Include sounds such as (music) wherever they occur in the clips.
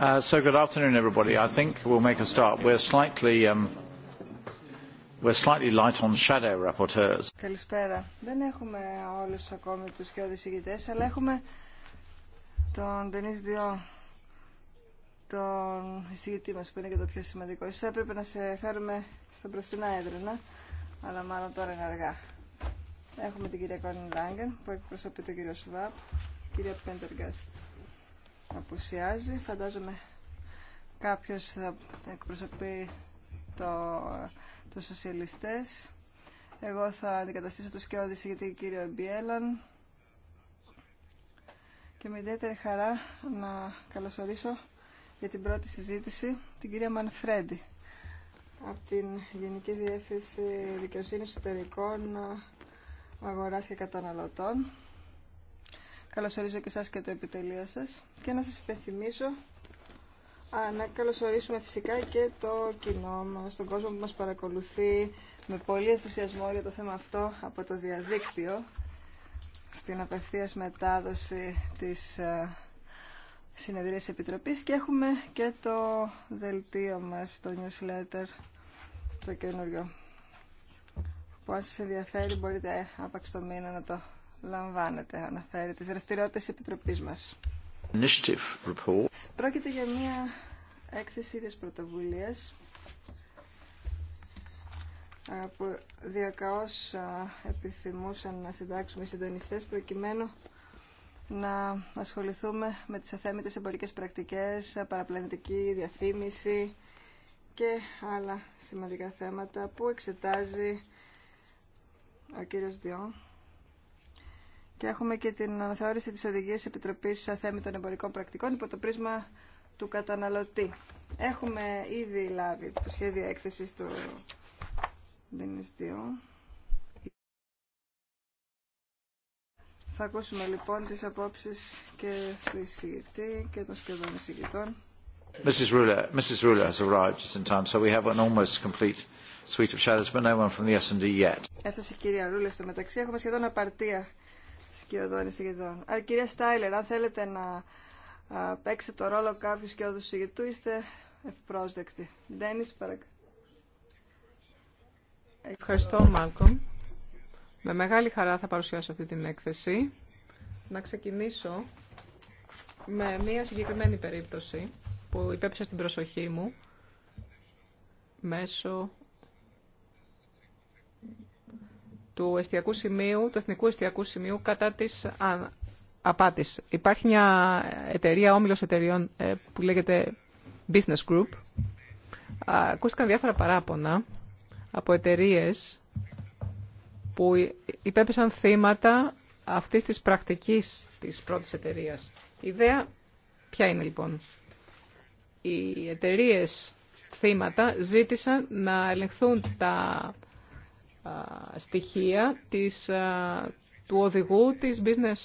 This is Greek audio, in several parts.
Uh, so good afternoon, everybody. I think we'll make a start. We're slightly, um, we're slightly light on shadow rapporteurs. Καλησπέρα. Δεν έχουμε όλους ακόμη τους πιο δυσυγητές, αλλά έχουμε τον Denis Διώ, τον εισηγητή μας, που είναι και το πιο σημαντικό. Ίσως έπρεπε να σε φέρουμε στα μπροστινά έδρανα, αλλά μάλλον τώρα είναι αργά. Έχουμε την κυρία Κόνιν Λάγκεν, που εκπροσωπεί τον κύριο Σουβάπ, κυρία Πέντεργκάστ απουσιάζει. Φαντάζομαι κάποιος θα εκπροσωπεί το, τους σοσιαλιστές. Εγώ θα αντικαταστήσω το Σκιώδη γιατί κύριο Μπιέλλαν. Και με ιδιαίτερη χαρά να καλωσορίσω για την πρώτη συζήτηση την κυρία Μανφρέντι από την Γενική Διεύθυνση Δικαιοσύνη Εσωτερικών Αγοράς και Καταναλωτών. Καλωσορίζω και εσάς και το επιτελείο σας και να σας υπενθυμίσω να καλωσορίσουμε φυσικά και το κοινό μας, τον κόσμο που μας παρακολουθεί με πολύ ενθουσιασμό για το θέμα αυτό από το διαδίκτυο στην απευθείας μετάδοση της συνεδρίας της Επιτροπής και έχουμε και το δελτίο μας, το newsletter, το καινούριο που αν σας ενδιαφέρει μπορείτε άπαξ το μήνα να το λαμβάνετε, αναφέρει τις δραστηριότητες της Επιτροπής μας. Πρόκειται για μια έκθεση της πρωτοβουλίας που διακαώς επιθυμούσαν να συντάξουμε οι συντονιστές προκειμένου να ασχοληθούμε με τις αθέμητες εμπορικές πρακτικές, παραπλανητική διαφήμιση και άλλα σημαντικά θέματα που εξετάζει ο κύριος Διόν και έχουμε και την αναθεώρηση της οδηγίας Επιτροπής των Εμπορικών Πρακτικών υπό το πρίσμα του καταναλωτή. Έχουμε ήδη λάβει το σχέδιο έκθεσης του Δινιστίου. Θα ακούσουμε λοιπόν τις απόψεις και του εισηγητή και των σχεδόν εισηγητών. Mrs. Ruler, Mrs. Ruler has arrived just in time, so we have an almost complete suite of shadows, but no one from the S&D yet. Έφτασε η κυρία Ρούλε στο μεταξύ. Έχουμε σχεδόν απαρτία σκιωδών εισηγητών. κυρία Στάιλερ, αν θέλετε να παίξετε το ρόλο κάποιου σκιωδού εισηγητού, είστε ευπρόσδεκτοι. Ντένις, παρακαλώ. Ευχαριστώ, Μάλκομ. Με μεγάλη χαρά θα παρουσιάσω αυτή την έκθεση. Να ξεκινήσω με μία συγκεκριμένη περίπτωση που υπέπεσε στην προσοχή μου μέσω του εστιακού σημείου, του εθνικού εστιακού σημείου κατά της απάτης. Υπάρχει μια εταιρεία, όμιλος εταιρεών ε, που λέγεται Business Group. Ακούστηκαν διάφορα παράπονα από εταιρείε που υπέπεσαν θύματα αυτής της πρακτικής της πρώτης εταιρεία. Η ιδέα ποια είναι λοιπόν. Οι εταιρείε θύματα ζήτησαν να ελεγχθούν τα στοιχεία της, του οδηγού της business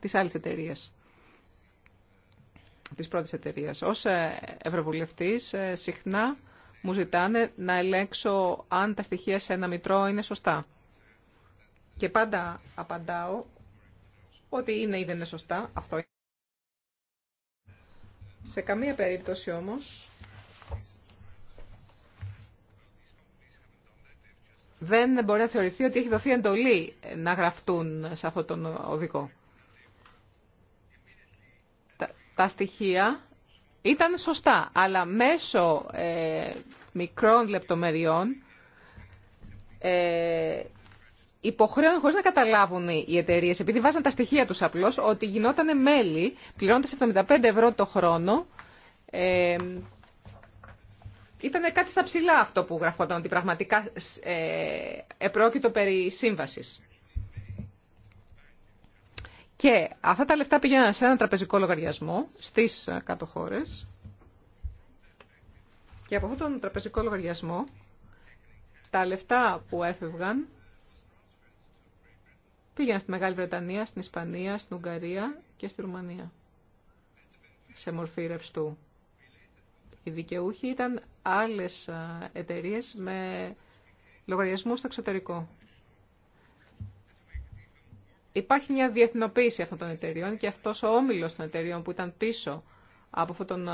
της άλλης εταιρείας, της πρώτης εταιρείας. Ως ε, Ευρωβουλευτής ε, συχνά μου ζητάνε να ελέγξω αν τα στοιχεία σε ένα μητρό είναι σωστά. Και πάντα απαντάω ότι είναι ή δεν είναι σωστά. Αυτό. Σε καμία περίπτωση όμως δεν μπορεί να θεωρηθεί ότι έχει δοθεί εντολή να γραφτούν σε αυτόν τον οδικό. Τα, στοιχεία ήταν σωστά, αλλά μέσω ε, μικρών λεπτομεριών ε, υποχρέωναν χωρίς να καταλάβουν οι εταιρείε, επειδή βάζαν τα στοιχεία τους απλώς, ότι γινόταν μέλη πληρώνοντας 75 ευρώ το χρόνο ε, ήταν κάτι στα ψηλά αυτό που γραφόταν, ότι πραγματικά ε, επρόκειτο περί σύμβασης. Και αυτά τα λεφτά πήγαιναν σε ένα τραπεζικό λογαριασμό στις κάτω χώρες. Και από αυτόν τον τραπεζικό λογαριασμό, τα λεφτά που έφευγαν πήγαιναν στη Μεγάλη Βρετανία, στην Ισπανία, στην Ουγγαρία και στη Ρουμανία. Σε μορφή ρευστού. Οι δικαιούχοι ήταν άλλες εταιρείε με λογαριασμού στο εξωτερικό. Υπάρχει μια διεθνοποίηση αυτών των εταιρείων και αυτός ο όμιλος των εταιρείων που ήταν πίσω από αυτόν τον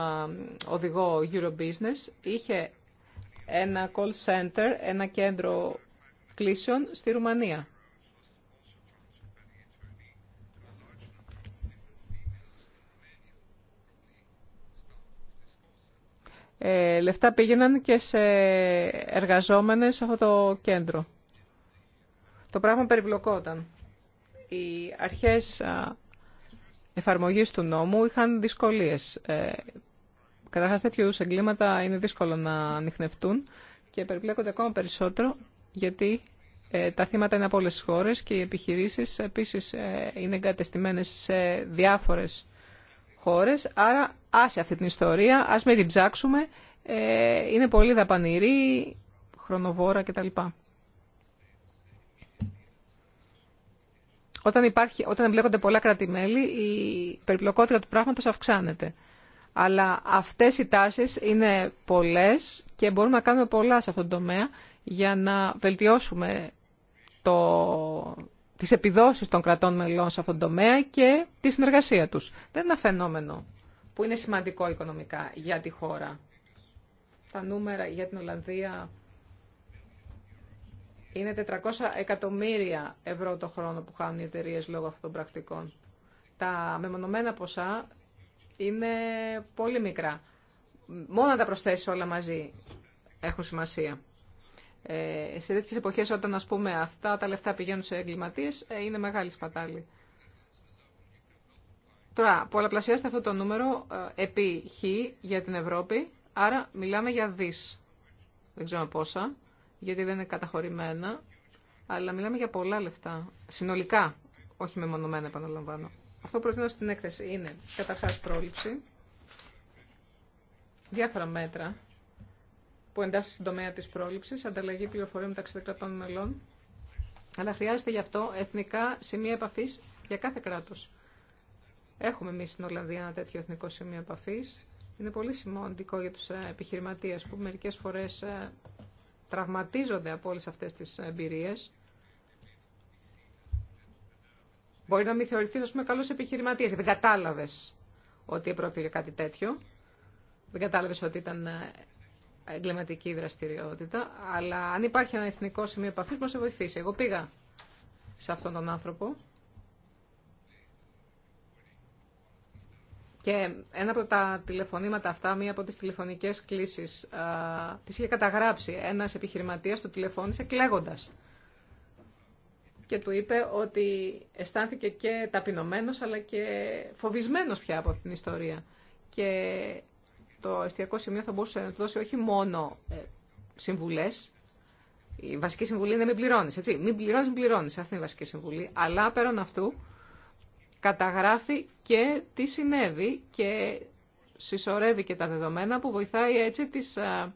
οδηγό Eurobusiness είχε ένα call center, ένα κέντρο κλήσεων στη Ρουμανία. Ε, λεφτά πήγαιναν και σε εργαζόμενες σε αυτό το κέντρο. Το πράγμα περιπλοκόταν. Οι αρχές εφαρμογής του νόμου είχαν δυσκολίες. Ε, καταρχάς τέτοιου εγκλήματα είναι δύσκολο να ανοιχνευτούν και περιπλέκονται ακόμα περισσότερο γιατί ε, τα θύματα είναι από όλες τις χώρες και οι επιχειρήσεις επίσης είναι εγκατεστημένες σε διάφορες χώρες, άρα άσε αυτή την ιστορία, ας μην την ψάξουμε, ε, είναι πολύ δαπανηρή, χρονοβόρα κτλ. Όταν, υπάρχει, όταν εμπλέκονται κρατημέλη, η περιπλοκότητα του πράγματος αυξάνεται. Αλλά αυτές οι τάσεις είναι πολλές και μπορούμε να κάνουμε πολλά σε αυτόν τον τομέα για να βελτιώσουμε το, τις επιδόσεις των κρατών μελών σε αυτόν τον τομέα και τη συνεργασία τους. Δεν είναι ένα φαινόμενο που είναι σημαντικό οικονομικά για τη χώρα. Τα νούμερα για την Ολλανδία είναι 400 εκατομμύρια ευρώ το χρόνο που χάνουν οι εταιρείε λόγω αυτών των πρακτικών. Τα μεμονωμένα ποσά είναι πολύ μικρά. Μόνο να τα προσθέσει όλα μαζί έχουν σημασία. Ε, σε τέτοιες εποχές όταν ας πούμε αυτά τα λεφτά πηγαίνουν σε εγκληματίες ε, είναι μεγάλη σπατάλη. Τώρα, πολλαπλασιάστε αυτό το νούμερο ε, επί χ για την Ευρώπη, άρα μιλάμε για δις. Δεν ξέρω πόσα, γιατί δεν είναι καταχωρημένα, αλλά μιλάμε για πολλά λεφτά, συνολικά, όχι μεμονωμένα επαναλαμβάνω. Αυτό που προτείνω στην έκθεση είναι καταρχάς πρόληψη, διάφορα μέτρα που εντάσσεται στον τομέα τη πρόληψη, ανταλλαγή πληροφοριών μεταξύ των κρατών μελών, αλλά χρειάζεται γι' αυτό εθνικά σημεία επαφή για κάθε κράτο. Έχουμε εμεί στην Ολλανδία ένα τέτοιο εθνικό σημείο επαφή. Είναι πολύ σημαντικό για του ε, επιχειρηματίε. που μερικέ φορέ ε, τραυματίζονται από όλε αυτέ τι ε, εμπειρίε. Μπορεί να μην θεωρηθεί, α πούμε, καλό επιχειρηματία. Δεν κατάλαβε ότι έπρεπε για κάτι τέτοιο. Δεν κατάλαβε ότι ήταν εγκληματική δραστηριότητα, αλλά αν υπάρχει ένα εθνικό σημείο επαφή, μπορεί να βοηθήσει. Εγώ πήγα σε αυτόν τον άνθρωπο και ένα από τα τηλεφωνήματα αυτά, μία από τις τηλεφωνικές κλήσεις, α, είχε καταγράψει ένας επιχειρηματίας, του τηλεφώνησε κλαίγοντας και του είπε ότι αισθάνθηκε και ταπεινωμένος αλλά και φοβισμένος πια από την ιστορία. Και το εστιακό σημείο θα μπορούσε να του δώσει όχι μόνο ε, συμβουλέ. Η βασική συμβουλή είναι μην πληρώνει. Μην πληρώνει, μην πληρώνει. Αυτή είναι η βασική συμβουλή. Αλλά πέραν αυτού καταγράφει και τι συνέβη και συσσωρεύει και τα δεδομένα που βοηθάει έτσι τις ε,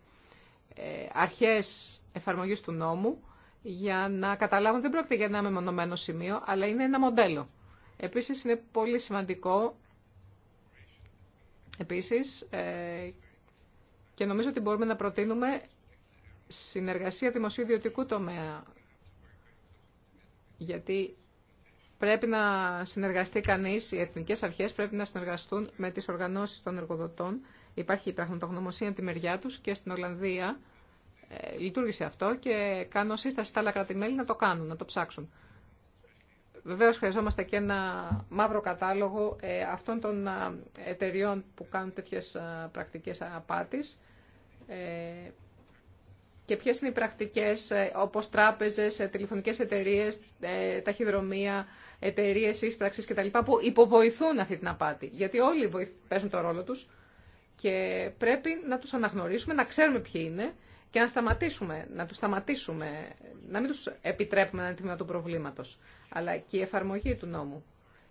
ε, αρχές εφαρμογής του νόμου για να καταλάβουν δεν πρόκειται για ένα μεμονωμένο σημείο, αλλά είναι ένα μοντέλο. Επίσης είναι πολύ σημαντικό Επίσης, ε, και νομίζω ότι μπορούμε να προτείνουμε συνεργασία δημοσίου ιδιωτικού τομέα. Γιατί πρέπει να συνεργαστεί κανείς, οι εθνικές αρχές πρέπει να συνεργαστούν με τις οργανώσεις των εργοδοτών. Υπάρχει η πραγματογνωμοσία από τη μεριά τους και στην Ολλανδία ε, λειτουργήσε αυτό και κάνω σύσταση στα άλλα κράτη-μέλη να το κάνουν, να το ψάξουν. Βεβαίως χρειαζόμαστε και ένα μαύρο κατάλογο ε, αυτών των ε, εταιριών που κάνουν τέτοιες ε, πρακτικές απάτης και ποιες είναι οι πρακτικές όπως τράπεζες, τηλεφωνικές εταιρείες, ταχυδρομεία, εταιρείε ίσπραξης κτλ. που υποβοηθούν αυτή την απάτη. Γιατί όλοι παίζουν το ρόλο τους και πρέπει να τους αναγνωρίσουμε, να ξέρουμε ποιοι είναι και να σταματήσουμε, να τους σταματήσουμε, να μην τους επιτρέπουμε να είναι του προβλήματος, αλλά και η εφαρμογή του νόμου.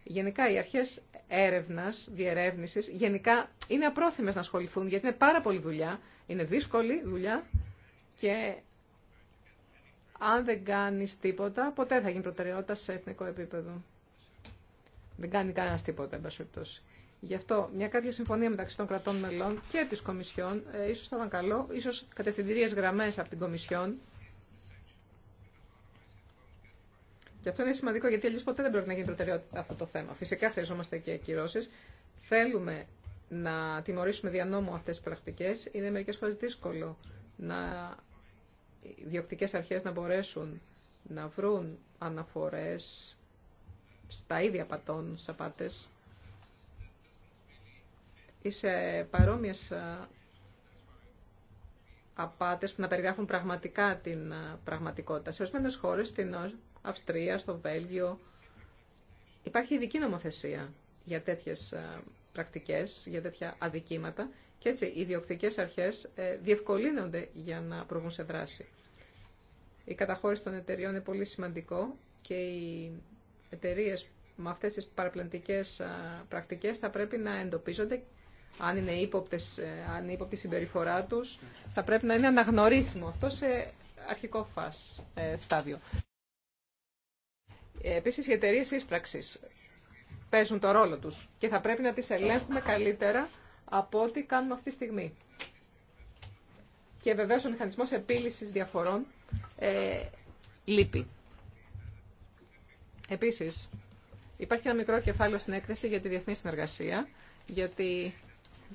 Γενικά οι αρχές έρευνας, διερεύνησης, γενικά είναι απρόθυμες να ασχοληθούν γιατί είναι πάρα πολύ δουλειά, είναι δύσκολη δουλειά και αν δεν κάνεις τίποτα, ποτέ θα γίνει προτεραιότητα σε εθνικό επίπεδο. Δεν κάνει κανένα τίποτα, εν Γι' αυτό μια κάποια συμφωνία μεταξύ των κρατών μελών και της Κομισιόν ε, ίσως θα ήταν καλό, ίσως κατευθυντηρίες γραμμές από την Κομισιόν. Και αυτό είναι σημαντικό γιατί αλλιώς ποτέ δεν πρέπει να γίνει προτεραιότητα αυτό το θέμα. Φυσικά χρειαζόμαστε και κυρώσει. Θέλουμε να τιμωρήσουμε δια νόμου αυτές τις πρακτικές. Είναι μερικές φορές δύσκολο να οι διοκτικές αρχές να μπορέσουν να βρουν αναφορές στα ίδια πατών σαπάτες ή σε παρόμοιες ε, απάτες που να περιγράφουν πραγματικά την ε, πραγματικότητα. Σε ορισμένε χώρες, στην Αυστρία, στο Βέλγιο, υπάρχει ειδική νομοθεσία για τέτοιες ε, πρακτικές, για τέτοια αδικήματα και έτσι οι διοκτικές αρχές διευκολύνονται για να προβούν σε δράση. Η καταχώρηση των εταιριών είναι πολύ σημαντικό και οι εταιρείε με αυτές τις παραπλανητικές πρακτικές θα πρέπει να εντοπίζονται αν είναι ύποπτες, ε, αν είναι ύποπτη συμπεριφορά τους, θα πρέπει να είναι αναγνωρίσιμο αυτό σε αρχικό φας, ε, στάδιο. Ε, επίσης, οι εταιρείε ίσπραξης παίζουν το ρόλο τους και θα πρέπει να τις ελέγχουμε καλύτερα από ό,τι κάνουμε αυτή τη στιγμή. Και βεβαίως ο μηχανισμός επίλυσης διαφορών ε, λείπει. Επίσης, υπάρχει ένα μικρό κεφάλαιο στην έκθεση για τη διεθνή συνεργασία, γιατί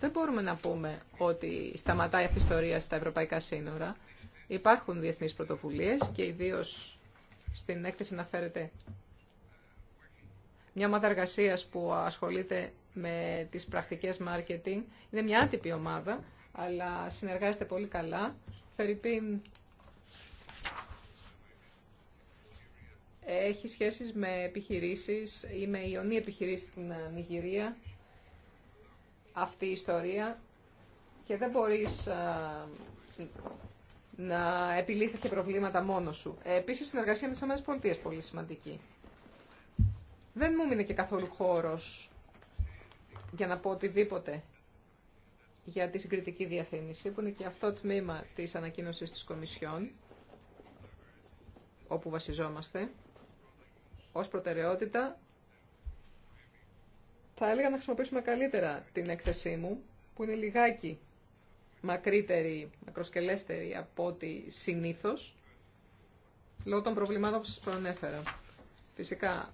δεν μπορούμε να πούμε ότι σταματάει αυτή η ιστορία στα ευρωπαϊκά σύνορα. Υπάρχουν διεθνείς πρωτοβουλίες και ιδίω στην έκθεση αναφέρεται μια ομάδα εργασία που ασχολείται με τις πρακτικές marketing. Είναι μια άτυπη ομάδα, αλλά συνεργάζεται πολύ καλά. Φερρυπίν έχει σχέσεις με επιχειρήσεις ή με ιονή επιχειρήση στην Νιγηρία αυτή η ιστορία και δεν μπορείς να επιλύσεις τέτοια προβλήματα μόνος σου. Ε, επίσης, η συνεργασία με τις είναι πολύ σημαντική. Δεν μου μείνει και καθόλου χώρος για να πω οτιδήποτε για τη συγκριτική διαφήμιση, που είναι και αυτό το τμήμα της ανακοίνωσης της Κομισιόν, όπου βασιζόμαστε, ως προτεραιότητα θα έλεγα να χρησιμοποιήσουμε καλύτερα την έκθεσή μου, που είναι λιγάκι μακρύτερη, μακροσκελέστερη από ό,τι συνήθως, λόγω των προβλημάτων που σας προανέφερα. Φυσικά,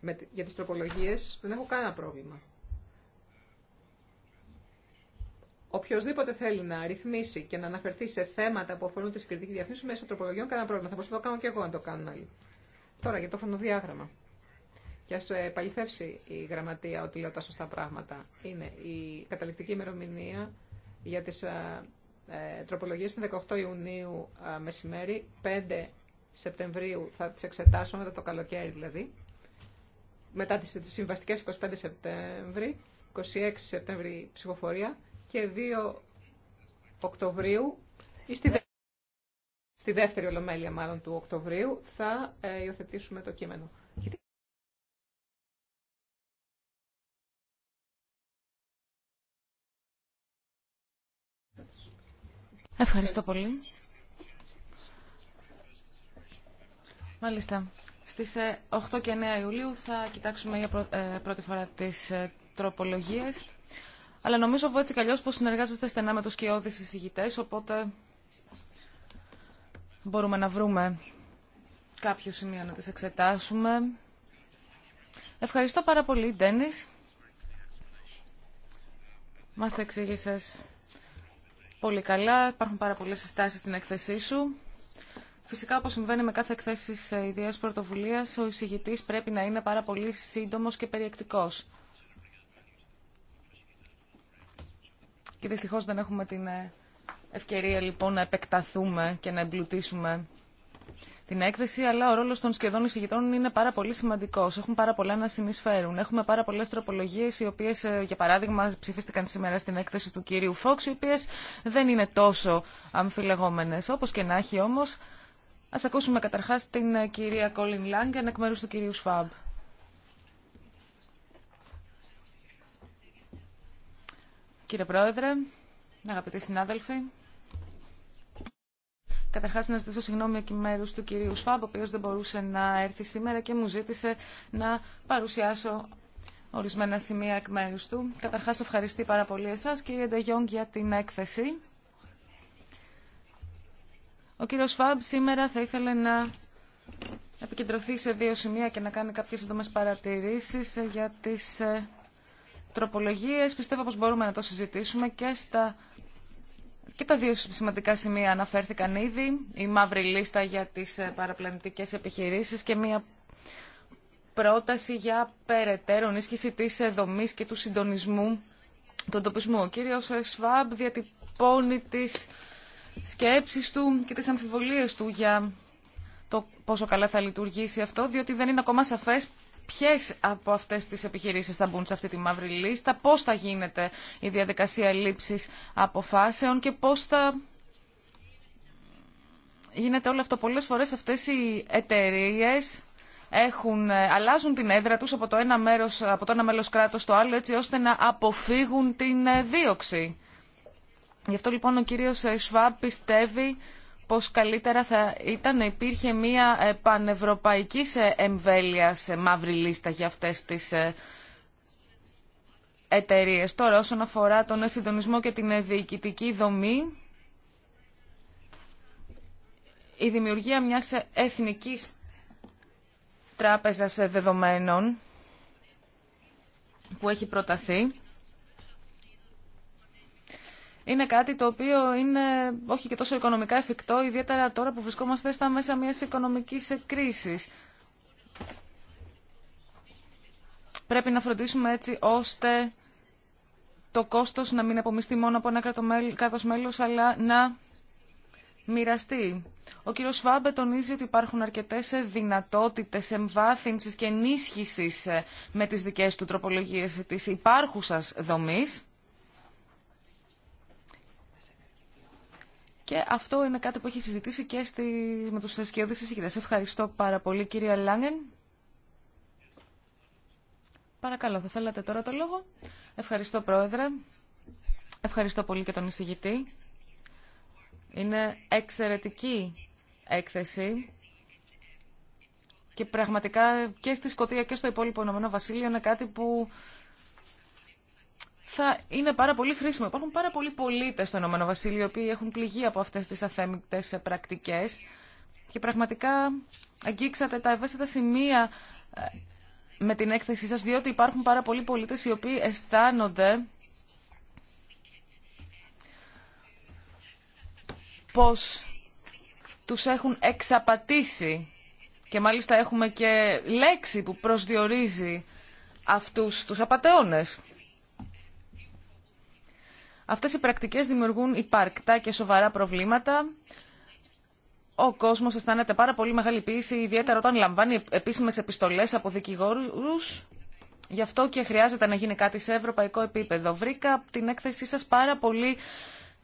με, για τις τροπολογίες δεν έχω κανένα πρόβλημα. Οποιοδήποτε θέλει να ρυθμίσει και να αναφερθεί σε θέματα που αφορούν τη συγκριτική διαφήμιση μέσω τροπολογιών, κανένα πρόβλημα. Θα μπορούσα να το κάνω και εγώ αν το κάνουν άλλοι. Τώρα για το φωνοδιάγραμμα και ας ε, επαληθεύσει η γραμματεία ότι λέω τα σωστά πράγματα. Είναι η καταληκτική ημερομηνία για τις ε, ε τροπολογίες είναι 18 Ιουνίου ε, μεσημέρι, 5 Σεπτεμβρίου θα τις εξετάσω μετά το καλοκαίρι δηλαδή. Μετά τις, τις συμβαστικές 25 Σεπτέμβρη, 26 Σεπτέμβρη ψηφοφορία και 2 Οκτωβρίου ή στη, στη δεύτερη ολομέλεια μάλλον του Οκτωβρίου θα υιοθετήσουμε το κείμενο. Ευχαριστώ πολύ. Μάλιστα. Στις 8 ε, και 9 Ιουλίου θα κοιτάξουμε για ε, πρώτη φορά τις ε, τροπολογίες. Αλλά νομίζω έτσι καλώ πω πως συνεργάζεστε στενά με τους κοιόδης εισηγητές, οπότε μπορούμε να βρούμε κάποιο σημείο να τις εξετάσουμε. Ευχαριστώ πάρα πολύ, Ντένις. Μας τα εξήγησες πολύ καλά. Υπάρχουν πάρα πολλέ συστάσει στην έκθεσή σου. Φυσικά, όπω συμβαίνει με κάθε εκθέση ε, ιδιαίτερη πρωτοβουλία, ο εισηγητή πρέπει να είναι πάρα πολύ σύντομο και περιεκτικός. Και δυστυχώ δεν έχουμε την ε, ευκαιρία λοιπόν να επεκταθούμε και να εμπλουτίσουμε την έκθεση, αλλά ο ρόλο των σχεδόν εισηγητών είναι πάρα πολύ σημαντικό. Έχουν πάρα πολλά να συνεισφέρουν. Έχουμε πάρα πολλέ τροπολογίε, οι οποίε, ε, για παράδειγμα, ψηφίστηκαν σήμερα στην έκθεση του κυρίου Φόξ, οι οποίε δεν είναι τόσο αμφιλεγόμενε. Όπω και να έχει όμω, α ακούσουμε καταρχά την ε, κυρία Κόλλιν Λάγκεν εκ μέρου του κυρίου Σφαμπ. Κύριε Πρόεδρε, αγαπητοί συνάδελφοι, Καταρχάς να ζητήσω συγγνώμη εκ μέρου του κυρίου Σφάμπ, ο οποίο δεν μπορούσε να έρθει σήμερα και μου ζήτησε να παρουσιάσω ορισμένα σημεία εκ μέρου του. Καταρχάς ευχαριστή πάρα πολύ εσάς, κύριε Ντεγιόγκ, για την έκθεση. Ο κύριο Σφάμπ σήμερα θα ήθελε να επικεντρωθεί σε δύο σημεία και να κάνει κάποιες σύντομε παρατηρήσεις για τις ε, τροπολογίες. Πιστεύω πως μπορούμε να το συζητήσουμε και στα και τα δύο σημαντικά σημεία αναφέρθηκαν ήδη, η μαύρη λίστα για τις ε, παραπλανητικές επιχειρήσεις και μια πρόταση για περαιτέρω ενίσχυση της ε, δομής και του συντονισμού του τοπισμού. Ο κύριος ε, Σβάμπ διατυπώνει τις σκέψεις του και τις αμφιβολίες του για το πόσο καλά θα λειτουργήσει αυτό, διότι δεν είναι ακόμα σαφές Ποιε από αυτές τις επιχειρήσεις θα μπουν σε αυτή τη μαύρη λίστα, πώς θα γίνεται η διαδικασία λήψη αποφάσεων και πώς θα γίνεται όλο αυτό. Πολλές φορές αυτές οι εταιρείε έχουν, ε, αλλάζουν την έδρα τους από το ένα, μέρος, από το ένα μέλος κράτος στο άλλο έτσι ώστε να αποφύγουν την ε, δίωξη. Γι' αυτό λοιπόν ο κύριος Σβά ε, πιστεύει πως καλύτερα θα ήταν να υπήρχε μια ε, πανευρωπαϊκή εμβέλεια σε μαύρη λίστα για αυτές τις ε, εταιρείε. Τώρα, όσον αφορά τον συντονισμό και την διοικητική δομή, η δημιουργία μιας εθνικής τράπεζας δεδομένων που έχει προταθεί είναι κάτι το οποίο είναι όχι και τόσο οικονομικά εφικτό, ιδιαίτερα τώρα που βρισκόμαστε στα μέσα μιας οικονομικής κρίσης. Πρέπει να φροντίσουμε έτσι ώστε το κόστος να μην απομιστεί μόνο από ένα κράτος μέλος, αλλά να μοιραστεί. Ο κύριος Σφάμπε τονίζει ότι υπάρχουν αρκετές δυνατότητες εμβάθυνσης και ενίσχυσης με τις δικές του τροπολογίες της υπάρχουσας δομής. Και αυτό είναι κάτι που έχει συζητήσει και στη... με τους σκιώδεις εισηγητές. Ευχαριστώ πάρα πολύ κυρία Λάγεν. Παρακαλώ, θα θέλατε τώρα το λόγο. Ευχαριστώ πρόεδρε. Ευχαριστώ πολύ και τον εισηγητή. Είναι εξαιρετική έκθεση και πραγματικά και στη Σκωτία και στο υπόλοιπο Ηνωμένο Βασίλειο είναι κάτι που θα είναι πάρα πολύ χρήσιμο. Υπάρχουν πάρα πολλοί πολίτες στο Ηνωμένο Βασίλειο οι οποίοι έχουν πληγεί από αυτές τις αθέμητε πρακτικέ και πραγματικά αγγίξατε τα ευαίσθητα σημεία ε, με την έκθεσή σας διότι υπάρχουν πάρα πολλοί πολίτες οι οποίοι αισθάνονται πως τους έχουν εξαπατήσει και μάλιστα έχουμε και λέξη που προσδιορίζει αυτούς τους απαταιώνες. Αυτές οι πρακτικές δημιουργούν υπαρκτά και σοβαρά προβλήματα. Ο κόσμος αισθάνεται πάρα πολύ μεγάλη πίεση, ιδιαίτερα όταν λαμβάνει επίσημες επιστολές από δικηγόρους. Γι' αυτό και χρειάζεται να γίνει κάτι σε ευρωπαϊκό επίπεδο. Βρήκα την έκθεσή σας πάρα πολύ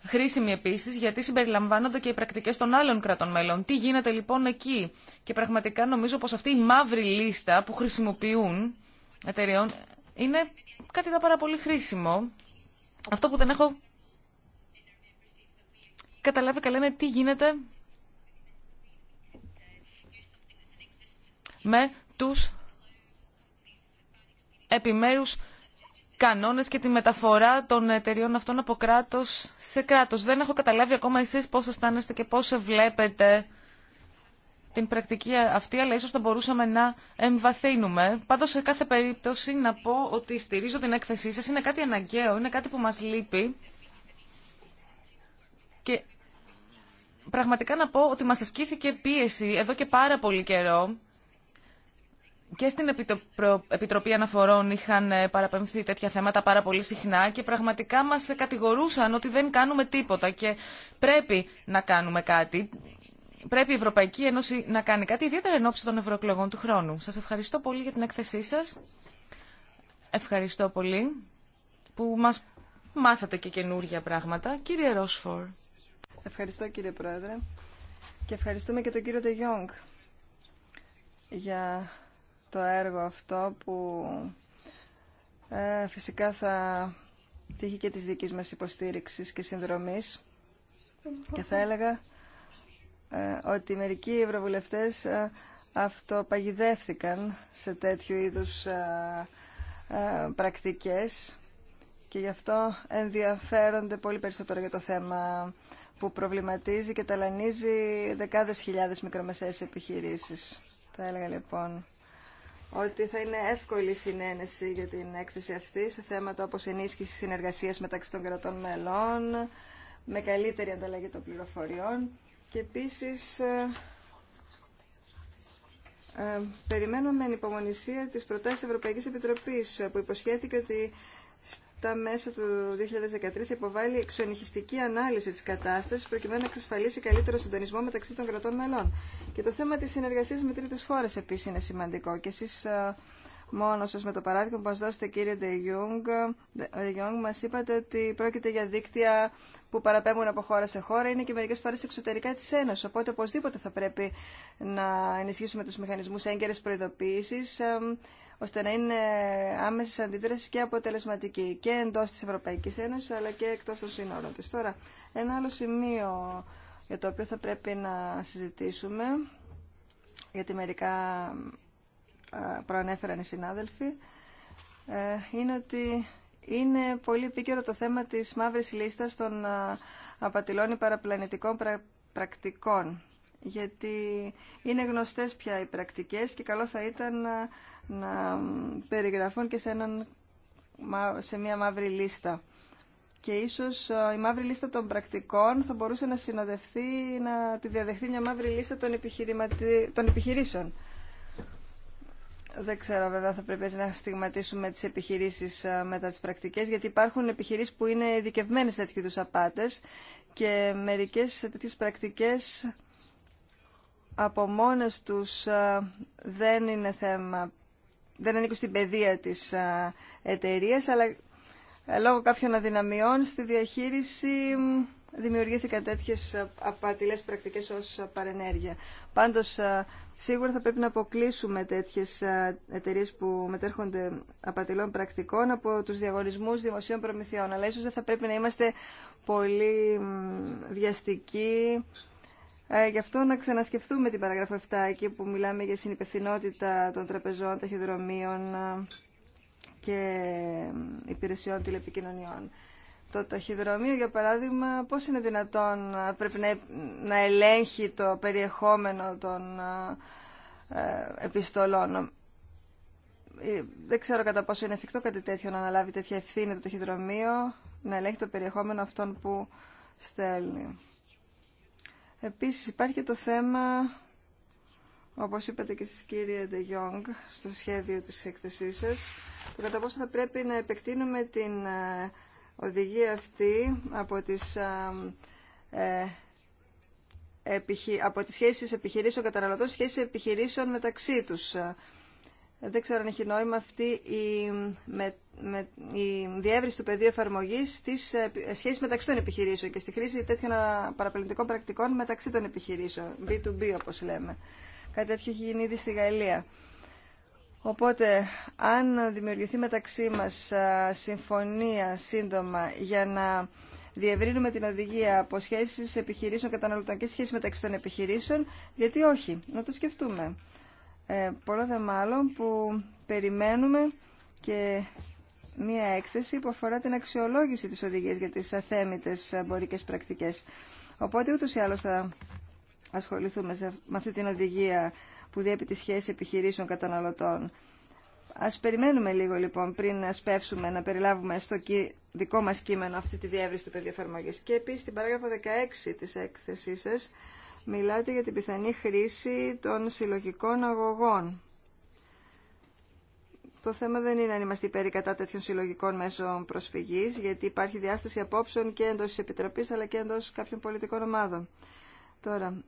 χρήσιμη επίση, γιατί συμπεριλαμβάνονται και οι πρακτικέ των άλλων κρατών μέλων. Τι γίνεται λοιπόν εκεί. Και πραγματικά νομίζω πω αυτή η μαύρη λίστα που χρησιμοποιούν εταιρεών είναι κάτι πάρα πολύ χρήσιμο αυτό που δεν έχω καταλάβει καλά είναι τι γίνεται με τους επιμέρους κανόνες και τη μεταφορά των εταιριών αυτών από κράτος σε κράτος. Δεν έχω καταλάβει ακόμα εσείς πώς αισθάνεστε και πώς βλέπετε την πρακτική αυτή, αλλά ίσως θα μπορούσαμε να εμβαθύνουμε. Πάντως, σε κάθε περίπτωση, να πω ότι στηρίζω την έκθεσή σας. Είναι κάτι αναγκαίο, είναι κάτι που μας λείπει. Και πραγματικά να πω ότι μας ασκήθηκε πίεση εδώ και πάρα πολύ καιρό. Και στην Επιτροπή Αναφορών είχαν ε, παραπεμφθεί τέτοια θέματα πάρα πολύ συχνά και πραγματικά μας κατηγορούσαν ότι δεν κάνουμε τίποτα και πρέπει να κάνουμε κάτι πρέπει η Ευρωπαϊκή Ένωση να κάνει κάτι ιδιαίτερα εν ώψη των ευρωεκλογών του χρόνου. Σας ευχαριστώ πολύ για την έκθεσή σας. Ευχαριστώ πολύ που μας μάθατε και καινούργια πράγματα. Κύριε Ρόσφορ. Ευχαριστώ κύριε Πρόεδρε και ευχαριστούμε και τον κύριο Ντε για το έργο αυτό που ε, φυσικά θα τύχει και της δικής μας υποστήριξης και συνδρομής και θα έλεγα ε, ότι μερικοί ευρωβουλευτές ε, αυτοπαγιδεύθηκαν σε τέτοιου είδους ε, πρακτικές και γι' αυτό ενδιαφέρονται πολύ περισσότερο για το θέμα που προβληματίζει και ταλανίζει δεκάδες χιλιάδες μικρομεσαίες επιχειρήσεις. Θα έλεγα λοιπόν ότι θα είναι εύκολη η συνένεση για την έκθεση αυτή σε θέματα όπως ενίσχυση συνεργασίας μεταξύ των κρατών μελών, με καλύτερη ανταλλαγή των πληροφοριών και επίσης ε, ε, περιμένουμε την υπομονησία τη προτάσει της Ευρωπαϊκής Επιτροπής ε, που υποσχέθηκε ότι στα μέσα του 2013 θα υποβάλει εξονυχιστική ανάλυση της κατάστασης προκειμένου να εξασφαλίσει καλύτερο συντονισμό μεταξύ των κρατών μελών. Και το θέμα της συνεργασίας με τρίτες χώρες επίσης είναι σημαντικό και εσείς μόνο σας με το παράδειγμα που μας δώσετε κύριε De Jong. μας είπατε ότι πρόκειται για δίκτυα που παραπέμπουν από χώρα σε χώρα, είναι και μερικές φορές εξωτερικά της Ένωσης, οπότε οπωσδήποτε θα πρέπει να ενισχύσουμε τους μηχανισμούς έγκαιρες προειδοποίησης, ώστε να είναι άμεση αντίδραση και αποτελεσματική και εντό τη Ευρωπαϊκή Ένωση αλλά και εκτό των σύνορων τη. Τώρα, ένα άλλο σημείο για το οποίο θα πρέπει να συζητήσουμε, γιατί μερικά προανέφεραν οι συνάδελφοι, ε, είναι ότι είναι πολύ επίκαιρο το θέμα της μαύρης λίστας των ε, απατηλών ή παραπλανητικών πρακτικών. Γιατί είναι γνωστές πια οι πρακτικές και καλό θα ήταν ε, να, περιγραφούν και σε, έναν, σε μια μαύρη λίστα. Και ίσως η μαύρη λίστα των πρακτικών θα μπορούσε να συνοδευτεί, να τη διαδεχθεί μια μαύρη λίστα των επιχειρήσεων. Δεν ξέρω βέβαια θα πρέπει να στιγματίσουμε τις επιχειρήσεις ε, μετά τις πρακτικές, γιατί υπάρχουν επιχειρήσεις που είναι ειδικευμένε σε τέτοιου είδους απάτες και μερικές τέτοιες πρακτικές από μόνες τους ε, δεν είναι θέμα, δεν ανήκουν στην παιδεία της ε, εταιρείας, αλλά λόγω κάποιων αδυναμιών στη διαχείριση δημιουργήθηκαν τέτοιε ε, απατηλές πρακτικέ ω ε, παρενέργεια. Πάντως, ε, σίγουρα θα πρέπει να αποκλείσουμε τέτοιε εταιρείε που μετέρχονται απατηλών πρακτικών από του διαγωνισμού δημοσίων προμηθειών. Αλλά ίσω δεν θα πρέπει να είμαστε πολύ βιαστικοί. γι' αυτό να ξανασκεφτούμε την παραγράφο 7, εκεί που μιλάμε για συνυπευθυνότητα των τραπεζών, ταχυδρομείων και υπηρεσιών τηλεπικοινωνιών. Το ταχυδρομείο, για παράδειγμα, πώς είναι δυνατόν πρέπει να, ελέγχει το περιεχόμενο των ε, επιστολών. Ε, δεν ξέρω κατά πόσο είναι εφικτό κάτι τέτοιο να αναλάβει τέτοια ευθύνη το ταχυδρομείο, να ελέγχει το περιεχόμενο αυτών που στέλνει. Επίσης υπάρχει και το θέμα, όπως είπατε και εσείς κύριε De Jong, στο σχέδιο της έκθεσής σας, το κατά πόσο θα πρέπει να επεκτείνουμε την ε, οδηγεί αυτή από τις, ε, από τις σχέσεις επιχειρήσεων καταναλωτών, σχέσεις επιχειρήσεων μεταξύ τους. Δεν ξέρω αν έχει νόημα αυτή η, με, με, η διεύρυνση του πεδίου εφαρμογή στι ε, σχέσει μεταξύ των επιχειρήσεων και στη χρήση τέτοιων παραπλανητικών πρακτικών μεταξύ των επιχειρήσεων. B2B, όπω λέμε. Κάτι τέτοιο έχει γίνει ήδη στη Γαλλία. Οπότε, αν δημιουργηθεί μεταξύ μας συμφωνία σύντομα για να διευρύνουμε την οδηγία από σχέσεις επιχειρήσεων καταναλωτών και σχέσεις μεταξύ των επιχειρήσεων, γιατί όχι, να το σκεφτούμε. Ε, πολλά δε μάλλον που περιμένουμε και μία έκθεση που αφορά την αξιολόγηση της οδηγίας για τις αθέμητες εμπορικές πρακτικές. Οπότε ούτως ή άλλως θα ασχοληθούμε με αυτή την οδηγία που διέπει τις σχέση επιχειρήσεων καταναλωτών. Ας περιμένουμε λίγο λοιπόν πριν να σπεύσουμε να περιλάβουμε στο δικό μας κείμενο αυτή τη διεύρυνση του πεδίου εφαρμογή. Και επίσης στην παράγραφο 16 της έκθεσής σας μιλάτε για την πιθανή χρήση των συλλογικών αγωγών. Το θέμα δεν είναι αν είμαστε υπέρ κατά τέτοιων συλλογικών μέσων προσφυγή, γιατί υπάρχει διάσταση απόψεων και εντό τη επιτροπή αλλά και εντό κάποιων πολιτικών ομάδων. Τώρα,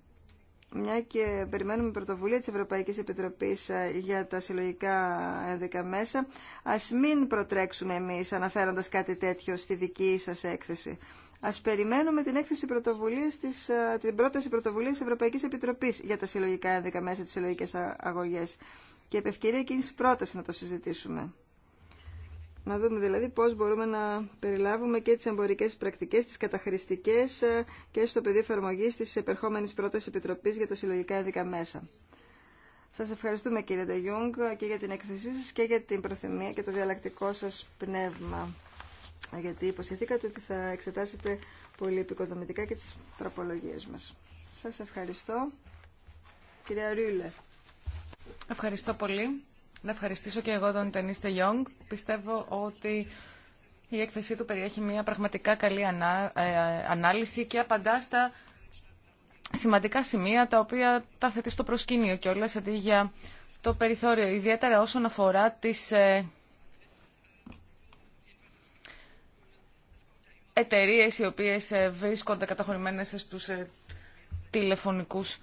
μια και περιμένουμε πρωτοβουλία της Ευρωπαϊκής Επιτροπής ε, για τα συλλογικά ένδικα μέσα, ας μην προτρέξουμε εμείς αναφέροντας κάτι τέτοιο στη δική σας έκθεση. Ας περιμένουμε την έκθεση πρωτοβουλίας της, ε, την πρόταση πρωτοβουλίας της Ευρωπαϊκής Επιτροπής για τα συλλογικά ένδικα μέσα, τις συλλογικές αγωγές. Και επευκαιρία εκείνης πρόταση να το συζητήσουμε. Να δούμε δηλαδή πώς μπορούμε να περιλάβουμε και τις εμπορικές πρακτικές, τις καταχρηστικές ε, και στο πεδίο εφαρμογή της επερχόμενης πρώτης Επιτροπής για τα συλλογικά έδικα μέσα. Σας ευχαριστούμε κύριε Ντεγιούγκ και για την έκθεσή σας και για την προθυμία και το διαλλακτικό σας πνεύμα. Γιατί υποσχεθήκατε ότι θα εξετάσετε πολύ επικοδομητικά και τις τροπολογίες μας. Σας ευχαριστώ. Κυρία Ρούλε. Ευχαριστώ πολύ. Να ευχαριστήσω και εγώ τον Τενίστε Young. Πιστεύω ότι η έκθεσή του περιέχει μια πραγματικά καλή ε, ανάλυση και απαντά στα σημαντικά σημεία τα οποία τα θέτει στο προσκήνιο και όλα αντί για το περιθώριο, ιδιαίτερα όσον αφορά τις ε, εταιρείες οι οποίες ε, βρίσκονται καταχωρημένες στους ε, τηλεφωνικούς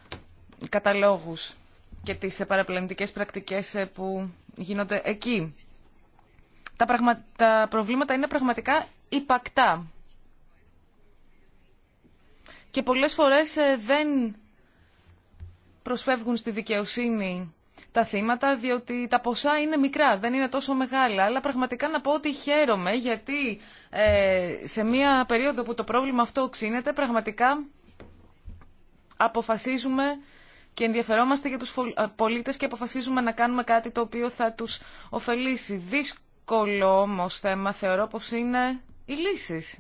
καταλόγους και τις ε, παραπλανητικές πρακτικές ε, που γίνονται εκεί. Τα, προβλήματα είναι πραγματικά υπακτά. Και πολλές φορές ε, δεν προσφεύγουν στη δικαιοσύνη τα θύματα, διότι τα ποσά είναι μικρά, δεν είναι τόσο μεγάλα. Αλλά πραγματικά να πω ότι χαίρομαι, γιατί σε μία περίοδο που το πρόβλημα αυτό οξύνεται, πραγματικά αποφασίζουμε και ενδιαφερόμαστε για τους ε, πολίτες και αποφασίζουμε να κάνουμε κάτι το οποίο θα τους ωφελήσει. Δύσκολο όμως θέμα θεωρώ πως είναι οι λύσεις.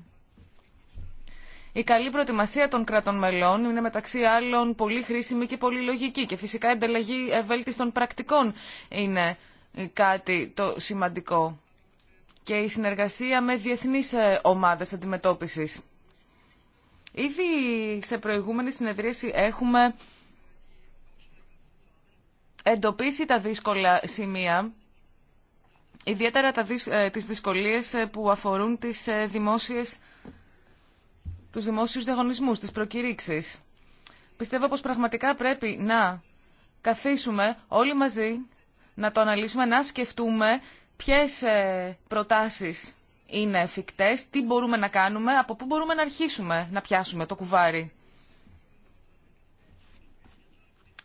Η καλή προετοιμασία των κρατών μελών είναι μεταξύ άλλων πολύ χρήσιμη και πολύ λογική και φυσικά η ανταλλαγή των πρακτικών είναι κάτι το σημαντικό και η συνεργασία με διεθνείς ε, ομάδες αντιμετώπισης. Ήδη σε προηγούμενη συνεδρίαση έχουμε εντοπίσει τα δύσκολα σημεία, ιδιαίτερα τα, ε, τις δυσκολίες ε, που αφορούν τις ε, δημόσιες, τους δημόσιους διαγωνισμούς, τις προκηρύξεις. Πιστεύω πως πραγματικά πρέπει να καθίσουμε όλοι μαζί, να το αναλύσουμε, να σκεφτούμε ποιες προτάσεις είναι εφικτές, τι μπορούμε να κάνουμε, από πού μπορούμε να αρχίσουμε να πιάσουμε το κουβάρι.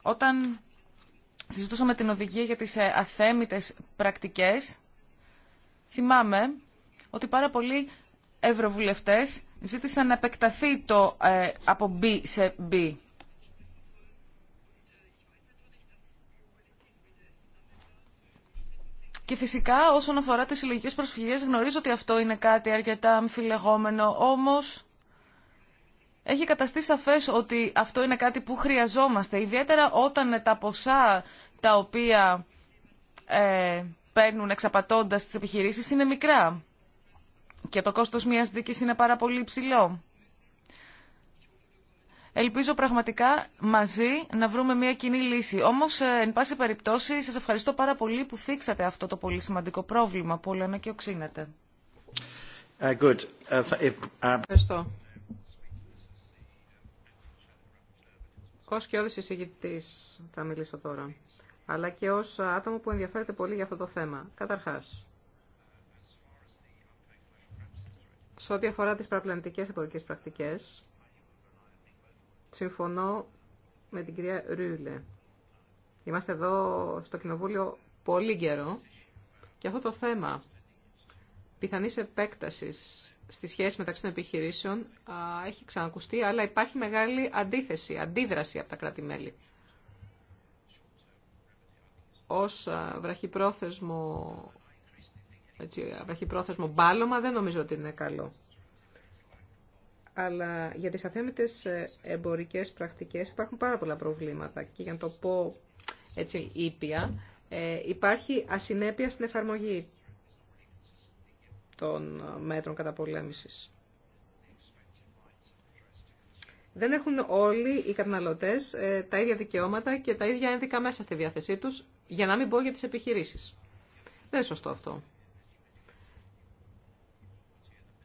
Όταν συζητούσαμε την οδηγία για τις ε, αθέμητες πρακτικές, θυμάμαι ότι πάρα πολλοί ευρωβουλευτές ζήτησαν να επεκταθεί το ε, από B σε B. Και φυσικά όσον αφορά τις συλλογικές προσφυγές γνωρίζω ότι αυτό είναι κάτι αρκετά αμφιλεγόμενο, όμως έχει καταστεί σαφέ ότι αυτό είναι κάτι που χρειαζόμαστε, ιδιαίτερα όταν τα ποσά τα οποία ε, παίρνουν εξαπατώντα τις επιχειρήσεις είναι μικρά και το κόστος μιας δίκης είναι πάρα πολύ υψηλό. Ελπίζω πραγματικά μαζί να βρούμε μια κοινή λύση. Όμως, ε, εν πάση περιπτώσει, σας ευχαριστώ πάρα πολύ που θίξατε αυτό το πολύ σημαντικό πρόβλημα που όλα και οξύνεται. Ε, ευχαριστώ. Ω και όλες θα μιλήσω τώρα, αλλά και ω άτομο που ενδιαφέρεται πολύ για αυτό το θέμα. Καταρχάς, σε ό,τι αφορά τι παραπλανητικέ εμπορικέ πρακτικέ, συμφωνώ με την κυρία Ρούλε. Είμαστε εδώ στο Κοινοβούλιο πολύ καιρό και αυτό το θέμα πιθανής επέκτασης στη σχέση μεταξύ των επιχειρήσεων έχει ξανακουστεί, αλλά υπάρχει μεγάλη αντίθεση, αντίδραση από τα κράτη-μέλη. Ως βραχυπρόθεσμο, έτσι, βραχυπρόθεσμο μπάλωμα δεν νομίζω ότι είναι καλό. Αλλά για τις αθέμητες ε, εμπορικές πρακτικές υπάρχουν πάρα πολλά προβλήματα και για να το πω έτσι ήπια, ε, υπάρχει ασυνέπεια στην εφαρμογή των μέτρων καταπολέμησης. Δεν έχουν όλοι οι καταναλωτές ε, τα ίδια δικαιώματα και τα ίδια ένδικα μέσα στη διάθεσή τους, για να μην πω για τις επιχειρήσεις. Δεν είναι σωστό αυτό.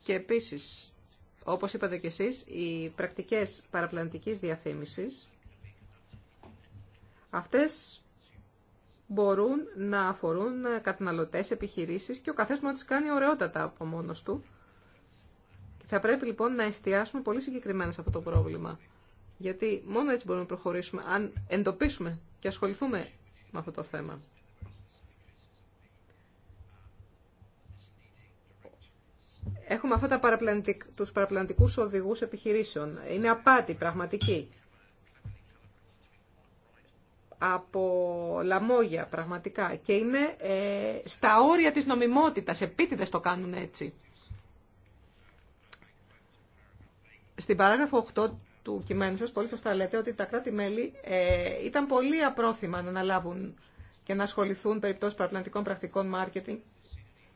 Και επίσης, όπως είπατε κι εσείς, οι πρακτικές παραπλανητικής διαφήμισης, αυτές μπορούν να αφορούν καταναλωτές, επιχειρήσεις και ο καθένας να τις κάνει ωραιότατα από μόνος του. Θα πρέπει λοιπόν να εστιάσουμε πολύ συγκεκριμένα σε αυτό το πρόβλημα. Γιατί μόνο έτσι μπορούμε να προχωρήσουμε, αν εντοπίσουμε και ασχοληθούμε με αυτό το θέμα. Έχουμε αυτά τα παραπλανητικ... τους παραπλανητικούς οδηγούς επιχειρήσεων. Είναι απάτη πραγματική από λαμόγια πραγματικά και είναι ε, στα όρια της νομιμότητας, επίτηδες το κάνουν έτσι. Στην παράγραφο 8 του κειμένου σας πολύ σωστά λέτε ότι τα κράτη-μέλη ε, ήταν πολύ απρόθυμα να αναλάβουν και να ασχοληθούν περιπτώσεις παραπλανητικών πρακτικών μάρκετινγκ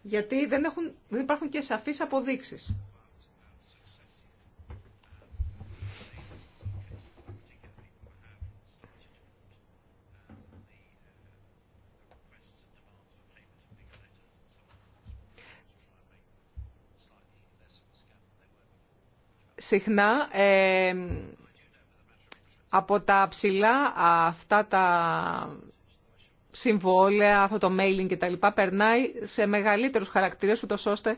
γιατί δεν, έχουν, δεν υπάρχουν και σαφείς αποδείξεις. συχνά ε, από τα ψηλά αυτά τα συμβόλαια, αυτό το mailing κτλ. περνάει σε μεγαλύτερους χαρακτήρες, ούτως ώστε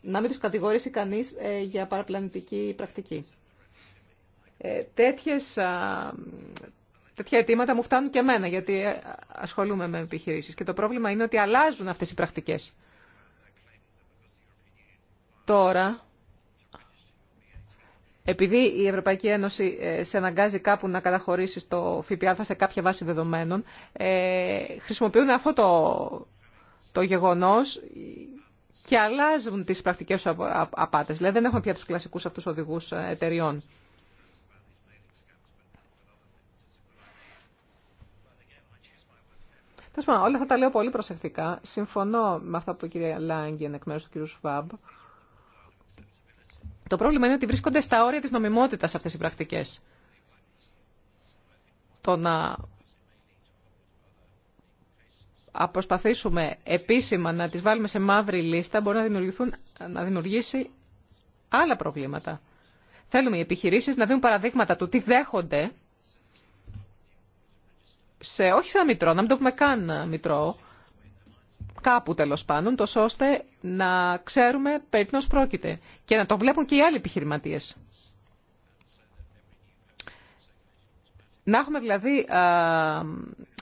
να μην τους κατηγορήσει κανείς ε, για παραπλανητική πρακτική. Ε, τέτοιες, τέτοια αιτήματα μου φτάνουν και εμένα, γιατί ε, ασχολούμαι με επιχειρήσεις. Και το πρόβλημα είναι ότι αλλάζουν αυτές οι πρακτικές. Τώρα, επειδή η Ευρωπαϊκή Ένωση ε, σε αναγκάζει κάπου να καταχωρήσει το ΦΠΑ σε κάποια βάση δεδομένων, ε, χρησιμοποιούν αυτό το, το γεγονός και αλλάζουν τις πρακτικές απάτες. Δηλαδή δεν έχουμε πια τους κλασικούς αυτούς οδηγούς ε, εταιριών. όλα αυτά τα λέω πολύ προσεκτικά. Συμφωνώ με αυτά που η κυρία Λάγκεν εκ μέρου του κυρίου Σουβάμπ. Το πρόβλημα είναι ότι βρίσκονται στα όρια της νομιμότητας αυτές οι πρακτικές. Το να προσπαθήσουμε επίσημα να τις βάλουμε σε μαύρη λίστα μπορεί να, δημιουργηθούν, να δημιουργήσει άλλα προβλήματα. Θέλουμε οι επιχειρήσεις να δίνουν παραδείγματα του τι δέχονται σε, όχι σαν μητρό, να μην το πούμε καν μητρό, κάπου τέλο πάντων, τόσο ώστε να ξέρουμε περί πρόκειται και να το βλέπουν και οι άλλοι επιχειρηματίε. Να έχουμε δηλαδή α,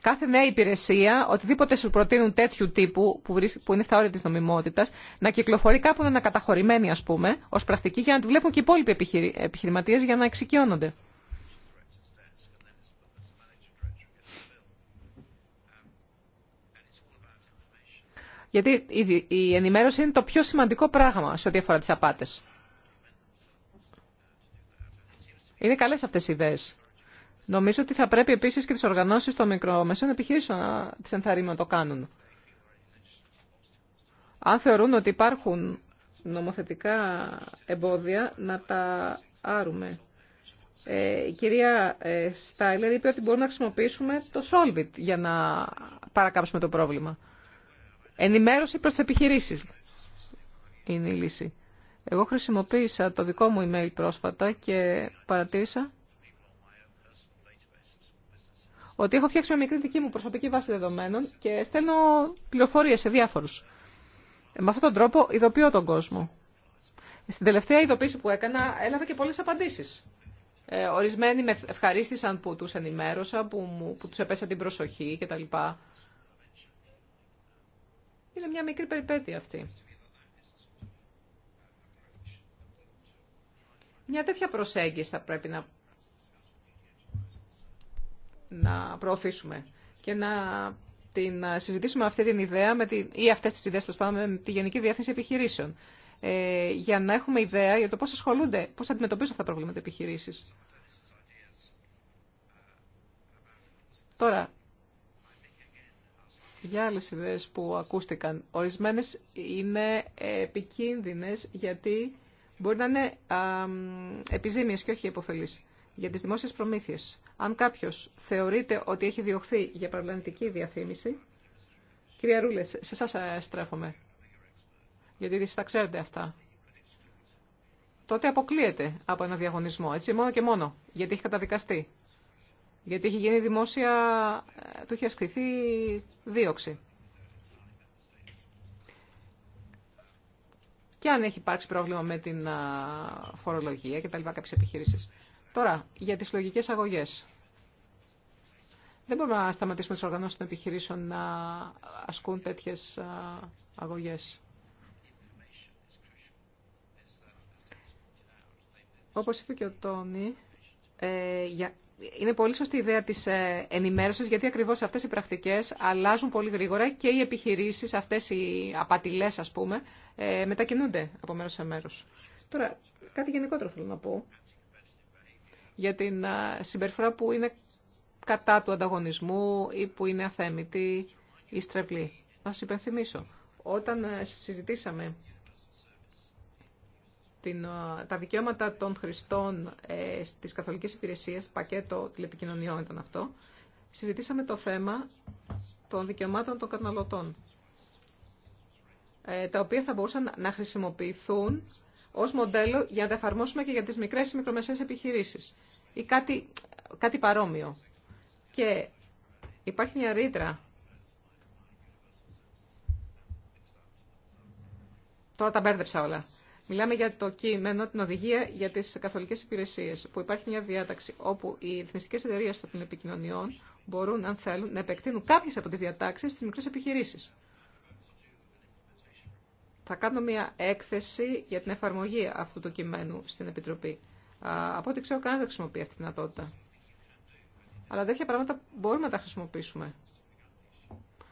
κάθε νέα υπηρεσία, οτιδήποτε σου προτείνουν τέτοιου τύπου που, είναι στα όρια της νομιμότητας, να κυκλοφορεί κάπου να ανακαταχωρημένη ας πούμε, ως πρακτική για να τη βλέπουν και οι υπόλοιποι επιχειρηματίες για να εξοικειώνονται. Γιατί η ενημέρωση είναι το πιο σημαντικό πράγμα σε ό,τι αφορά τις απάτες. Είναι καλές αυτές οι ιδέες. Νομίζω ότι θα πρέπει επίσης και τις οργανώσεις των μικρομεσαίων επιχειρήσεων να τις ενθαρρύνουν να το κάνουν. Αν θεωρούν ότι υπάρχουν νομοθετικά εμπόδια, να τα άρουμε. Ε, η κυρία ε, Στάιλερ είπε ότι μπορούμε να χρησιμοποιήσουμε το Solvit για να παρακάψουμε το πρόβλημα. Ενημέρωση προς επιχειρήσεις είναι η λύση. Εγώ χρησιμοποίησα το δικό μου email πρόσφατα και παρατήρησα ότι έχω φτιάξει μια μικρή δική μου προσωπική βάση δεδομένων και στέλνω πληροφορίες σε διάφορους. Ε, με αυτόν τον τρόπο ειδοποιώ τον κόσμο. Στην τελευταία ειδοποίηση που έκανα έλαβα και πολλές απαντήσεις. Ε, ορισμένοι με ευχαρίστησαν που τους ενημέρωσα, που, μου, που τους επέσα την προσοχή κτλ. Είναι μια μικρή περιπέτεια αυτή. Μια τέτοια προσέγγιση θα πρέπει να, να προωθήσουμε και να την συζητήσουμε αυτή την ιδέα με την, ή αυτές τις ιδέες πάμε, με τη Γενική Διεύθυνση Επιχειρήσεων ε, για να έχουμε ιδέα για το πώς ασχολούνται, πώς αντιμετωπίζουν αυτά τα προβλήματα επιχειρήσεις. Τώρα, για άλλες ιδέες που ακούστηκαν. Ορισμένες είναι επικίνδυνες γιατί μπορεί να είναι επιζήμιες και όχι υποφελεί. για τις δημόσιες προμήθειες. Αν κάποιος θεωρείται ότι έχει διωχθεί για παραπλανητική διαφήμιση, κυρία Ρούλε, σε εσάς στρέφομαι, γιατί τα ξέρετε αυτά. Τότε αποκλείεται από ένα διαγωνισμό, έτσι, μόνο και μόνο, γιατί έχει καταδικαστεί γιατί έχει γίνει δημόσια, ε, του είχε ασκηθεί δίωξη. Και αν έχει υπάρξει πρόβλημα με την φορολογία και τα λοιπά κάποιες επιχειρήσεις. Τώρα, για τις λογικές αγωγές. Δεν μπορούμε να σταματήσουμε τις οργανώσεις των επιχειρήσεων να ασκούν τέτοιες αγωγές. Όπως είπε και ο Τόνι, ε, για, είναι πολύ σωστή η ιδέα της ε, ενημέρωσης, γιατί ακριβώς αυτές οι πρακτικές αλλάζουν πολύ γρήγορα και οι επιχειρήσεις, αυτές οι απατηλές ας πούμε, ε, μετακινούνται από μέρος σε μέρος. Τώρα, κάτι γενικότερο θέλω να πω για την ε, συμπεριφορά που είναι κατά του ανταγωνισμού ή που είναι αθέμητη ή στρεβλή. Να σας υπενθυμίσω, όταν συζητήσαμε την, τα δικαιώματα των χρηστών ε, στις καθολικές υπηρεσίες, πακέτο τηλεπικοινωνιών ήταν αυτό, συζητήσαμε το θέμα των δικαιωμάτων των καταναλωτών, ε, τα οποία θα μπορούσαν να χρησιμοποιηθούν ως μοντέλο για να τα εφαρμόσουμε και για τις μικρές ή μικρομεσαίες επιχειρήσεις ή κάτι, κάτι παρόμοιο. Και υπάρχει μια ρήτρα Τώρα τα μπέρδεψα όλα. Μιλάμε για το κείμενο, την οδηγία για τι καθολικέ υπηρεσίε, που υπάρχει μια διάταξη όπου οι ρυθμιστικέ εταιρείε των επικοινωνιών μπορούν, αν θέλουν, να επεκτείνουν κάποιε από τι διατάξει στι μικρέ επιχειρήσει. Θα κάνω μια έκθεση για την εφαρμογή αυτού του κειμένου στην Επιτροπή. Από ό,τι ξέρω, κανένα δεν χρησιμοποιεί αυτή τη δυνατότητα. Αλλά τέτοια πράγματα μπορούμε να τα χρησιμοποιήσουμε.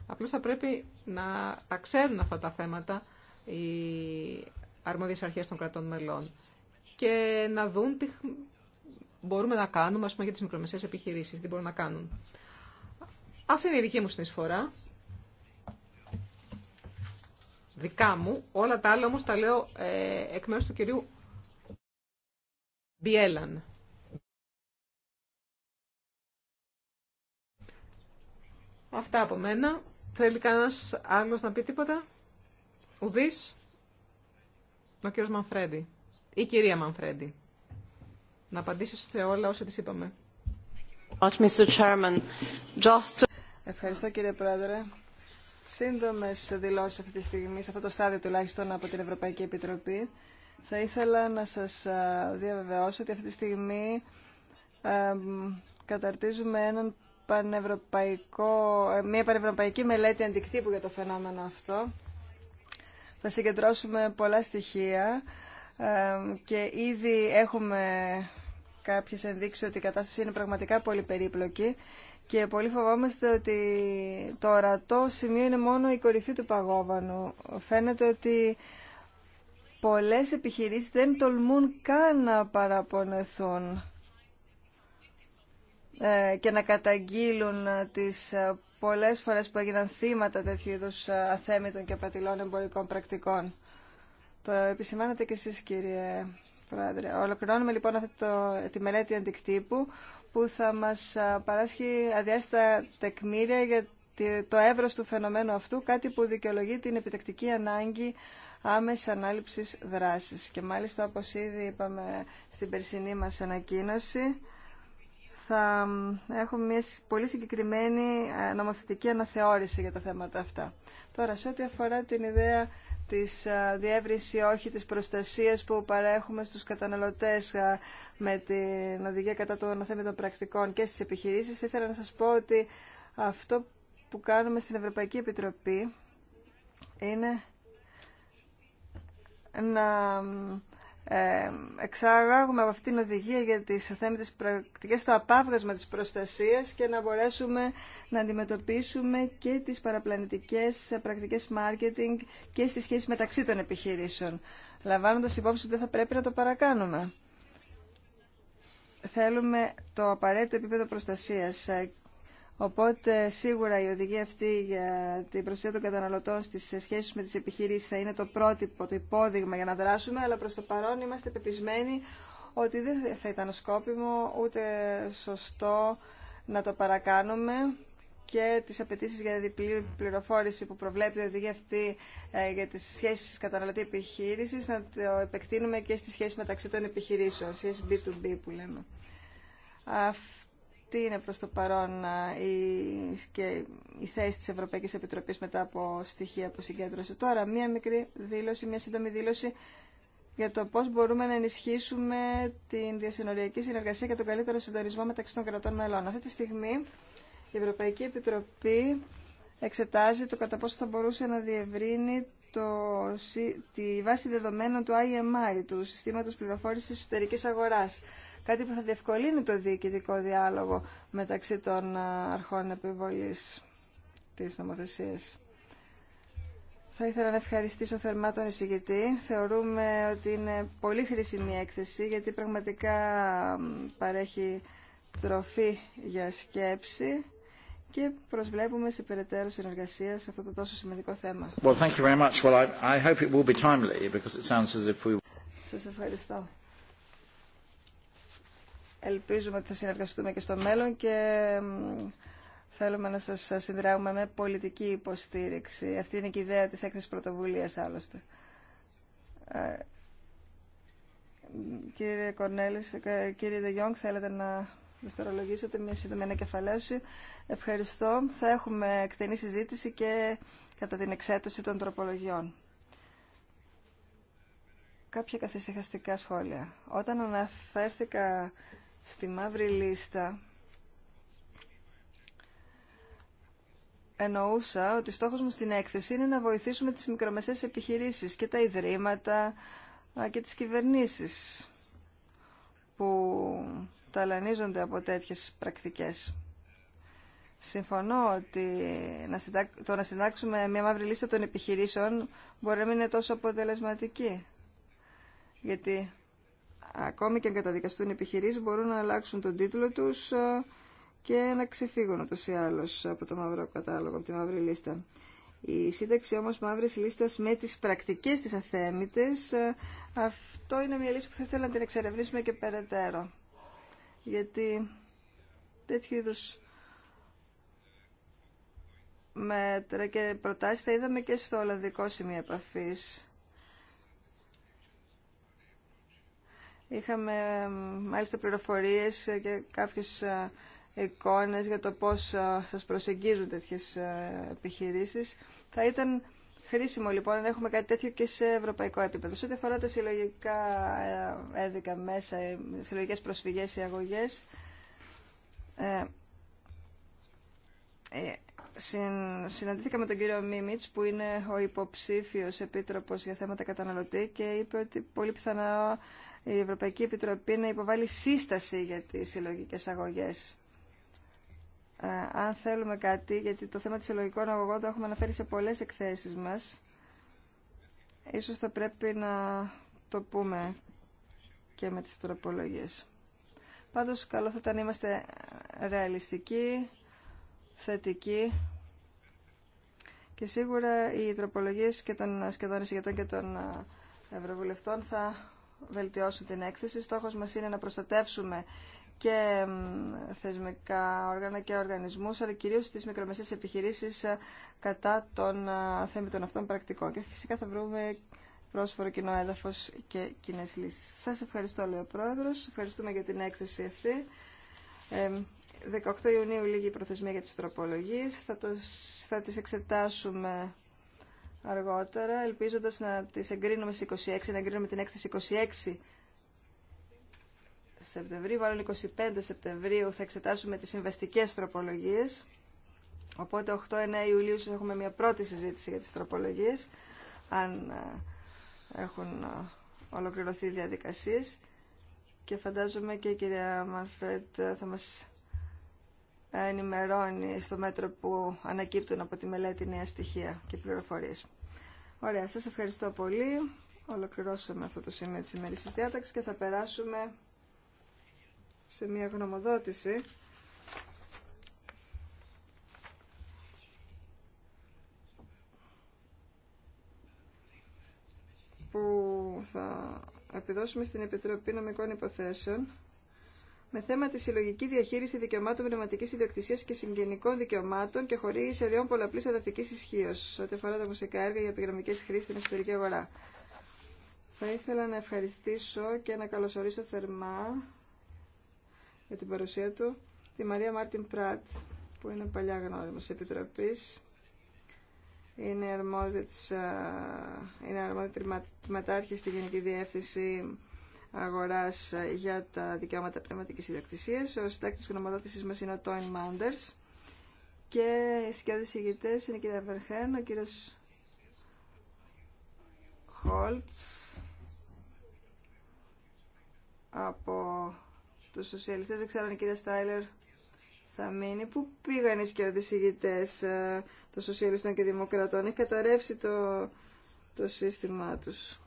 Απλώ θα πρέπει να τα ξέρουν αυτά τα θέματα οι αρμόδιες αρχές των κρατών μελών και να δουν τι μπορούμε να κάνουμε ας πούμε, για τις μικρομεσαίες επιχειρήσεις, τι μπορούν να κάνουν. Αυτή είναι η δική μου συνεισφορά. Δικά μου. Όλα τα άλλα όμως τα λέω ε, εκ μέρους του κυρίου Μπιέλαν. Αυτά από μένα. Θέλει κανένας άλλος να πει τίποτα. Ουδής. Ο κύριο Μανφρέντι. Η κυρία Μανφρέντι. Να απαντήσει σε όλα όσα της είπαμε. Ευχαριστώ κύριε Πρόεδρε. Σύντομε δηλώσει αυτή τη στιγμή, σε αυτό το στάδιο τουλάχιστον από την Ευρωπαϊκή Επιτροπή. Θα ήθελα να σας διαβεβαιώσω ότι αυτή τη στιγμή καταρτίζουμε έναν πανευρωπαϊκό, ε, μια πανευρωπαϊκή μελέτη αντικτύπου για το φαινόμενο αυτό θα συγκεντρώσουμε πολλά στοιχεία και ήδη έχουμε κάποιες ενδείξεις ότι η κατάσταση είναι πραγματικά πολύ περίπλοκη και πολύ φοβόμαστε ότι το ορατό σημείο είναι μόνο η κορυφή του παγόβανου. Φαίνεται ότι πολλές επιχειρήσεις δεν τολμούν καν να παραπονεθούν ε, και να καταγγείλουν τις πολλές φορές που έγιναν θύματα τέτοιου είδους ε, αθέμητων και απατηλών εμπορικών πρακτικών. Το επισημάνατε και εσείς κύριε Πρόεδρε. Ολοκληρώνουμε λοιπόν αυτή το, τη μελέτη αντικτύπου που θα μας ε, παράσχει αδιάστα τεκμήρια για το έβρος του φαινομένου αυτού, κάτι που δικαιολογεί την επιτακτική ανάγκη άμεση ανάληψης δράσης. Και μάλιστα, όπως ήδη είπαμε στην περσινή μας ανακοίνωση, θα έχουμε μια πολύ συγκεκριμένη ε, νομοθετική αναθεώρηση για τα θέματα αυτά. Τώρα, σε ό,τι αφορά την ιδέα της ε, διεύρυνση όχι της προστασίας που παρέχουμε στους καταναλωτές ε, με την οδηγία κατά των πρακτικών και στις επιχειρήσεις, θα ήθελα να σας πω ότι αυτό που κάνουμε στην Ευρωπαϊκή Επιτροπή είναι να ε, εξάγουμε από αυτήν την οδηγία για τις αθέμητες πρακτικές το απάβγασμα της προστασίας και να μπορέσουμε να αντιμετωπίσουμε και τις παραπλανητικές πρακτικές marketing και στη σχέση μεταξύ των επιχειρήσεων, λαμβάνοντας υπόψη ότι δεν θα πρέπει να το παρακάνουμε. Θέλουμε το απαραίτητο επίπεδο προστασίας Οπότε σίγουρα η οδηγία αυτή για την προστασία των καταναλωτών στι σχέσει με τι επιχειρήσει θα είναι το πρότυπο, το υπόδειγμα για να δράσουμε, αλλά προ το παρόν είμαστε πεπισμένοι ότι δεν θα ήταν σκόπιμο ούτε σωστό να το παρακάνουμε και τι απαιτήσει για διπλή πληροφόρηση που προβλέπει η οδηγία αυτή ε, για τι σχέσει καταναλωτή επιχείρηση να το επεκτείνουμε και στις σχέσεις μεταξύ των επιχειρησεων σχεσει σχέση B2B που λέμε τι είναι προς το παρόν η, και η θέση της Ευρωπαϊκής Επιτροπής μετά από στοιχεία που συγκέντρωσε. Τώρα, μία μικρή δήλωση, μία σύντομη δήλωση για το πώς μπορούμε να ενισχύσουμε την διασυνοριακή συνεργασία και τον καλύτερο συντονισμό μεταξύ των κρατών μελών. Αυτή τη στιγμή η Ευρωπαϊκή Επιτροπή εξετάζει το κατά πόσο θα μπορούσε να διευρύνει το, τη βάση δεδομένων του IMI, του Συστήματος Πληροφόρησης Εσωτερικής Αγοράς κάτι που θα διευκολύνει το διοικητικό διάλογο μεταξύ των αρχών επιβολής της νομοθεσίας. Θα ήθελα να ευχαριστήσω θερμά τον εισηγητή. Θεωρούμε ότι είναι πολύ χρήσιμη η έκθεση γιατί πραγματικά παρέχει τροφή για σκέψη και προσβλέπουμε σε περαιτέρω συνεργασία σε αυτό το τόσο σημαντικό θέμα. Well, Well, I, I we... Σας ευχαριστώ. Ελπίζουμε ότι θα συνεργαστούμε και στο μέλλον και θέλουμε να σας συνδράουμε με πολιτική υποστήριξη. Αυτή είναι και η ιδέα της έκθεσης πρωτοβουλίας άλλωστε. Ε, κύριε Κορνέλης, ε, κύριε Δεγιόγκ, θέλετε να δευτερολογήσετε μια σύντομη ανακεφαλαίωση. Ευχαριστώ. Θα έχουμε εκτενή συζήτηση και κατά την εξέταση των τροπολογιών. Κάποια καθησυχαστικά σχόλια. Όταν αναφέρθηκα στη μαύρη λίστα εννοούσα ότι στόχος μου στην έκθεση είναι να βοηθήσουμε τις μικρομεσαίες επιχειρήσεις και τα ιδρύματα και τις κυβερνήσεις που ταλανίζονται από τέτοιες πρακτικές. Συμφωνώ ότι το να συντάξουμε μια μαύρη λίστα των επιχειρήσεων μπορεί να μην είναι τόσο αποτελεσματική. Γιατί ακόμη και αν καταδικαστούν οι μπορούν να αλλάξουν τον τίτλο τους ε, και να ξεφύγουν ούτως ή άλλως από το μαύρο κατάλογο, από τη μαύρη λίστα. Η αλλω απο το μαυρο όμως μαύρης ομως μαυρη λιστα με τις πρακτικές της αθέμητη, ε, αυτό είναι μια λύση που θα ήθελα να την εξερευνήσουμε και περαιτέρω. Γιατί τέτοιου είδου μέτρα και προτάσει θα είδαμε και στο Ολλανδικό Σημείο Επαφής Είχαμε μάλιστα πληροφορίες και κάποιες ε, εικόνες για το πώς ε, σας προσεγγίζουν τέτοιες ε, επιχειρήσεις. Θα ήταν χρήσιμο λοιπόν να έχουμε κάτι τέτοιο και σε ευρωπαϊκό επίπεδο. Σε ό,τι αφορά τα συλλογικά έδικα μέσα, συλλογικές προσφυγές ή αγωγές, συναντήθηκα με τον κύριο Μίμιτς που είναι ο υποψήφιος επίτροπος για θέματα καταναλωτή και είπε ότι πολύ πιθανό η Ευρωπαϊκή Επιτροπή να υποβάλει σύσταση για τις συλλογικές αγωγές. Ε, αν θέλουμε κάτι, γιατί το θέμα της συλλογικών αγωγών το έχουμε αναφέρει σε πολλές εκθέσεις μας, ίσως θα πρέπει να το πούμε και με τις τροπολογίες. Πάντως, καλό θα ήταν είμαστε ρεαλιστικοί, θετικοί και σίγουρα οι τροπολογίες και των σχεδόν εισηγητών και των ε, ευρωβουλευτών θα βελτιώσουν την έκθεση. Στόχος μας είναι να προστατεύσουμε και θεσμικά όργανα και οργανισμούς, αλλά κυρίως τις μικρομεσαίες επιχειρήσεις ε, κατά των ε, θέμητων αυτών πρακτικών. Και φυσικά θα βρούμε πρόσφορο κοινό έδαφος και κοινέ λύσεις. Σας ευχαριστώ, λέει ο Ευχαριστούμε για την έκθεση αυτή. 18 Ιουνίου η προθεσμία για τις τροπολογίες. Θα, το, θα τις εξετάσουμε αργότερα, ελπίζοντας να τις εγκρίνουμε στις 26, να εγκρίνουμε την έκθεση 26 Σεπτεμβρίου, μάλλον 25 Σεπτεμβρίου θα εξετάσουμε τις συμβαστικές τροπολογίες. Οπότε 8-9 Ιουλίου θα έχουμε μια πρώτη συζήτηση για τις τροπολογίες, αν ε, έχουν ε, ολοκληρωθεί οι διαδικασίες. Και φαντάζομαι και η κυρία Μανφρέτ ε, θα μας ενημερώνει στο μέτρο που ανακύπτουν από τη μελέτη νέα στοιχεία και πληροφορίες. Ωραία, σας ευχαριστώ πολύ. Ολοκληρώσαμε αυτό το σημείο της ημερήσης διάταξης και θα περάσουμε σε μια γνωμοδότηση. που θα επιδώσουμε στην Επιτροπή Νομικών Υποθέσεων με θέμα τη συλλογική διαχείριση δικαιωμάτων πνευματική ιδιοκτησία και συγγενικών δικαιωμάτων και χορήγηση αδειών πολλαπλή εδαφική ισχύω, ό,τι αφορά τα μουσικά έργα για επιγραμμικέ χρήσει στην εσωτερική αγορά. Θα ήθελα να ευχαριστήσω και να καλωσορίσω θερμά για την παρουσία του τη Μαρία Μάρτιν Πράτ, που είναι παλιά γνώριμο τη Επιτροπή Είναι αρμόδια, της, είναι τριματάρχη στη Γενική Διεύθυνση Αγορά ε, για τα δικαιώματα πνευματική ιδιοκτησία. Ο συντάκτη γνωμοδότησή μα είναι ο Τόιν Μάντερ. και οι σκιώδες ηγητές είναι η κυρία Βερχέν, ο κύριο Χόλτς από του σοσιαλιστές, δεν ξέρω αν η κυρία Στάιλερ θα μείνει. Πού πήγαν οι σκιώδες ηγητές ε, των σοσιαλιστών και δημοκρατών. Έχει καταρρεύσει το, το σύστημά τους.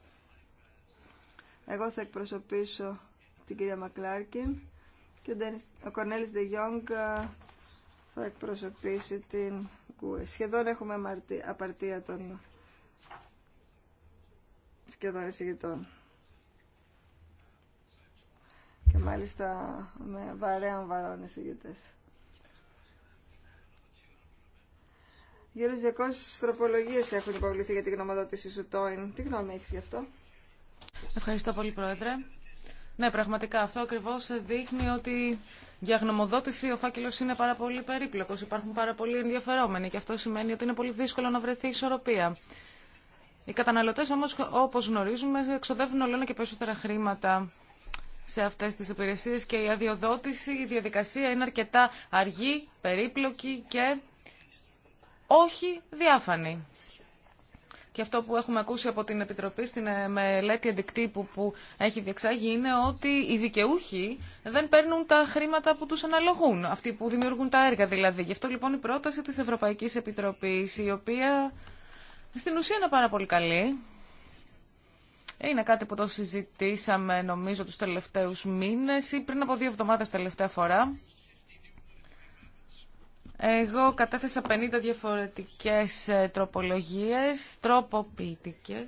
Εγώ θα εκπροσωπήσω την κυρία Μακλάρκιν και ο Κορνέλης Δε Γιόγκ ε, θα εκπροσωπήσει την ΚΟΕ. Σχεδόν έχουμε απαρτία των σχεδόν εισηγητών. Και μάλιστα με βαρέαν βαρών εισηγητές. Γύρω στις 200 τροπολογίε έχουν υποβληθεί για την γνωμοδότηση σου, Τόιν. Τι γνώμη έχει γι' αυτό. Ευχαριστώ πολύ, Πρόεδρε. Ναι, πραγματικά αυτό ακριβώ δείχνει ότι για γνωμοδότηση ο φάκελο είναι πάρα πολύ περίπλοκο. Υπάρχουν πάρα πολλοί ενδιαφερόμενοι και αυτό σημαίνει ότι είναι πολύ δύσκολο να βρεθεί ισορροπία. Οι καταναλωτέ όμω, όπω γνωρίζουμε, εξοδεύουν όλο και περισσότερα χρήματα σε αυτέ τι υπηρεσίε και η αδειοδότηση, η διαδικασία είναι αρκετά αργή, περίπλοκη και όχι διάφανη και αυτό που έχουμε ακούσει από την Επιτροπή στην ε, μελέτη αντικτύπου που έχει διεξάγει είναι ότι οι δικαιούχοι δεν παίρνουν τα χρήματα που τους αναλογούν, αυτοί που δημιουργούν τα έργα δηλαδή. Γι' αυτό λοιπόν η πρόταση της Ευρωπαϊκής Επιτροπής, η οποία στην ουσία είναι πάρα πολύ καλή, είναι κάτι που το συζητήσαμε νομίζω τους τελευταίους μήνες ή πριν από δύο εβδομάδες τελευταία φορά. Εγώ κατέθεσα 50 διαφορετικές ε, τροπολογίες, τροποποιητικές.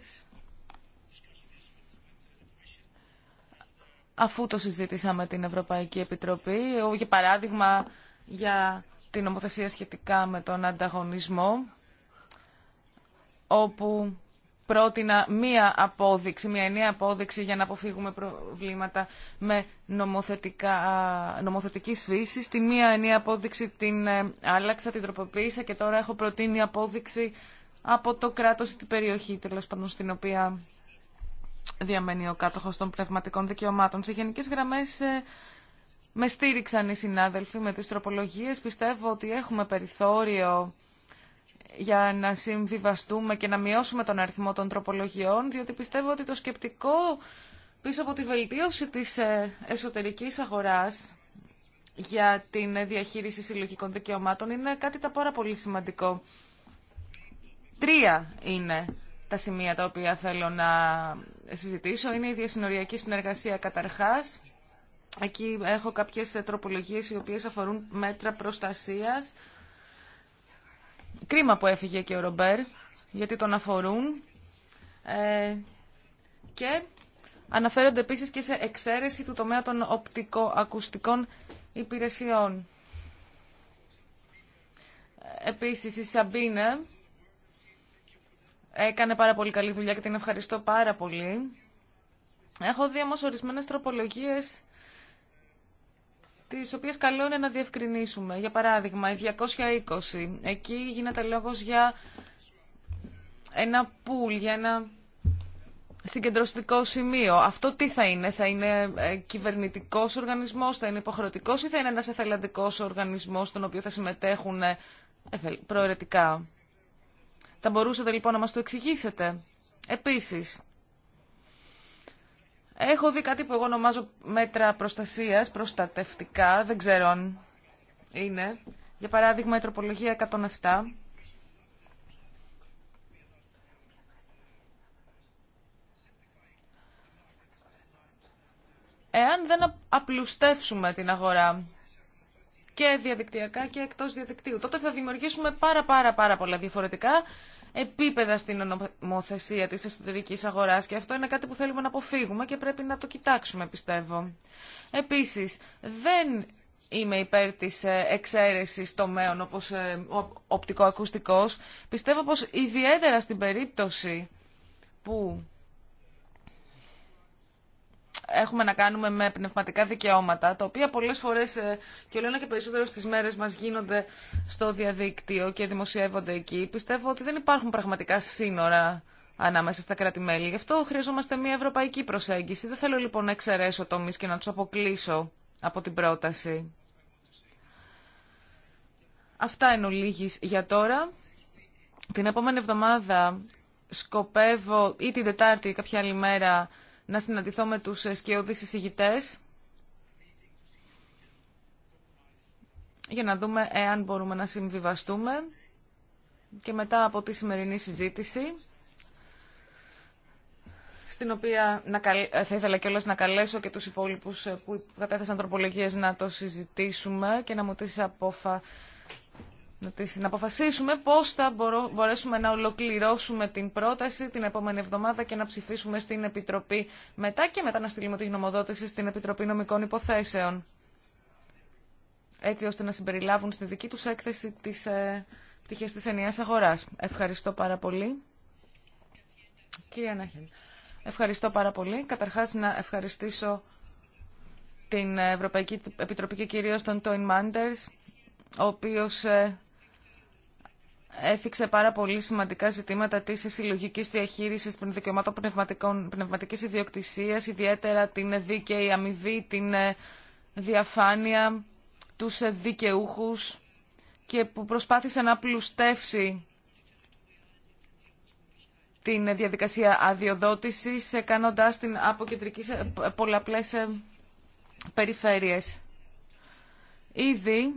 Αφού το συζήτησα με την Ευρωπαϊκή Επιτροπή, για παράδειγμα για την νομοθεσία σχετικά με τον ανταγωνισμό, όπου πρότεινα μία απόδειξη, μία ενιαία απόδειξη για να αποφύγουμε προβλήματα με νομοθετικά, νομοθετικής φύσης. Τη μία ενιαία απόδειξη την ε, άλλαξα, την τροποποίησα και τώρα έχω προτείνει απόδειξη από το κράτος ή την περιοχή τέλο πάντων στην οποία διαμένει ο κάτοχος των πνευματικών δικαιωμάτων. Σε γενικές γραμμές ε, με στήριξαν οι συνάδελφοι με τις τροπολογίες. Πιστεύω ότι έχουμε περιθώριο για να συμβιβαστούμε και να μειώσουμε τον αριθμό των τροπολογιών, διότι πιστεύω ότι το σκεπτικό πίσω από τη βελτίωση της ε, εσωτερικής αγοράς για την διαχείριση συλλογικών δικαιωμάτων είναι κάτι τα πάρα πολύ σημαντικό. Τρία είναι τα σημεία τα οποία θέλω να συζητήσω. Είναι η διασυνοριακή συνεργασία καταρχάς. Εκεί έχω κάποιες τροπολογίες οι οποίες αφορούν μέτρα προστασίας Κρίμα που έφυγε και ο Ρομπέρ, γιατί τον αφορούν. Ε, και αναφέρονται επίσης και σε εξαίρεση του τομέα των οπτικοακουστικών υπηρεσιών. Επίσης η Σαμπίνε έκανε πάρα πολύ καλή δουλειά και την ευχαριστώ πάρα πολύ. Έχω δει όμως ορισμένες τροπολογίες τι οποίες καλό είναι να διευκρινίσουμε. Για παράδειγμα, η 220. Εκεί γίνεται λόγος για ένα πουλ, για ένα συγκεντρωστικό σημείο. Αυτό τι θα είναι, θα είναι ε, κυβερνητικός οργανισμός, θα είναι υποχρεωτικό ή θα είναι ένας εθελοντικό οργανισμός στον οποίο θα συμμετέχουν ε, προαιρετικά. Θα μπορούσατε λοιπόν να μα το εξηγήσετε. Επίσης, Έχω δει κάτι που εγώ ονομάζω μέτρα προστασίας, προστατευτικά, δεν ξέρω αν είναι. Για παράδειγμα, η τροπολογία 107. Εάν δεν απλουστεύσουμε την αγορά και διαδικτυακά και εκτός διαδικτύου. Τότε θα δημιουργήσουμε πάρα πάρα πάρα πολλά διαφορετικά επίπεδα στην νομοθεσία της εσωτερικής αγοράς και αυτό είναι κάτι που θέλουμε να αποφύγουμε και πρέπει να το κοιτάξουμε πιστεύω. Επίσης, δεν είμαι υπέρ της ε, εξαίρεσης τομέων όπως ε, οπτικοακουστικός. Πιστεύω πως ιδιαίτερα στην περίπτωση που έχουμε να κάνουμε με πνευματικά δικαιώματα, τα οποία πολλές φορές ε, και όλο και περισσότερο στις μέρες μας γίνονται στο διαδίκτυο και δημοσιεύονται εκεί. Πιστεύω ότι δεν υπάρχουν πραγματικά σύνορα ανάμεσα στα κράτη-μέλη. Γι' αυτό χρειαζόμαστε μια ευρωπαϊκή προσέγγιση. Δεν θέλω λοιπόν να εξαιρέσω τομείς και να τους αποκλείσω από την πρόταση. Αυτά εν ολίγης για τώρα. Την επόμενη εβδομάδα σκοπεύω ή την Τετάρτη ή κάποια άλλη μέρα να συναντηθώ με τους σκιώδεις εισηγητές για να δούμε εάν μπορούμε να συμβιβαστούμε και μετά από τη σημερινή συζήτηση στην οποία ε, θα ήθελα κιόλας να καλέσω και τους υπόλοιπους ε, που κατέθεσαν τροπολογίες να το συζητήσουμε και να μου τις απόφα να, τις, αποφασίσουμε πώς θα μπορέσουμε να ολοκληρώσουμε την πρόταση την επόμενη εβδομάδα και να ψηφίσουμε στην Επιτροπή μετά και μετά να στείλουμε τη γνωμοδότηση στην Επιτροπή Νομικών Υποθέσεων. Έτσι ώστε να συμπεριλάβουν στη δική τους έκθεση τις ε, πτυχές της ενιαίας αγοράς. Ευχαριστώ πάρα πολύ. Κυρία ευχαριστώ πάρα πολύ. Καταρχάς να ευχαριστήσω την Ευρωπαϊκή Επιτροπή και κυρίως τον Τόιν Μάντερς, ο οποίος ε, έφυξε πάρα πολύ σημαντικά ζητήματα τη συλλογική διαχείριση των δικαιωμάτων πνευματική ιδιοκτησία, ιδιαίτερα την δίκαιη αμοιβή, την ε, διαφάνεια, του ε, δικαιούχου και που προσπάθησε να πλουστεύσει την διαδικασία αδειοδότησης, ε, κάνοντάς την αποκεντρική σε πολλαπλές περιφέρειες. Ήδη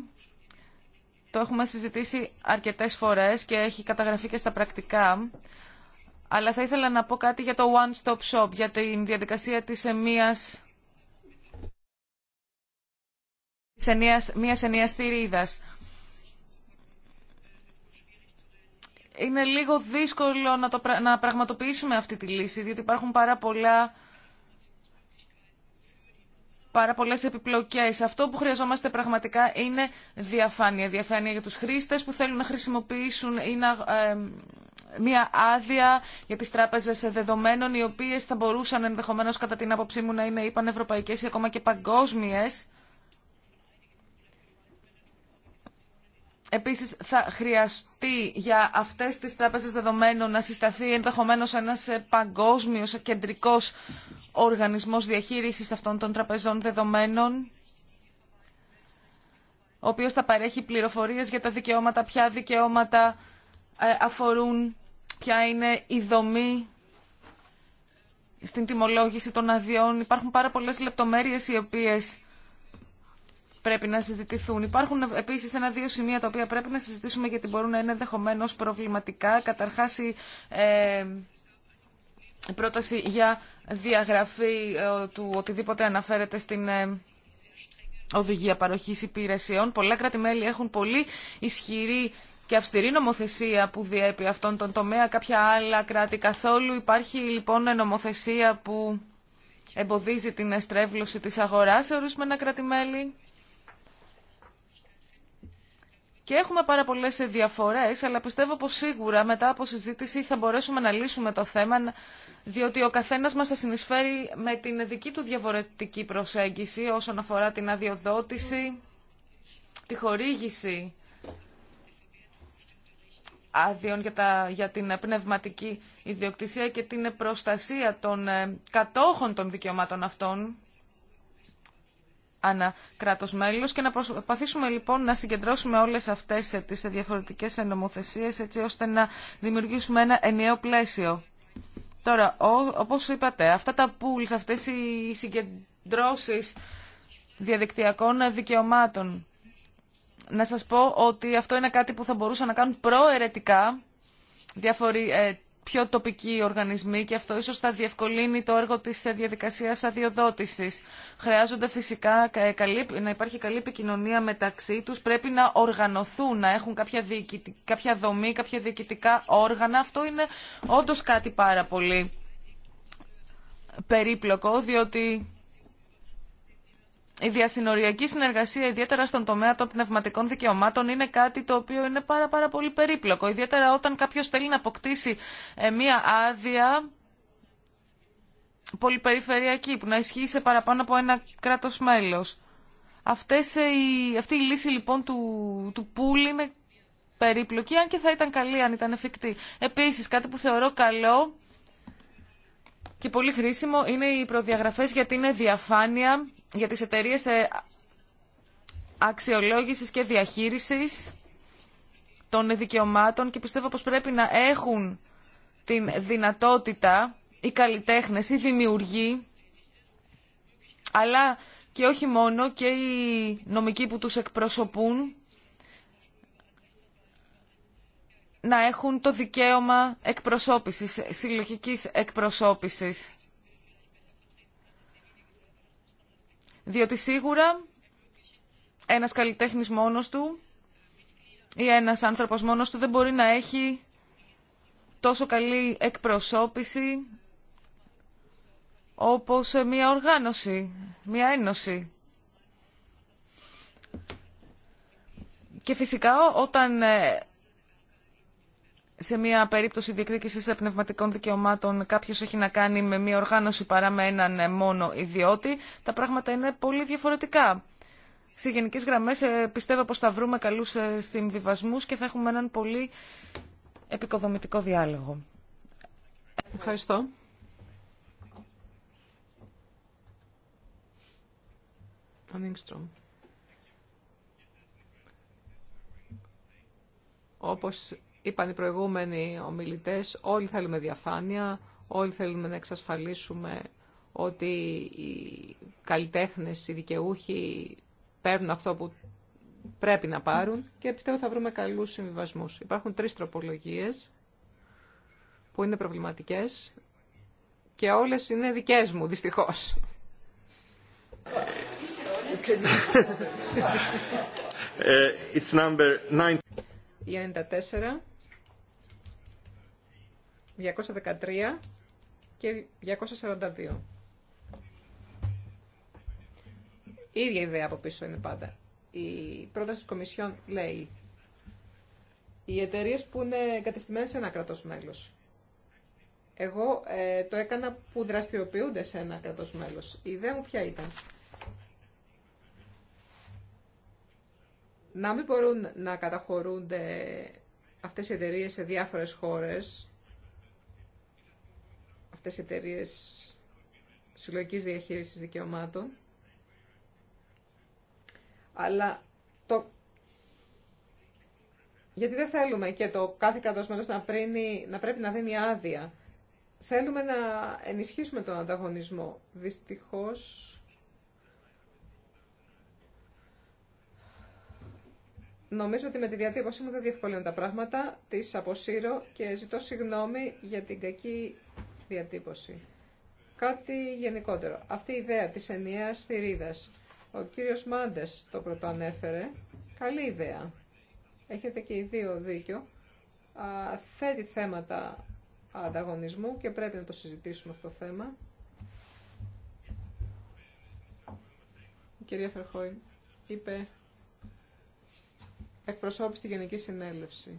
το έχουμε συζητήσει αρκετές φορές και έχει καταγραφεί και στα πρακτικά. Αλλά θα ήθελα να πω κάτι για το one-stop shop, για την διαδικασία της της ενίας, ενίας θηρίδας. Είναι λίγο δύσκολο να, το, να πραγματοποιήσουμε αυτή τη λύση, διότι υπάρχουν πάρα πολλά πάρα πολλές επιπλοκές. Αυτό που χρειαζόμαστε πραγματικά είναι διαφάνεια. Διαφάνεια για τους χρήστες που θέλουν να χρησιμοποιήσουν ή μια άδεια για τις τράπεζες δεδομένων οι οποίες θα μπορούσαν ενδεχομένως κατά την άποψή μου να είναι ή ή ακόμα και παγκόσμιες Επίσης θα χρειαστεί για αυτές τις τράπεζες δεδομένων να συσταθεί ενδεχομένως ένας ε, παγκόσμιος ε, κεντρικός οργανισμός διαχείρισης αυτών των τραπεζών δεδομένων ο οποίος θα παρέχει πληροφορίες για τα δικαιώματα, ποια δικαιώματα ε, αφορούν, ποια είναι η δομή στην τιμολόγηση των αδειών. Υπάρχουν πάρα πολλές λεπτομέρειες οι οποίες πρέπει να συζητηθούν. Υπάρχουν επίση ένα-δύο σημεία τα οποία πρέπει να συζητήσουμε γιατί μπορούν να είναι ενδεχομένω προβληματικά. Καταρχά, η ε, πρόταση για διαγραφή ε, του οτιδήποτε αναφέρεται στην. Ε, οδηγία παροχή υπηρεσιών. Πολλά κράτη-μέλη έχουν πολύ ισχυρή και αυστηρή νομοθεσία που διέπει αυτόν τον τομέα. Κάποια άλλα κράτη καθόλου. Υπάρχει λοιπόν νομοθεσία που εμποδίζει την εστρέβλωση της αγοράς σε ορισμένα κράτη-μέλη. Και έχουμε πάρα πολλέ διαφορέ, αλλά πιστεύω πω σίγουρα μετά από συζήτηση θα μπορέσουμε να λύσουμε το θέμα, διότι ο καθένα μα θα συνεισφέρει με την δική του διαφορετική προσέγγιση όσον αφορά την αδειοδότηση, τη χορήγηση άδειων για, τα, για την πνευματική ιδιοκτησία και την προστασία των ε, κατόχων των δικαιωμάτων αυτών ανά κράτος μέλος και να προσπαθήσουμε λοιπόν να συγκεντρώσουμε όλες αυτές ε, τις διαφορετικές νομοθεσίες έτσι ώστε να δημιουργήσουμε ένα ενιαίο πλαίσιο. Τώρα, όπως είπατε, αυτά τα pools, αυτές οι συγκεντρώσεις διαδικτυακών δικαιωμάτων, να σας πω ότι αυτό είναι κάτι που θα μπορούσαν να κάνουν προαιρετικά διαφορετικά πιο τοπικοί οργανισμοί και αυτό ίσως θα διευκολύνει το έργο της ε, διαδικασίας αδειοδότησης. Χρειάζονται φυσικά ε, να υπάρχει καλή επικοινωνία μεταξύ τους, πρέπει να οργανωθούν, να έχουν κάποια, κάποια δομή, κάποια διοικητικά όργανα. Αυτό είναι όντως κάτι πάρα πολύ περίπλοκο, διότι η διασυνοριακή συνεργασία, ιδιαίτερα στον τομέα των πνευματικών δικαιωμάτων, είναι κάτι το οποίο είναι πάρα, πάρα πολύ περίπλοκο. Ιδιαίτερα όταν κάποιο θέλει να αποκτήσει ε, μία άδεια πολυπεριφερειακή που να ισχύει σε παραπάνω από ένα κράτος μέλος. Αυτές, ε, αυτή η λύση λοιπόν του, του πουλ είναι περίπλοκη, αν και θα ήταν καλή αν ήταν εφικτή. Επίση, κάτι που θεωρώ καλό και πολύ χρήσιμο είναι οι προδιαγραφές για την διαφάνεια για τις εταιρείε ε, αξιολόγησης και διαχείρισης των δικαιωμάτων και πιστεύω πως πρέπει να έχουν την δυνατότητα οι καλλιτέχνες, οι δημιουργοί, αλλά και όχι μόνο και οι νομικοί που τους εκπροσωπούν να έχουν το δικαίωμα εκπροσώπησης, συλλογικής εκπροσώπησης. Διότι σίγουρα ένας καλλιτέχνης μόνος του ή ένας άνθρωπος μόνος του δεν μπορεί να έχει τόσο καλή εκπροσώπηση όπως μια οργάνωση, μια ένωση. Και φυσικά όταν ε, σε μια περίπτωση διεκδίκηση πνευματικών δικαιωμάτων κάποιο έχει να κάνει με μια οργάνωση παρά με έναν ε, μόνο ιδιώτη, τα πράγματα είναι πολύ διαφορετικά. Σε γενικέ γραμμέ ε, πιστεύω πω θα βρούμε καλού ε, συμβιβασμού και θα έχουμε έναν πολύ επικοδομητικό διάλογο. Ευχαριστώ. Όπως Είπαν οι προηγούμενοι ομιλητές, όλοι θέλουμε διαφάνεια, όλοι θέλουμε να εξασφαλίσουμε ότι οι καλλιτέχνες, οι δικαιούχοι παίρνουν αυτό που πρέπει να πάρουν και πιστεύω θα βρούμε καλούς συμβιβασμούς. Υπάρχουν τρεις τροπολογίες που είναι προβληματικές και όλες είναι δικές μου, δυστυχώς. Ε, it's number 94 213 και 242. Η ίδια ιδέα από πίσω είναι πάντα. Η πρόταση της Κομισιόν λέει οι εταιρείε που είναι εγκατεστημένες σε ένα κράτος μέλος. Εγώ ε, το έκανα που δραστηριοποιούνται σε ένα κράτος μέλος. Η ιδέα μου ποια ήταν. Να μην μπορούν να καταχωρούνται αυτές οι εταιρείε σε διάφορες χώρες αυτές εταιρείε συλλογική διαχείρισης δικαιωμάτων. Αλλά το... Γιατί δεν θέλουμε και το κάθε κρατός να, πρίνει, να πρέπει να δίνει άδεια. Θέλουμε να ενισχύσουμε τον ανταγωνισμό. Δυστυχώς... Νομίζω ότι με τη διατύπωσή μου δεν διευκολύνω τα πράγματα. Τη αποσύρω και ζητώ συγγνώμη για την κακή Κάτι γενικότερο. Αυτή η ιδέα της ενιαίας θηρίδας. Ο κύριος Μάντες το πρωτοανέφερε. Καλή ιδέα. Έχετε και οι δύο δίκιο. Α, θέτει θέματα ανταγωνισμού και πρέπει να το συζητήσουμε αυτό το θέμα. Η κυρία Φερχόη είπε εκπροσώπηση στη Γενική Συνέλευση.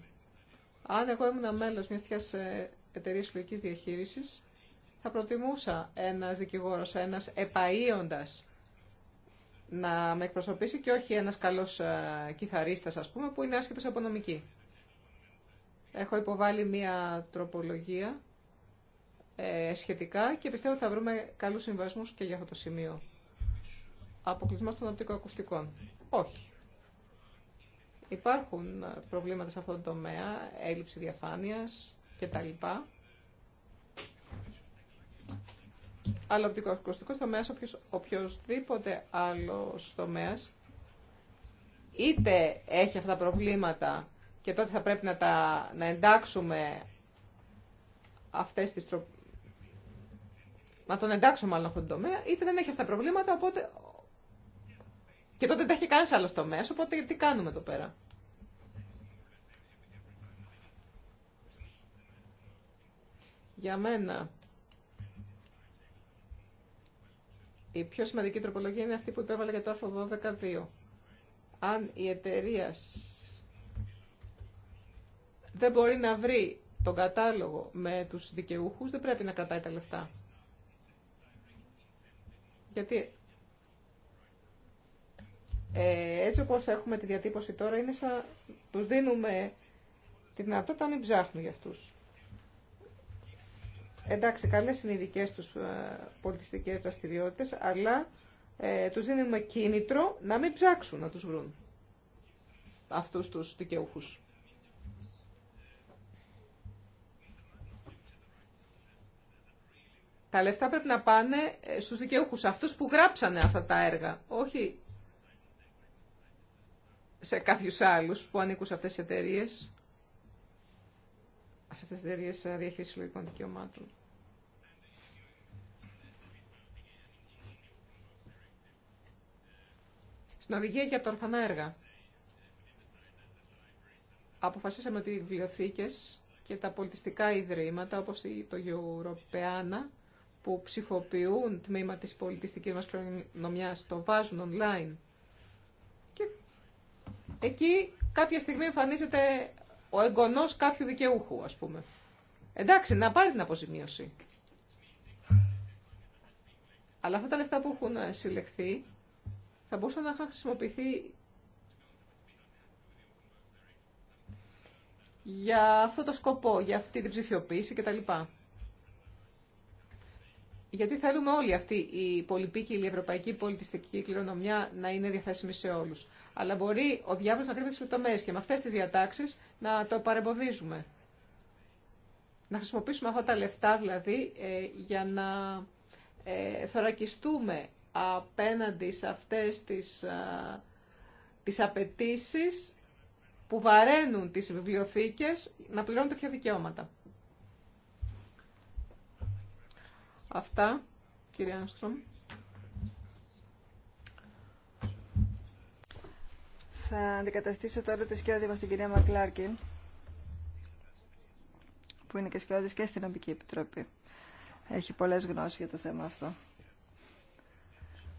Αν εγώ ήμουν μέλος μιας τέτοιας ε, εταιρείας λογικής διαχείρισης, θα προτιμούσα ένας δικηγόρος, ένας επαΐοντας να με εκπροσωπήσει και όχι ένας καλός κιθαρίστας, ας πούμε, που είναι άσχετος από νομική. Έχω υποβάλει μία τροπολογία ε, σχετικά και πιστεύω ότι θα βρούμε καλούς συμβασμούς και για αυτό το σημείο. Αποκλεισμό των οπτικοακουστικών. Όχι. Υπάρχουν ε, προβλήματα σε αυτό το τομέα, έλλειψη διαφάνειας κτλ. Αλλά ο οπτικοακουστικός οποιος, οποιοδήποτε άλλο τομέα είτε έχει αυτά τα προβλήματα και τότε θα πρέπει να, τα, να εντάξουμε αυτές τις τρο... να τον εντάξουμε μάλλον αυτόν τον τομέα, είτε δεν έχει αυτά τα προβλήματα, οπότε... Και τότε δεν έχει σε άλλο τομέα, οπότε τι κάνουμε εδώ πέρα. Για μένα, Η πιο σημαντική τροπολογία είναι αυτή που υπέβαλε για το άρθρο 12.2. Αν η εταιρεία δεν μπορεί να βρει τον κατάλογο με τους δικαιούχους, δεν πρέπει να κρατάει τα λεφτά. Γιατί ε, έτσι όπως έχουμε τη διατύπωση τώρα, είναι σαν τους δίνουμε τη δυνατότητα να μην ψάχνουν για αυτούς. Εντάξει, καλέ είναι οι δικέ τους ε, πολιτιστικές δραστηριότητε, αλλά ε, τους δίνουμε κίνητρο να μην ψάξουν να τους βρουν αυτούς του δικαιούχου. Τα λεφτά πρέπει να πάνε ε, στους δικαιούχους αυτούς που γράψανε αυτά τα έργα, όχι σε κάποιους άλλους που ανήκουν σε αυτές τις εταιρείες σε αυτές τις εταιρείες ε, διαχείρισης λογικών δικαιωμάτων. Στην οδηγία για τα ορφανά έργα αποφασίσαμε ότι οι βιβλιοθήκες και τα πολιτιστικά ιδρύματα όπως το Europeana που ψηφοποιούν τμήμα της πολιτιστικής μας κληρονομιάς, το βάζουν online. Και εκεί κάποια στιγμή εμφανίζεται ο εγγόνο κάποιου δικαιούχου, α πούμε. Εντάξει, να πάρει την αποζημίωση. Αλλά αυτά τα λεφτά που έχουν ε, συλλεχθεί θα μπορούσαν να είχαν χρησιμοποιηθεί για αυτό το σκοπό, για αυτή την ψηφιοποίηση κτλ. Γιατί θέλουμε όλοι αυτή η πολυπίκυλη ευρωπαϊκή πολιτιστική κληρονομιά να είναι διαθέσιμη σε όλους αλλά μπορεί ο διάβολος να κρύβεται τις λεπτομέρειες και με αυτές τις διατάξεις να το παρεμποδίζουμε. Να χρησιμοποιήσουμε αυτά τα λεφτά δηλαδή ε, για να ε, θωρακιστούμε απέναντι σε αυτές τις, τις απαιτήσει που βαραίνουν τις βιβλιοθήκες να πληρώνουν τέτοια δικαιώματα. Αυτά, κύριε Άνστρομ. Θα αντικαταστήσω τώρα τη σκιώδη μας την κυρία Μακλάρκιν, που είναι και σκιώδης και στην Ομπική Επιτροπή. Έχει πολλές γνώσεις για το θέμα αυτό.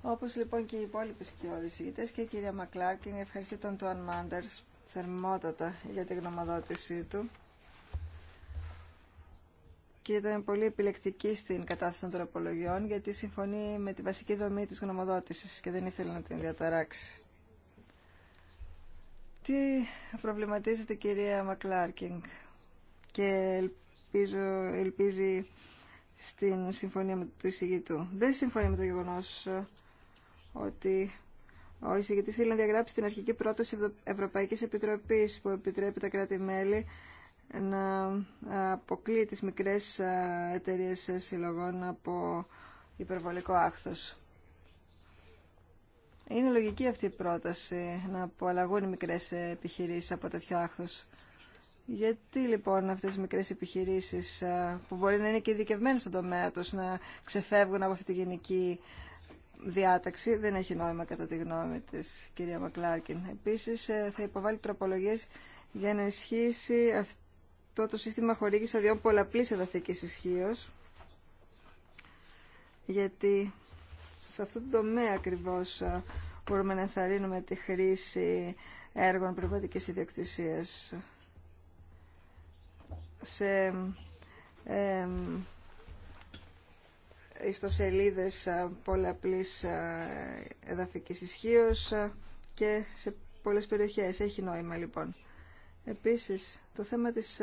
Όπως λοιπόν και οι υπόλοιποι σκιώδης ηγητές και η κυρία Μακλάρκιν ευχαριστεί τον Τουαν Μάντερς θερμότατα για τη γνωμοδότησή του και ήταν πολύ επιλεκτική στην κατάσταση των τροπολογιών γιατί συμφωνεί με τη βασική δομή της γνωμοδότησης και δεν ήθελε να την διαταράξει. Τι προβληματίζεται η κυρία Μακλάρκινγκ και ελπίζω, ελπίζει στην συμφωνία με του εισηγητού. Δεν συμφωνεί με το γεγονός ότι ο εισηγητή θέλει να διαγράψει την αρχική πρόταση Ευρωπαϊκής Επιτροπής που επιτρέπει τα κράτη-μέλη να αποκλεί τις μικρές εταιρείες ε, συλλογών από υπερβολικό άχθος. Είναι λογική αυτή η πρόταση να απολαγούν οι μικρές επιχειρήσεις από τέτοιο άχθος. Γιατί λοιπόν αυτές οι μικρές επιχειρήσεις ε, που μπορεί να είναι και ειδικευμένες στον τομέα τους να ξεφεύγουν από αυτή τη γενική διάταξη δεν έχει νόημα κατά τη γνώμη της κυρία Μακλάρκιν. Επίσης ε, θα υποβάλει τροπολογίες για να ισχύσει αυτό το σύστημα χορήγηση αδειών πολλαπλής εδαφικής ισχύω. γιατί σε αυτό το τομέα ακριβώς ε, μπορούμε να ενθαρρύνουμε τη χρήση έργων πνευματικής ιδιοκτησίας σε ε, ιστοσελίδες πολλαπλής ε, εδαφικής ισχύω ε, και σε πολλές περιοχές. Έχει νόημα λοιπόν. Επίσης, το θέμα της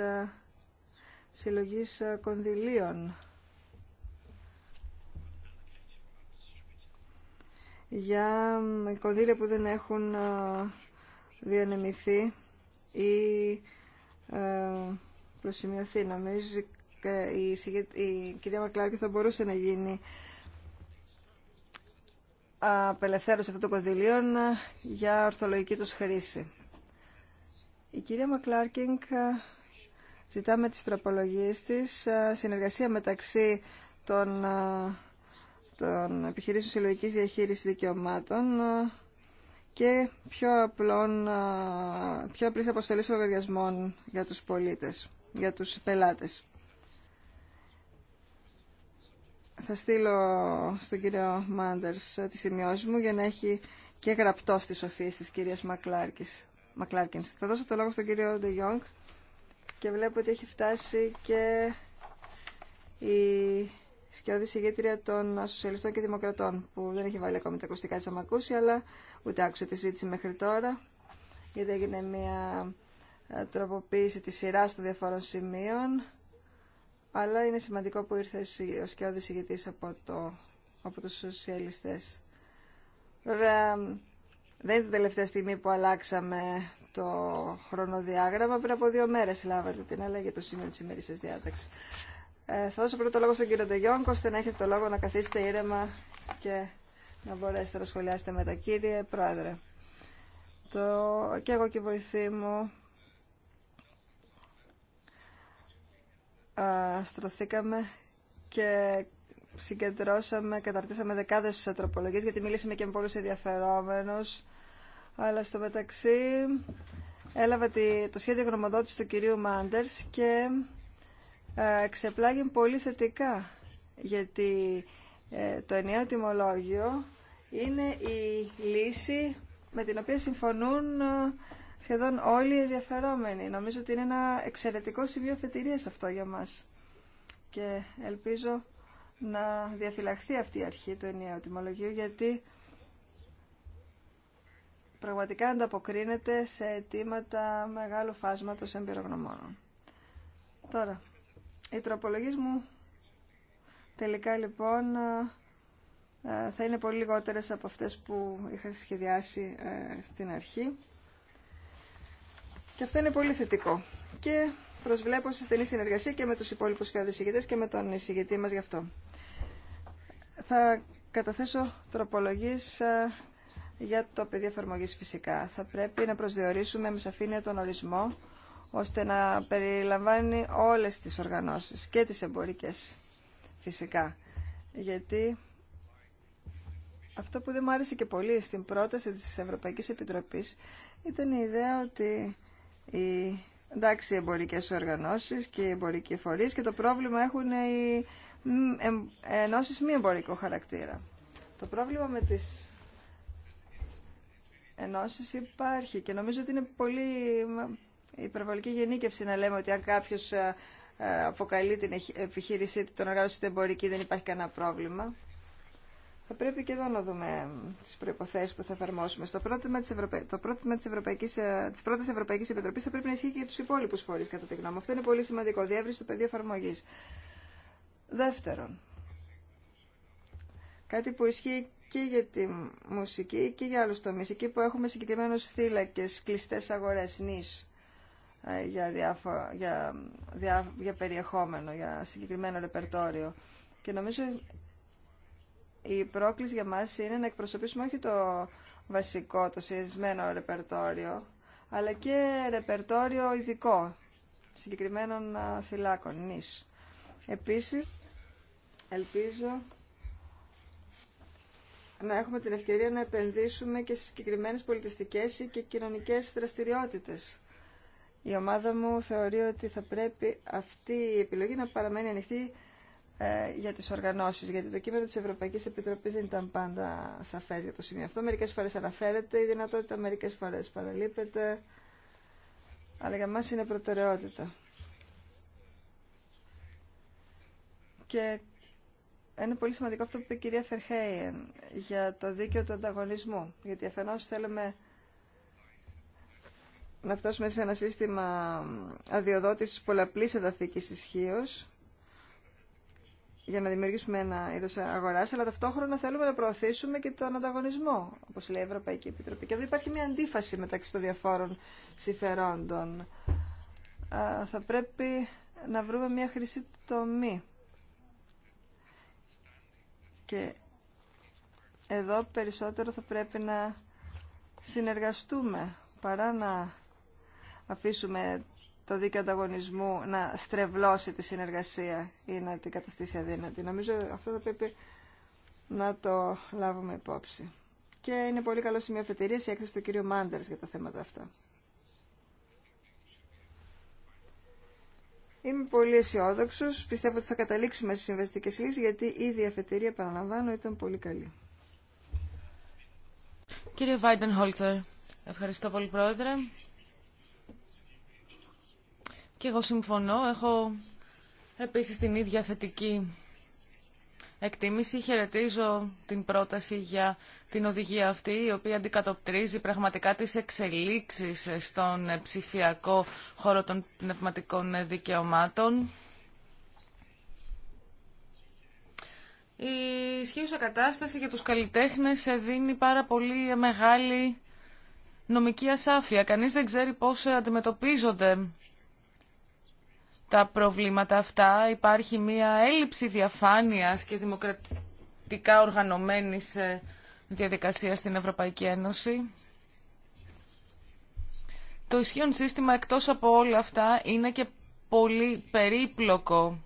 συλλογής κονδυλίων για κονδύλια που δεν έχουν διανεμηθεί ή ε, προσημειωθεί. Νομίζω η κυρία Μακλάρκη θα μπορούσε να γίνει απελευθέρωση αυτών των κονδυλίων για ορθολογική τους χρήση. Η κυρία Μακλάρκινγκ ε, ζητά με τις τροπολογίες της ε, συνεργασία μεταξύ των των επιχειρήσεων συλλογική διαχείριση δικαιωμάτων ε, και πιο, απλών, ε, πιο απλής αποστολής λογαριασμών για τους πολίτες, για τους πελάτες. Θα στείλω στον κύριο Μάντερς ε, τη σημειώση μου για να έχει και γραπτό στη σοφία της κυρίας Μακλάρκινς. Θα δώσω το λόγο στον κύριο Ντε και βλέπω ότι έχει φτάσει και η σκιώδη ηγέτρια των Σοσιαλιστών και Δημοκρατών, που δεν έχει βάλει ακόμη τα ακουστικά τη ακούσει αλλά ούτε άκουσε τη ζήτηση μέχρι τώρα, γιατί έγινε μια ε, τροποποίηση τη σειρά των διαφορών σημείων, αλλά είναι σημαντικό που ήρθε ο σκιώδη ηγετής από, το, από τους σοσιαλιστές. Βέβαια, δεν είναι την τελευταία στιγμή που αλλάξαμε το χρονοδιάγραμμα. Πριν από δύο μέρες λάβατε την αλλαγή του σημείο της ημερήσιας διάταξη. Ε, θα δώσω πρώτο λόγο στον κύριο Ντεγιόνκο, ώστε να έχετε το λόγο να καθίσετε ήρεμα και να μπορέσετε να σχολιάσετε τα Κύριε Πρόεδρε, το... και εγώ και η βοηθή μου στρωθήκαμε και συγκεντρώσαμε, καταρτήσαμε δεκάδες τροπολογίες, γιατί μιλήσαμε και με πολλούς ενδιαφερόμενους, αλλά στο μεταξύ έλαβα το σχέδιο γνωμοδότηση του κυρίου Μάντερς και ε, ξεπλάγει πολύ θετικά, γιατί ε, το ενιαίο τιμολόγιο είναι η λύση με την οποία συμφωνούν ε, σχεδόν όλοι οι ενδιαφερόμενοι. Νομίζω ότι είναι ένα εξαιρετικό σημείο φετηρίας αυτό για μας. Και ελπίζω να διαφυλαχθεί αυτή η αρχή του ενιαίου τιμολογίου, γιατί πραγματικά ανταποκρίνεται σε αιτήματα μεγάλου φάσματος εμπειρογνωμόνων. Τώρα, οι τροπολογίες μου τελικά λοιπόν ε, θα είναι πολύ λιγότερες από αυτές που είχα σχεδιάσει ε, στην αρχή. Και αυτό είναι πολύ θετικό. Και προσβλέπω σε στενή συνεργασία και με τους υπόλοιπους καθηγητές και με τον εισηγητή μας γι' αυτό. Θα καταθέσω τροπολογίες ε, για το πεδίο εφαρμογή φυσικά. Θα πρέπει να προσδιορίσουμε με σαφήνεια τον ορισμό ώστε να περιλαμβάνει όλες τις οργανώσεις και τις εμπορικές φυσικά. Γιατί αυτό που δεν μου άρεσε και πολύ στην πρόταση της Ευρωπαϊκής Επιτροπής ήταν η ιδέα ότι οι, εντάξει, εμπορικές οργανώσεις και οι εμπορικοί φορείς και το πρόβλημα έχουν οι ενώσεις μη εμπορικό χαρακτήρα. Το πρόβλημα με τις ενώσεις υπάρχει και νομίζω ότι είναι πολύ η υπερβολική γενίκευση να λέμε ότι αν κάποιο ε, ε, αποκαλεί την επιχείρησή του τον εργάζεται στην εμπορική δεν υπάρχει κανένα πρόβλημα. Θα πρέπει και εδώ να δούμε τι προποθέσει που θα εφαρμόσουμε. Στο πρότυμα της Το πρότυμα τη Ευρωπαϊκής... Ε, πρώτη Ευρωπαϊκή Επιτροπή θα πρέπει να ισχύει και για του υπόλοιπου φορεί, κατά τη γνώμη μου. Αυτό είναι πολύ σημαντικό. Διεύρυνση του πεδίου εφαρμογή. Δεύτερον, κάτι που ισχύει και για τη μουσική και για άλλου τομεί. Εκεί που έχουμε συγκεκριμένου θύλακε, κλειστέ αγορέ, νη, ε, για, για, διά, για περιεχόμενο, για συγκεκριμένο ρεπερτόριο. Και νομίζω η πρόκληση για μας είναι να εκπροσωπήσουμε όχι το βασικό, το συνηθισμένο ρεπερτόριο, αλλά και ρεπερτόριο ειδικό, συγκεκριμένων θυλάκων, νης. Επίσης, ελπίζω να έχουμε την ευκαιρία να επενδύσουμε και σε συγκεκριμένες πολιτιστικές και κοινωνικές δραστηριότητες η ομάδα μου θεωρεί ότι θα πρέπει αυτή η επιλογή να παραμένει ανοιχτή ε, για τις οργανώσεις, γιατί το κείμενο της Ευρωπαϊκής Επιτροπής δεν ήταν πάντα σαφές για το σημείο αυτό. Μερικές φορές αναφέρεται, η δυνατότητα μερικές φορές παραλείπεται, αλλά για μας είναι προτεραιότητα. Και είναι πολύ σημαντικό αυτό που είπε η κυρία Φερχέιεν για το δίκαιο του ανταγωνισμού, γιατί αφενός θέλουμε να φτάσουμε σε ένα σύστημα αδειοδότησης πολλαπλής εδαφικής ισχύω για να δημιουργήσουμε ένα είδος αγοράς, αλλά ταυτόχρονα θέλουμε να προωθήσουμε και τον ανταγωνισμό, όπως λέει η Ευρωπαϊκή Επιτροπή. Και εδώ υπάρχει μια αντίφαση μεταξύ των διαφόρων συμφερόντων. θα πρέπει να βρούμε μια χρυσή τομή. Και εδώ περισσότερο θα πρέπει να συνεργαστούμε παρά να αφήσουμε το δίκαιο ανταγωνισμού να στρεβλώσει τη συνεργασία ή να την καταστήσει αδύνατη. Νομίζω αυτό θα πρέπει να το λάβουμε υπόψη. Και είναι πολύ καλό σημείο αφετηρία η έκθεση του κύριου Μάντερς για τα θέματα αυτά. Είμαι πολύ αισιόδοξο. Πιστεύω ότι θα καταλήξουμε στι συμβαστικέ λύσει, γιατί ήδη η αφετηρία, παραλαμβάνω, ήταν πολύ καλή. ευχαριστώ πολύ, Πρόεδρε. Και εγώ συμφωνώ. Έχω επίσης την ίδια θετική εκτίμηση. Χαιρετίζω την πρόταση για την οδηγία αυτή, η οποία αντικατοπτρίζει πραγματικά τις εξελίξεις στον ψηφιακό χώρο των πνευματικών δικαιωμάτων. Η ισχύουσα κατάσταση για τους καλλιτέχνες δίνει πάρα πολύ μεγάλη νομική ασάφεια. Κανείς δεν ξέρει πώς αντιμετωπίζονται τα προβλήματα αυτά. Υπάρχει μία έλλειψη διαφάνειας και δημοκρατικά οργανωμένης ε, διαδικασίας στην Ευρωπαϊκή Ένωση. Το ισχύον σύστημα εκτός από όλα αυτά είναι και πολύ περίπλοκο.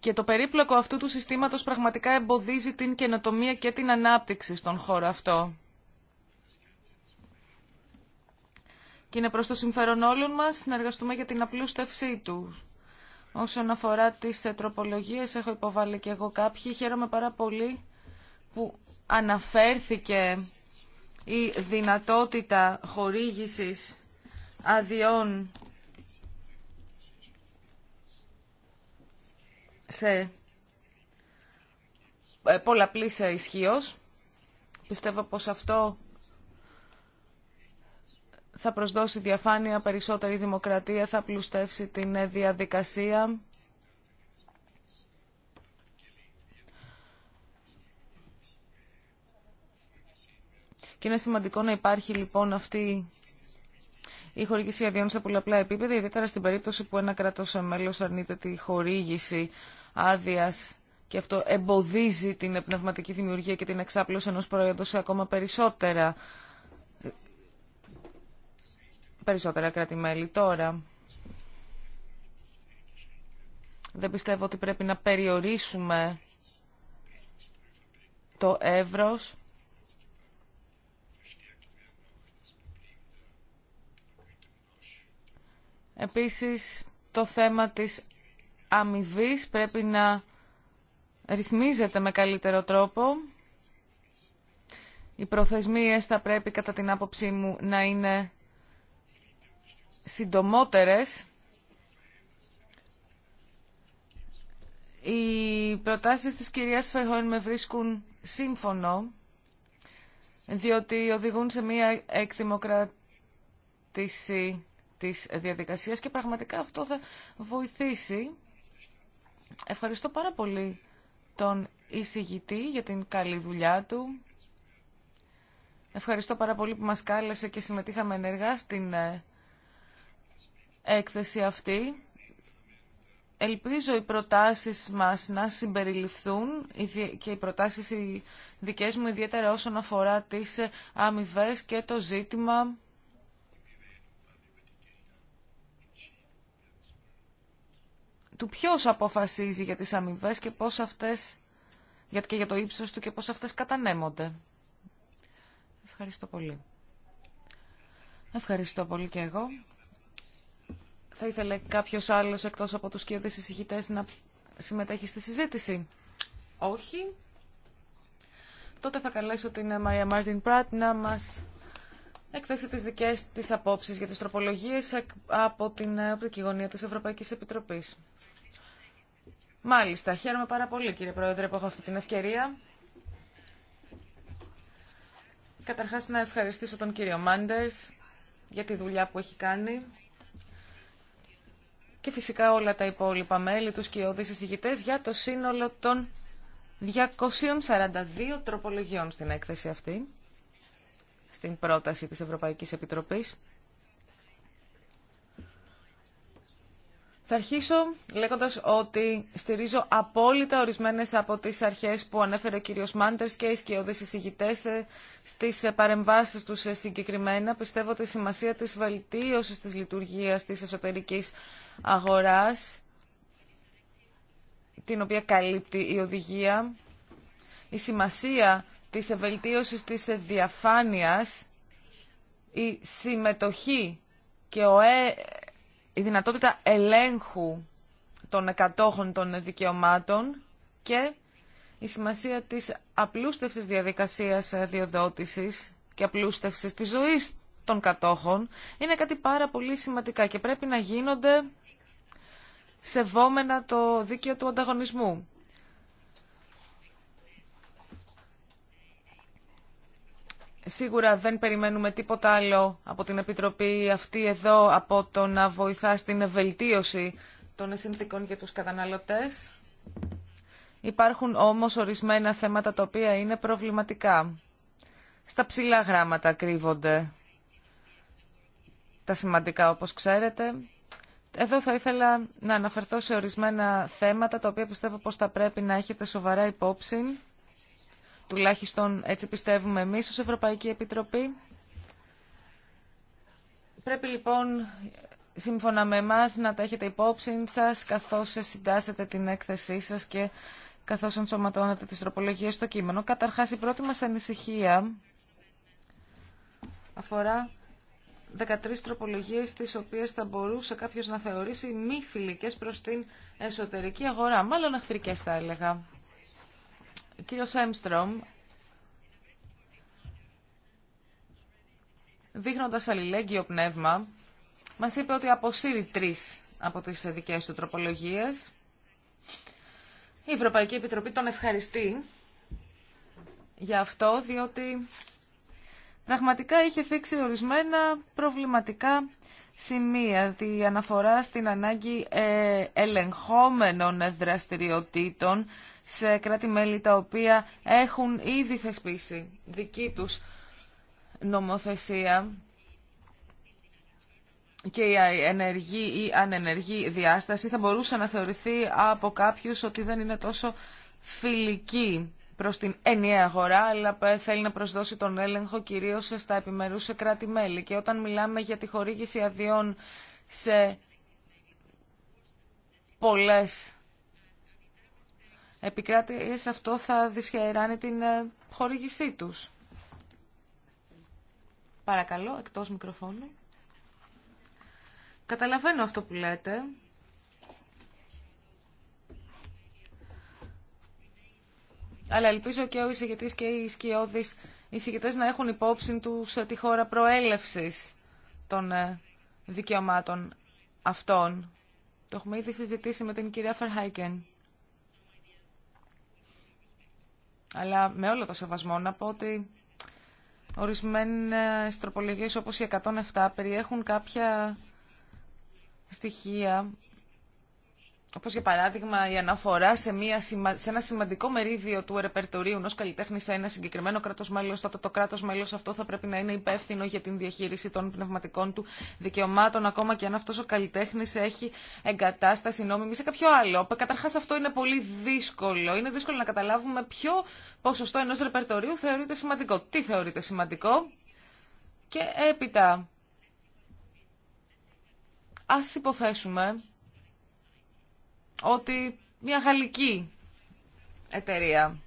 Και το περίπλοκο αυτού του συστήματος πραγματικά εμποδίζει την καινοτομία και την ανάπτυξη στον χώρο αυτό. και είναι προς το συμφέρον όλων μας να εργαστούμε για την απλούστευσή του. Όσον αφορά τις ε, τροπολογίες, έχω υποβάλει και εγώ κάποιοι. Χαίρομαι πάρα πολύ που αναφέρθηκε η δυνατότητα χορήγησης αδειών σε ε, πολλαπλή ε, ισχύω. Πιστεύω πως αυτό θα προσδώσει διαφάνεια, περισσότερη δημοκρατία, θα πλουστεύσει την ε, διαδικασία. Και είναι σημαντικό να υπάρχει λοιπόν αυτή η χορήγηση αδειών σε πολλαπλά επίπεδα, ιδιαίτερα στην περίπτωση που ένα κράτος μέλο αρνείται τη χορήγηση άδεια και αυτό εμποδίζει την πνευματική δημιουργία και την εξάπλωση ενός προϊόντος σε ακόμα περισσότερα περισσότερα τώρα. Δεν πιστεύω ότι πρέπει να περιορίσουμε το εύρος Επίσης, το θέμα της αμοιβή πρέπει να ρυθμίζεται με καλύτερο τρόπο. Οι προθεσμίες θα πρέπει κατά την άποψή μου να είναι συντομότερες οι προτάσεις της κυρίας Φερχόν με βρίσκουν σύμφωνο διότι οδηγούν σε μια εκδημοκρατήση της διαδικασίας και πραγματικά αυτό θα βοηθήσει. Ευχαριστώ πάρα πολύ τον εισηγητή για την καλή δουλειά του. Ευχαριστώ πάρα πολύ που μας κάλεσε και συμμετείχαμε ενεργά στην ε, έκθεση αυτή. Ελπίζω οι προτάσεις μας να συμπεριληφθούν και οι προτάσεις οι δικές μου ιδιαίτερα όσον αφορά τις αμοιβέ και το ζήτημα του ποιος αποφασίζει για τις αμοιβέ και πώς αυτές γιατί και για το ύψος του και πώς αυτές κατανέμονται. Ευχαριστώ πολύ. Ευχαριστώ πολύ και εγώ. Θα ήθελε κάποιος άλλος εκτός από τους κύριους εισηγητές να συμμετέχει στη συζήτηση. Όχι. Τότε θα καλέσω την Μαρία Μάρτιν Πράτ να μας εκθέσει τις δικές της απόψεις για τις τροπολογίες από την οπτική γωνία της Ευρωπαϊκής Επιτροπής. Μάλιστα, χαίρομαι πάρα πολύ κύριε Πρόεδρε που έχω αυτή την ευκαιρία. Καταρχάς να ευχαριστήσω τον κύριο Μάντερς για τη δουλειά που έχει κάνει και φυσικά όλα τα υπόλοιπα μέλη, και κοιόδης συζητητέ, για το σύνολο των 242 τροπολογιών στην έκθεση αυτή, στην πρόταση της Ευρωπαϊκής Επιτροπής. Θα αρχίσω λέγοντας ότι στηρίζω απόλυτα ορισμένες από τις αρχές που ανέφερε ο κύριος Μάντερς και οι σκιώδες εισηγητές ε, στις παρεμβάσεις τους ε, συγκεκριμένα. Πιστεύω ότι η σημασία της βελτίωσης της λειτουργίας της εσωτερικής αγοράς, την οποία καλύπτει η οδηγία, η σημασία της βελτίωσης της διαφάνειας, η συμμετοχή και ο, ε, η δυνατότητα ελέγχου των εκατόχων των δικαιωμάτων και η σημασία της απλούστευσης διαδικασίας διοδότησης και απλούστευσης της ζωής των κατόχων είναι κάτι πάρα πολύ σημαντικά και πρέπει να γίνονται σεβόμενα το δίκαιο του ανταγωνισμού. Σίγουρα δεν περιμένουμε τίποτα άλλο από την Επιτροπή αυτή εδώ από το να βοηθά στην βελτίωση των συνθήκων για τους καταναλωτές. Υπάρχουν όμως ορισμένα θέματα τα οποία είναι προβληματικά. Στα ψηλά γράμματα κρύβονται τα σημαντικά όπως ξέρετε. Εδώ θα ήθελα να αναφερθώ σε ορισμένα θέματα τα οποία πιστεύω πως θα πρέπει να έχετε σοβαρά υπόψη τουλάχιστον έτσι πιστεύουμε εμείς ως Ευρωπαϊκή Επιτροπή. Πρέπει λοιπόν, σύμφωνα με εμά να τα έχετε υπόψη σας καθώς συντάσσετε την έκθεσή σας και καθώς ενσωματώνετε τις τροπολογίες στο κείμενο. Καταρχάς, η πρώτη μας ανησυχία αφορά 13 τροπολογίες τις οποίες θα μπορούσε κάποιος να θεωρήσει μη φιλικές προς την εσωτερική αγορά, μάλλον αχθρικές θα έλεγα. Κύριο Έμστρομ, δείχνοντας αλληλέγγυο πνεύμα, μας είπε ότι αποσύρει τρεις από τις δικές του τροπολογίες. Η Ευρωπαϊκή Επιτροπή τον ευχαριστεί για αυτό, διότι πραγματικά είχε θίξει ορισμένα προβληματικά σημεία. Τη αναφορά στην ανάγκη ε, ελεγχόμενων δραστηριοτήτων σε κράτη-μέλη τα οποία έχουν ήδη θεσπίσει δική τους νομοθεσία και η ενεργή ή ανενεργή διάσταση θα μπορούσε να θεωρηθεί από κάποιους ότι δεν είναι τόσο φιλική προς την ενιαία αγορά, αλλά θέλει να προσδώσει τον έλεγχο κυρίως στα επιμερούς σε κράτη-μέλη. Και όταν μιλάμε για τη χορήγηση αδειών σε πολλές σε αυτό θα δυσχεράνει την ε, χορήγησή τους. Παρακαλώ, εκτός μικροφώνου. Καταλαβαίνω αυτό που λέτε. Αλλά ελπίζω και ο εισηγητής και οι σκιώδεις εισηγητές να έχουν υπόψη τους ε, τη χώρα προέλευσης των ε, δικαιωμάτων αυτών. Το έχουμε ήδη συζητήσει με την κυρία Φερχάικεν. Αλλά με όλο το σεβασμό να πω ότι ορισμένες τροπολογίες όπως οι 107 περιέχουν κάποια στοιχεία όπως για παράδειγμα η αναφορά σε, μια, σε ένα σημαντικό μερίδιο του ρεπερτορίου ενό καλλιτέχνη σε ένα συγκεκριμένο κράτος μέλος, τότε το κράτος μέλος αυτό θα πρέπει να είναι υπεύθυνο για την διαχείριση των πνευματικών του δικαιωμάτων, ακόμα και αν αυτός ο καλλιτέχνης έχει εγκατάσταση νόμιμη σε κάποιο άλλο. Καταρχάς αυτό είναι πολύ δύσκολο. Είναι δύσκολο να καταλάβουμε ποιο ποσοστό ενός ρεπερτορίου θεωρείται σημαντικό. Τι θεωρείται σημαντικό και έπειτα. Ας υποθέσουμε ότι μια γαλλική εταιρεία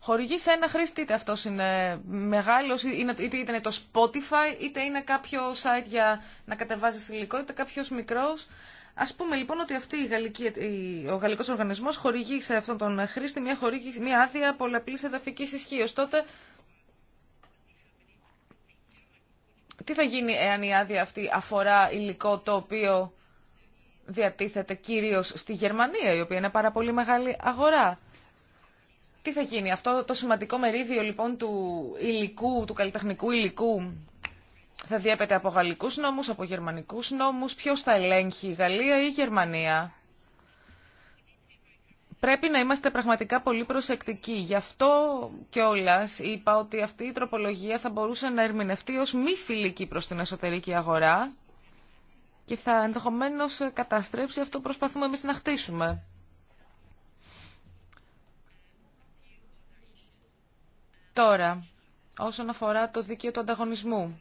χορηγεί σε ένα χρήστη, είτε αυτός είναι μεγάλος, είτε είναι το Spotify, είτε είναι κάποιο site για να κατεβάζεις υλικό, είτε κάποιος μικρός. Ας πούμε λοιπόν ότι αυτή η γαλλική, ο γαλλικός οργανισμός χορηγεί σε αυτόν τον χρήστη μια, χορηγή, μια άδεια πολλαπλής εδαφικής ισχύω. Τότε τι θα γίνει εάν η άδεια αυτή αφορά υλικό το οποίο διατίθεται κυρίως στη Γερμανία, η οποία είναι πάρα πολύ μεγάλη αγορά. Τι θα γίνει, αυτό το σημαντικό μερίδιο λοιπόν του υλικού, του καλλιτεχνικού υλικού θα διέπεται από γαλλικούς νόμους, από γερμανικούς νόμους, ποιος θα ελέγχει, η Γαλλία ή η Γερμανία. Πρέπει να είμαστε πραγματικά πολύ προσεκτικοί. Γι' αυτό κιόλα είπα ότι αυτή η τροπολογία θα μπορούσε να ερμηνευτεί ως μη φιλική προς την εσωτερική αγορά και θα ενδεχομένως καταστρέψει αυτό που προσπαθούμε εμείς να χτίσουμε. Τώρα, όσον αφορά το δίκαιο του ανταγωνισμού.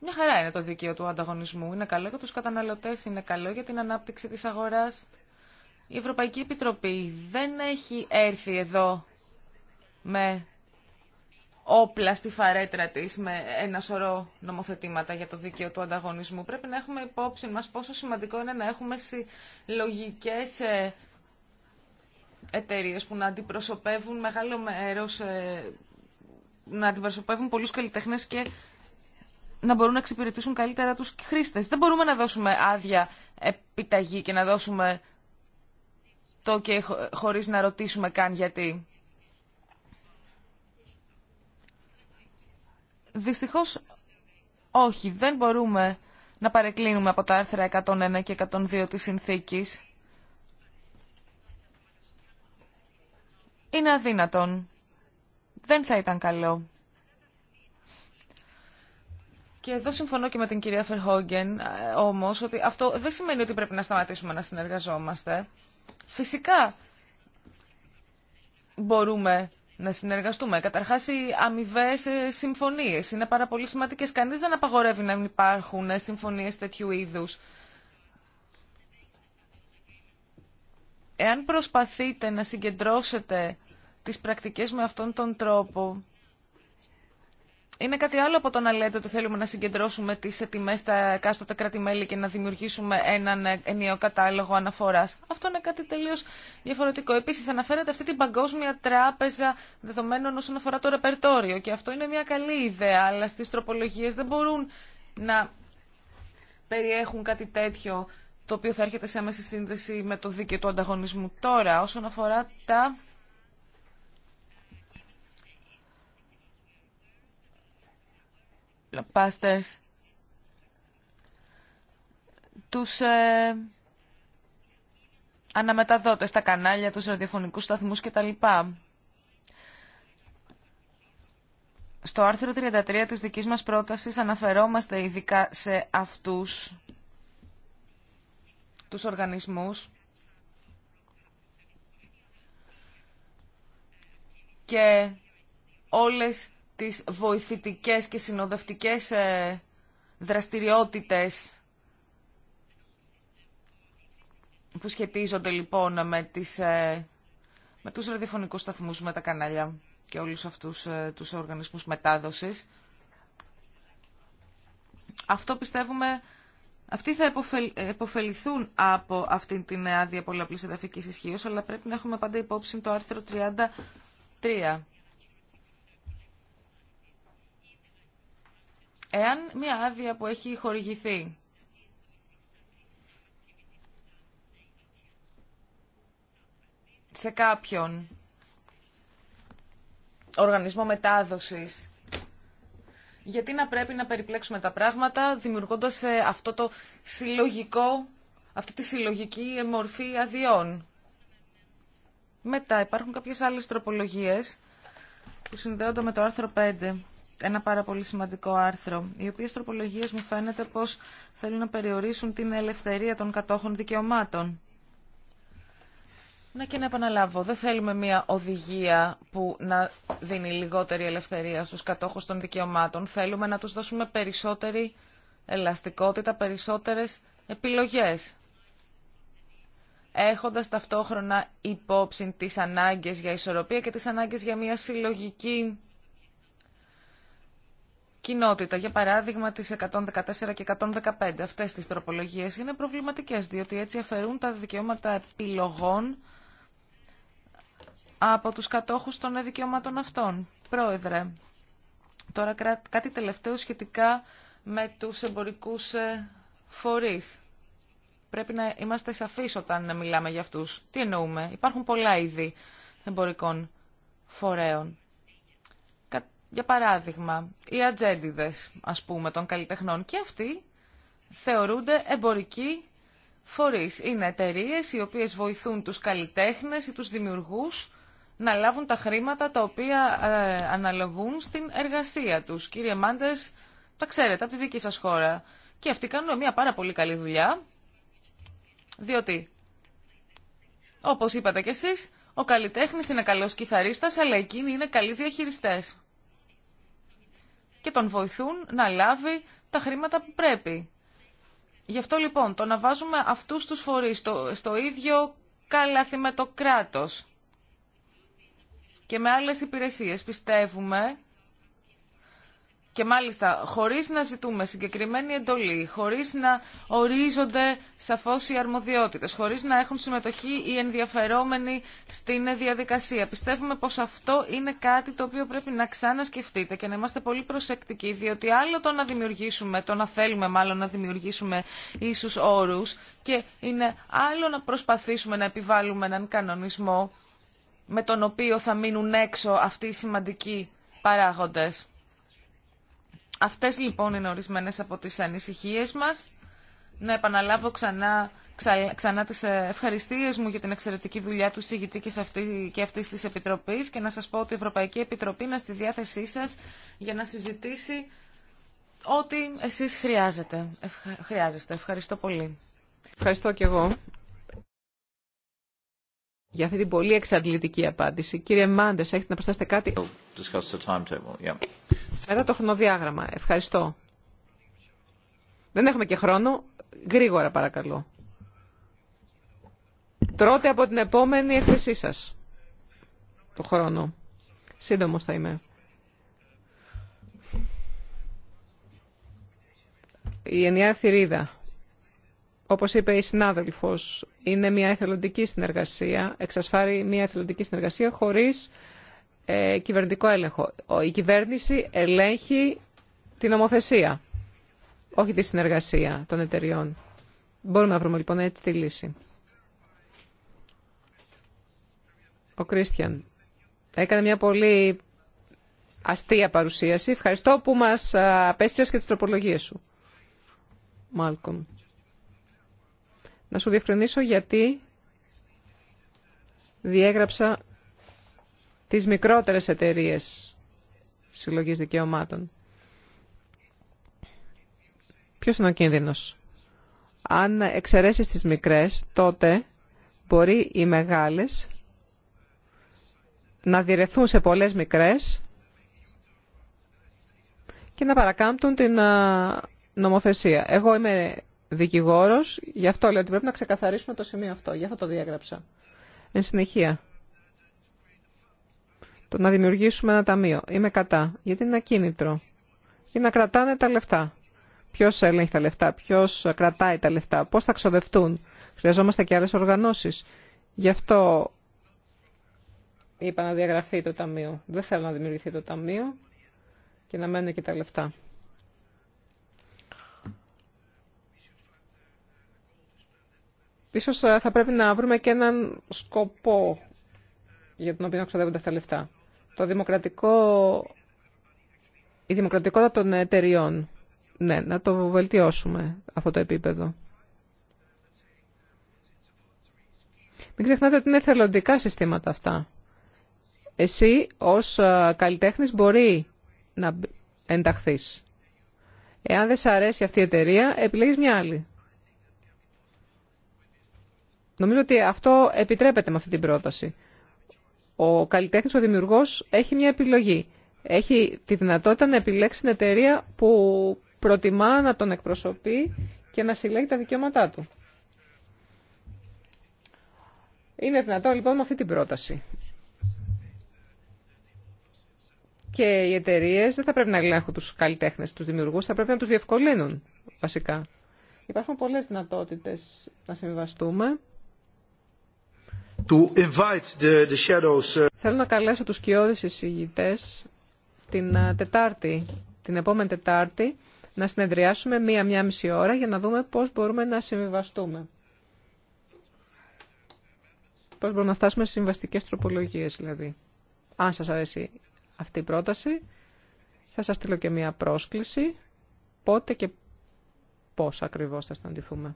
Μια χαρά είναι το δίκαιο του ανταγωνισμού. Είναι καλό για τους καταναλωτές, είναι καλό για την ανάπτυξη της αγοράς. Η Ευρωπαϊκή Επιτροπή δεν έχει έρθει εδώ με όπλα στη φαρέτρα τη με ένα σωρό νομοθετήματα για το δίκαιο του ανταγωνισμού. Πρέπει να έχουμε υπόψη μας πόσο σημαντικό είναι να έχουμε συλλογικές ε, εταιρείε που να αντιπροσωπεύουν μεγάλο μέρος, ε, να αντιπροσωπεύουν πολλού καλλιτέχνε και να μπορούν να εξυπηρετήσουν καλύτερα του χρήστες. Δεν μπορούμε να δώσουμε άδεια επιταγή και να δώσουμε το και χωρίς να ρωτήσουμε καν γιατί. Δυστυχώς όχι, δεν μπορούμε να παρεκκλίνουμε από τα άρθρα 101 και 102 της συνθήκης. Είναι αδύνατον. Δεν θα ήταν καλό. Και εδώ συμφωνώ και με την κυρία Φερχόγγεν, ε, όμως, ότι αυτό δεν σημαίνει ότι πρέπει να σταματήσουμε να συνεργαζόμαστε. Φυσικά μπορούμε να συνεργαστούμε. Καταρχά οι αμοιβέ ε, συμφωνίες είναι πάρα πολύ σημαντικέ. Κανείς δεν απαγορεύει να υπάρχουν ε, συμφωνίες τέτοιου είδου. Εάν προσπαθείτε να συγκεντρώσετε τις πρακτικές με αυτόν τον τρόπο, είναι κάτι άλλο από το να λέτε ότι θέλουμε να συγκεντρώσουμε τι τιμέ στα εκάστοτε κράτη-μέλη και να δημιουργήσουμε έναν ενιαίο κατάλογο αναφορά. Αυτό είναι κάτι τελείω διαφορετικό. Επίση, αναφέρατε αυτή την παγκόσμια τράπεζα δεδομένων όσον αφορά το ρεπερτόριο και αυτό είναι μια καλή ιδέα, αλλά στι τροπολογίε δεν μπορούν να περιέχουν κάτι τέτοιο το οποίο θα έρχεται σε άμεση σύνδεση με το δίκαιο του ανταγωνισμού. Τώρα, όσον αφορά τα Του τους ε, αναμεταδότες, τα κανάλια, τους ραδιοφωνικούς σταθμούς κτλ. Στο άρθρο 33 της δικής μας πρότασης αναφερόμαστε ειδικά σε αυτούς τους οργανισμούς και όλες τις βοηθητικές και συνοδευτικές ε, δραστηριότητες που σχετίζονται λοιπόν με, τις, ε, με τους ραδιοφωνικούς σταθμούς, με τα κανάλια και όλους αυτούς ε, τους οργανισμούς μετάδοσης. Αυτό πιστεύουμε, αυτοί θα υποφεληθούν από αυτήν την άδεια πολλαπλής εδαφικής ισχύω, αλλά πρέπει να έχουμε πάντα υπόψη το άρθρο 33 Εάν μια άδεια που έχει χορηγηθεί σε κάποιον οργανισμό μετάδοσης, γιατί να πρέπει να περιπλέξουμε τα πράγματα δημιουργώντας ε, αυτό το συλλογικό, αυτή τη συλλογική μορφή αδειών. Μετά υπάρχουν κάποιες άλλες τροπολογίες που συνδέονται με το άρθρο 5 ένα πάρα πολύ σημαντικό άρθρο. Οι οποίες τροπολογίες μου φαίνεται πως θέλουν να περιορίσουν την ελευθερία των κατόχων δικαιωμάτων. Να και να επαναλάβω, δεν θέλουμε μια οδηγία που να δίνει λιγότερη ελευθερία στους κατόχους των δικαιωμάτων. Θέλουμε να τους δώσουμε περισσότερη ελαστικότητα, περισσότερες επιλογές. Έχοντας ταυτόχρονα υπόψη τις ανάγκες για ισορροπία και τις ανάγκες για μια συλλογική κοινότητα, για παράδειγμα τις 114 και 115, αυτές τις τροπολογίες είναι προβληματικές, διότι έτσι αφαιρούν τα δικαιώματα επιλογών από τους κατόχους των δικαιωμάτων αυτών. Πρόεδρε, τώρα κάτι τελευταίο σχετικά με τους εμπορικούς ε, φορείς. Πρέπει να είμαστε σαφείς όταν μιλάμε για αυτούς. Τι εννοούμε. Υπάρχουν πολλά είδη εμπορικών φορέων. Για παράδειγμα, οι ατζέντιδε, ας πούμε, των καλλιτεχνών και αυτοί θεωρούνται εμπορικοί φορείς. Είναι εταιρείε οι οποίες βοηθούν τους καλλιτέχνες ή τους δημιουργούς να λάβουν τα χρήματα τα οποία ε, αναλογούν στην εργασία τους. Κύριε Μάντες, τα ξέρετε από τη δική σας χώρα. Και αυτοί κάνουν μια πάρα πολύ καλή δουλειά, διότι, όπως είπατε κι εσείς, ο καλλιτέχνης είναι καλός κιθαρίστας, αλλά εκείνοι είναι καλοί διαχειριστές και τον βοηθούν να λάβει τα χρήματα που πρέπει. Γι' αυτό λοιπόν το να βάζουμε αυτούς τους φορείς στο, ίδιο καλάθι με το κράτος και με άλλες υπηρεσίες πιστεύουμε και μάλιστα χωρί να ζητούμε συγκεκριμένη εντολή, χωρί να ορίζονται σαφώς οι αρμοδιότητε, χωρί να έχουν συμμετοχή οι ενδιαφερόμενοι στην διαδικασία. Πιστεύουμε πω αυτό είναι κάτι το οποίο πρέπει να ξανασκεφτείτε και να είμαστε πολύ προσεκτικοί, διότι άλλο το να δημιουργήσουμε, το να θέλουμε μάλλον να δημιουργήσουμε ίσους όρου, και είναι άλλο να προσπαθήσουμε να επιβάλλουμε έναν κανονισμό με τον οποίο θα μείνουν έξω αυτοί οι σημαντικοί παράγοντες. Αυτές λοιπόν είναι ορισμένες από τις ανησυχίες μας. Να επαναλάβω ξανά, ξα, ξανά τις ευχαριστίες μου για την εξαιρετική δουλειά του συγητή και, αυτή, και αυτής της Επιτροπής και να σας πω ότι η Ευρωπαϊκή Επιτροπή είναι στη διάθεσή σας για να συζητήσει ό,τι εσείς χρειάζεται. χρειάζεστε. Ευχαριστώ πολύ. Ευχαριστώ και εγώ για αυτή την πολύ εξαντλητική απάντηση. Κύριε Μάντες, έχετε να προσθέσετε κάτι. Μετά το χρονοδιάγραμμα. Ευχαριστώ. Δεν έχουμε και χρόνο. Γρήγορα παρακαλώ. Τρώτε από την επόμενη έκθεσή σας το χρόνο. Σύντομος θα είμαι. Η ενιαία θηρίδα, όπως είπε η συνάδελφος, είναι μια εθελοντική συνεργασία, εξασφάρει μια εθελοντική συνεργασία χωρίς ε, κυβερνητικό έλεγχο. Η κυβέρνηση ελέγχει την ομοθεσία, όχι τη συνεργασία των εταιριών. Μπορούμε να βρούμε λοιπόν έτσι τη λύση. Ο Κρίστιαν έκανε μια πολύ αστεία παρουσίαση. Ευχαριστώ που μας απέστησες και τις τροπολογίες σου. Μάλκομ. Να σου διευκρινίσω γιατί διέγραψα τις μικρότερες εταιρείες συλλογής δικαιωμάτων. Ποιος είναι ο κίνδυνος. Αν εξαιρέσει τις μικρές, τότε μπορεί οι μεγάλες να διρεθούν σε πολλές μικρές και να παρακάμπτουν την νομοθεσία. Εγώ είμαι δικηγόρος, γι' αυτό λέω ότι πρέπει να ξεκαθαρίσουμε το σημείο αυτό. Γι' αυτό το διέγραψα. Εν συνεχεία το να δημιουργήσουμε ένα ταμείο. Είμαι κατά, γιατί είναι ακίνητρο. για να κρατάνε τα λεφτά. Ποιο έλεγχε τα λεφτά, ποιο κρατάει τα λεφτά, πώ θα ξοδευτούν. Χρειαζόμαστε και άλλε οργανώσει. Γι' αυτό είπα να διαγραφεί το ταμείο. Δεν θέλω να δημιουργηθεί το ταμείο και να μένουν και τα λεφτά. Ίσως ε, θα πρέπει να βρούμε και έναν σκοπό για τον οποίο ξοδεύονται αυτά τα λεφτά. Το δημοκρατικό, η δημοκρατικότητα των εταιριών. Ναι, να το βελτιώσουμε αυτό το επίπεδο. Μην ξεχνάτε ότι είναι θελοντικά συστήματα αυτά. Εσύ ως καλλιτέχνης μπορεί να ενταχθείς. Εάν δεν σε αρέσει αυτή η εταιρεία, επιλέγεις μια άλλη. Νομίζω ότι αυτό επιτρέπεται με αυτή την πρόταση. Ο καλλιτέχνης, ο δημιουργός έχει μια επιλογή. Έχει τη δυνατότητα να επιλέξει την εταιρεία που προτιμά να τον εκπροσωπεί και να συλλέγει τα δικαιώματά του. Είναι δυνατό λοιπόν με αυτή την πρόταση. Και οι εταιρείε δεν θα πρέπει να ελέγχουν του καλλιτέχνε, του δημιουργού, θα πρέπει να του διευκολύνουν βασικά. Υπάρχουν πολλέ δυνατότητε να συμβιβαστούμε. Uh, Θέλω να καλέσω τους κοιόδες εισηγητές την ε, Τετάρτη, την επόμενη Τετάρτη, να συνεδριάσουμε μία-μία μισή ώρα για να δούμε πώς μπορούμε να συμβιβαστούμε. Πώς μπορούμε να φτάσουμε σε συμβαστικές τροπολογίες, δηλαδή. Αν σας αρέσει αυτή η πρόταση, θα σας στείλω και μία πρόσκληση. Πότε και πώς ακριβώς θα συναντηθούμε.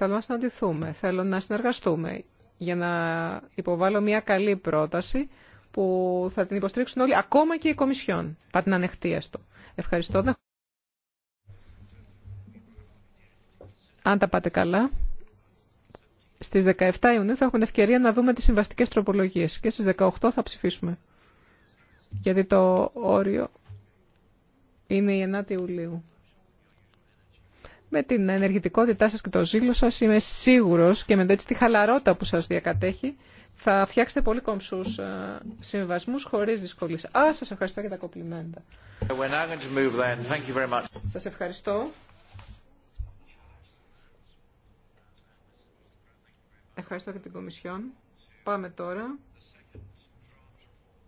Θέλω να συναντηθούμε, θέλω να συνεργαστούμε για να υποβάλω μια καλή πρόταση που θα την υποστηρίξουν όλοι, ακόμα και οι Κομισιόν. Θα την ανεχτεί έστω. Ευχαριστώ. Αν τα πάτε καλά, στις 17 Ιουνίου θα έχουμε ευκαιρία να δούμε τις συμβαστικές τροπολογίες και στις 18 θα ψηφίσουμε. Γιατί το όριο είναι η 9η Ιουλίου με την ενεργητικότητά σας και το ζήλο σας είμαι σίγουρος και με έτσι τη χαλαρότητα που σας διακατέχει θα φτιάξετε πολύ κομψούς ε, συμβασμούς χωρίς δυσκολίες. Α, σας ευχαριστώ για τα κοπλιμέντα. Σας ευχαριστώ. Ευχαριστώ και την Κομισιόν. Πάμε τώρα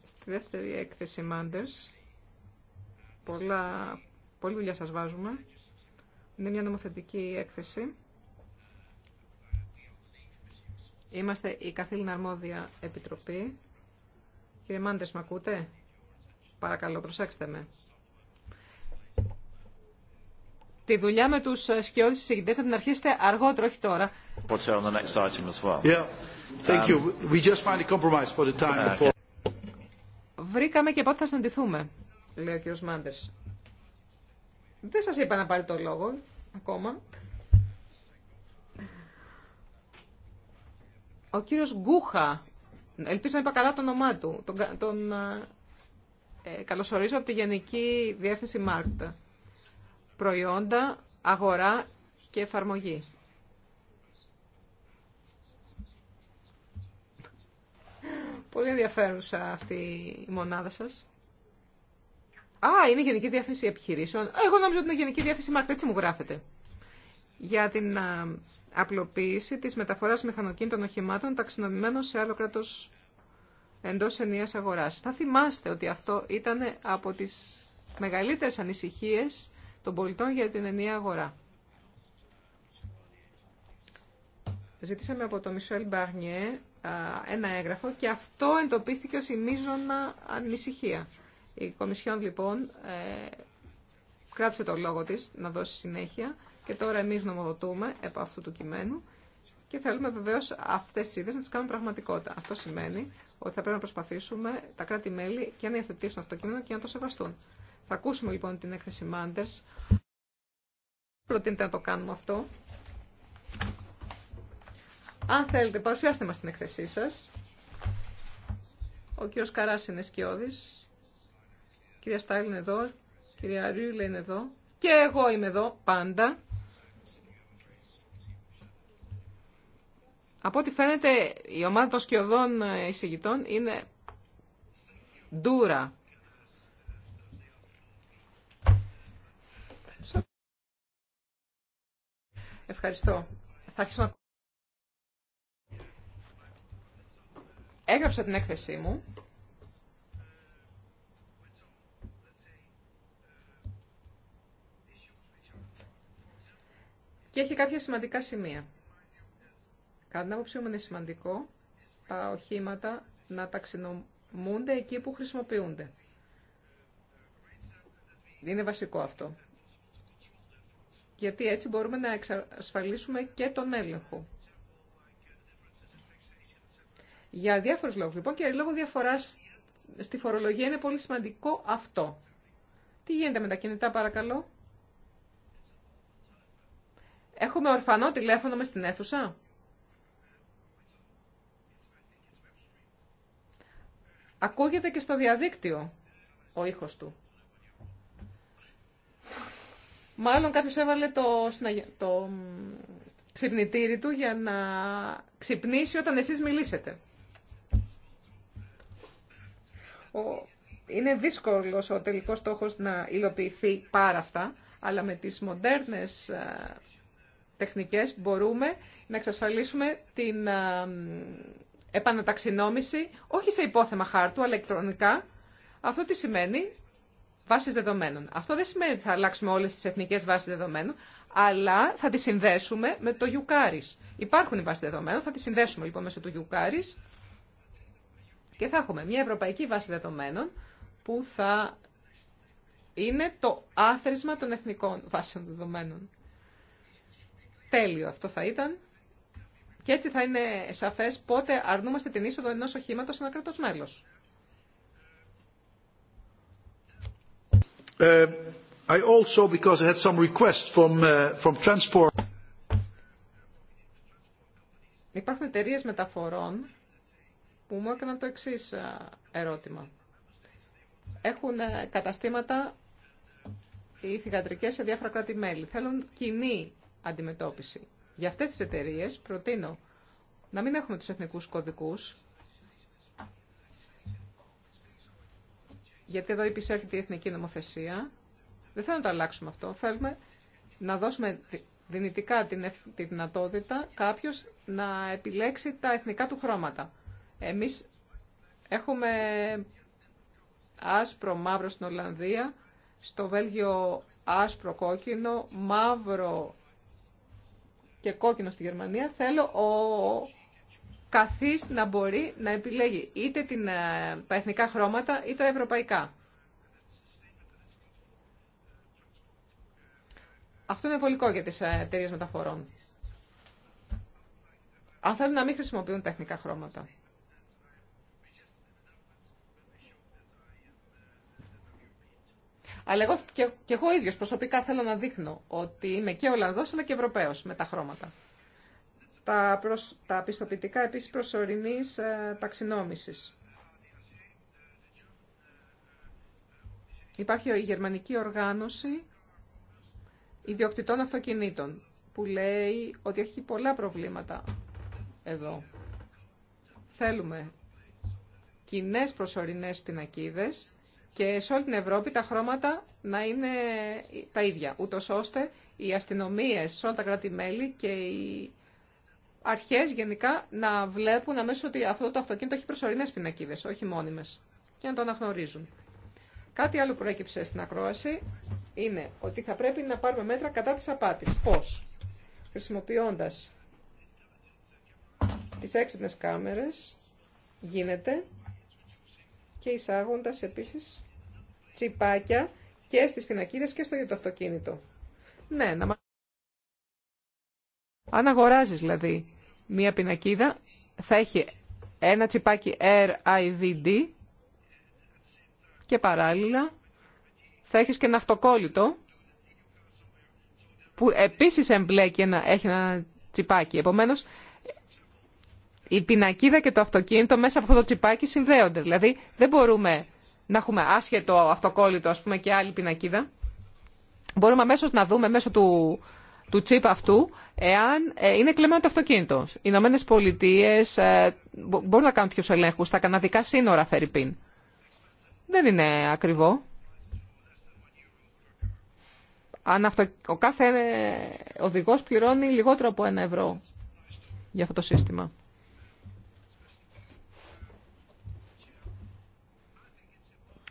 στη δεύτερη έκθεση Μάντερς. Πολλά, δουλειά σας βάζουμε. Είναι μια νομοθετική έκθεση. Είμαστε η καθήλυνα αρμόδια επιτροπή. Κύριε Μάντες, με ακούτε? Παρακαλώ, προσέξτε με. Τη δουλειά με τους σκιώδεις συζητητές θα την αρχίσετε αργότερο, όχι τώρα. Βρήκαμε και πότε θα συναντηθούμε, λέει ο κύριος Μάντες. Δεν σας είπα να πάρει το λόγο ακόμα. Ο κύριος Γκούχα, ελπίζω να είπα καλά το όνομά του, τον, τον ε, ε, καλωσορίζω από τη Γενική Διεύθυνση Μάρκτα. Προϊόντα, αγορά και εφαρμογή. Πολύ ενδιαφέρουσα αυτή η μονάδα σας. Α, είναι Γενική διαθέση Επιχειρήσεων. Εγώ νόμιζα ότι είναι Γενική διάθεση Μάρκετ, έτσι μου γράφεται. Για την απλοποίηση της μεταφοράς μηχανοκίνητων οχημάτων ταξινομημένων σε άλλο κράτο εντό ενία αγοράς. Θα θυμάστε ότι αυτό ήταν από τις μεγαλύτερε ανησυχίε των πολιτών για την ενία αγορά. Ζήτησαμε από τον Μισελ Μπαρνιέ ένα έγγραφο και αυτό εντοπίστηκε ως η μείζωνα ανησυχία. Η Κομισιόν λοιπόν ε, κράτησε το λόγο της να δώσει συνέχεια και τώρα εμείς νομοδοτούμε επ' αυτού του κειμένου και θέλουμε βεβαίως αυτές τις ιδέες να τις κάνουμε πραγματικότητα. Αυτό σημαίνει ότι θα πρέπει να προσπαθήσουμε τα κράτη-μέλη και να υιοθετήσουν αυτό το κείμενο και να το σεβαστούν. Θα ακούσουμε λοιπόν την έκθεση Μάντερς. Προτείνετε να το κάνουμε αυτό. Αν θέλετε, παρουσιάστε μας την έκθεσή σας. Ο κύριος Καράς είναι σκιώδης κυρία Στάιλ είναι εδώ, κυρία Ριούλε είναι εδώ και εγώ είμαι εδώ πάντα. Από ό,τι φαίνεται η ομάδα των σκιωδών ε, εισηγητών είναι ντούρα. Ευχαριστώ. Θα αρχίσω να... Έγραψα την έκθεσή μου. και έχει κάποια σημαντικά σημεία. Κατά να άποψή μου είναι σημαντικό τα οχήματα να ταξινομούνται εκεί που χρησιμοποιούνται. Είναι βασικό αυτό. Γιατί έτσι μπορούμε να εξασφαλίσουμε και τον έλεγχο. Για διάφορους λόγους λοιπόν και λόγω διαφοράς στη φορολογία είναι πολύ σημαντικό αυτό. Τι γίνεται με τα κινητά παρακαλώ. Έχουμε ορφανό τηλέφωνο με στην αίθουσα. Ακούγεται και στο διαδίκτυο ο ήχος του. Μάλλον κάποιος έβαλε το, το ξυπνητήρι του για να ξυπνήσει όταν εσείς μιλήσετε. Είναι δύσκολος ο τελικός στόχος να υλοποιηθεί πάρα αυτά, αλλά με τις μοντέρνες ε, τεχνικές μπορούμε να εξασφαλίσουμε την επαναταξινόμηση όχι σε υπόθεμα χάρτου, αλλά ηλεκτρονικά. Αυτό τι σημαίνει βάσεις δεδομένων. Αυτό δεν σημαίνει ότι θα αλλάξουμε όλες τις εθνικές βάσεις δεδομένων, αλλά θα τις συνδέσουμε με το Ιουκάρις. Υπάρχουν οι βάσεις δεδομένων, θα τις συνδέσουμε λοιπόν μέσω του Ιουκάρις και θα έχουμε μια ευρωπαϊκή βάση δεδομένων που θα είναι το άθροισμα των εθνικών βάσεων δεδομένων. Τέλειο αυτό θα ήταν. Και έτσι θα είναι σαφές πότε αρνούμαστε την είσοδο ενό οχήματος σε ένα κράτο μέλο. Ε, ε, Υπάρχουν εταιρείε μεταφορών που μου έκαναν το εξή ε, ερώτημα. Έχουν καταστήματα ή θηγατρικέ σε διάφορα κράτη-μέλη. Θέλουν κοινή αντιμετώπιση. Για αυτές τις εταιρείε προτείνω να μην έχουμε τους εθνικούς κωδικούς, γιατί εδώ υπησέρχεται η εθνική νομοθεσία. Δεν θέλουμε να το αλλάξουμε αυτό. Θέλουμε να δώσουμε δυνητικά την, τη δυνατότητα κάποιος να επιλέξει τα εθνικά του χρώματα. Εμείς έχουμε άσπρο μαύρο στην Ολλανδία, στο Βέλγιο άσπρο κόκκινο, μαύρο και κόκκινο στη Γερμανία, θέλω ο καθής να μπορεί να επιλέγει είτε την, ε, τα εθνικά χρώματα είτε τα ευρωπαϊκά. Αυτό είναι βολικό για τις ε, εταιρείε μεταφορών. Αν θέλουν να μην χρησιμοποιούν τα εθνικά χρώματα. Αλλά εγώ και, εγώ ίδιος προσωπικά θέλω να δείχνω ότι είμαι και Ολλανδός αλλά και Ευρωπαίος με τα χρώματα. Τα, τα πιστοποιητικά επίσης προσωρινής ε, ταξινόμησης. Υπάρχει η γερμανική οργάνωση ιδιοκτητών αυτοκινήτων που λέει ότι έχει πολλά προβλήματα εδώ. Θέλουμε κοινέ προσωρινές πινακίδες και σε όλη την Ευρώπη τα χρώματα να είναι τα ίδια, ούτω ώστε οι αστυνομίε σε όλα τα κράτη-μέλη και οι αρχέ γενικά να βλέπουν αμέσω ότι αυτό το αυτοκίνητο έχει προσωρινέ πινακίδε, όχι μόνιμε, και να το αναγνωρίζουν. Κάτι άλλο που έκυψε στην ακρόαση είναι ότι θα πρέπει να πάρουμε μέτρα κατά τη απάτη. Πώ? Χρησιμοποιώντα τι έξυπνε κάμερε γίνεται και εισάγοντα επίσης τσιπάκια και στις πινακίδες και στο ίδιο το αυτοκίνητο. Ναι, να... Αν αγοράζει δηλαδή μία πινακίδα, θα έχει ένα τσιπάκι RIVD και παράλληλα θα έχεις και ένα αυτοκόλλητο που επίσης εμπλέκει ένα, έχει ένα τσιπάκι. Επομένως, η πινακίδα και το αυτοκίνητο μέσα από αυτό το τσιπάκι συνδέονται. Δηλαδή δεν μπορούμε να έχουμε άσχετο αυτοκόλλητο ας πούμε, και άλλη πινακίδα. Μπορούμε αμέσω να δούμε μέσω του, τσίπ αυτού εάν ε, είναι κλεμμένο το αυτοκίνητο. Οι Ηνωμένε Πολιτείε ε, μπορούν να κάνουν τέτοιου ελέγχου στα καναδικά σύνορα, πιν. Δεν είναι ακριβό. Αν αυτο, ο κάθε ε, οδηγός πληρώνει λιγότερο από ένα ευρώ για αυτό το σύστημα.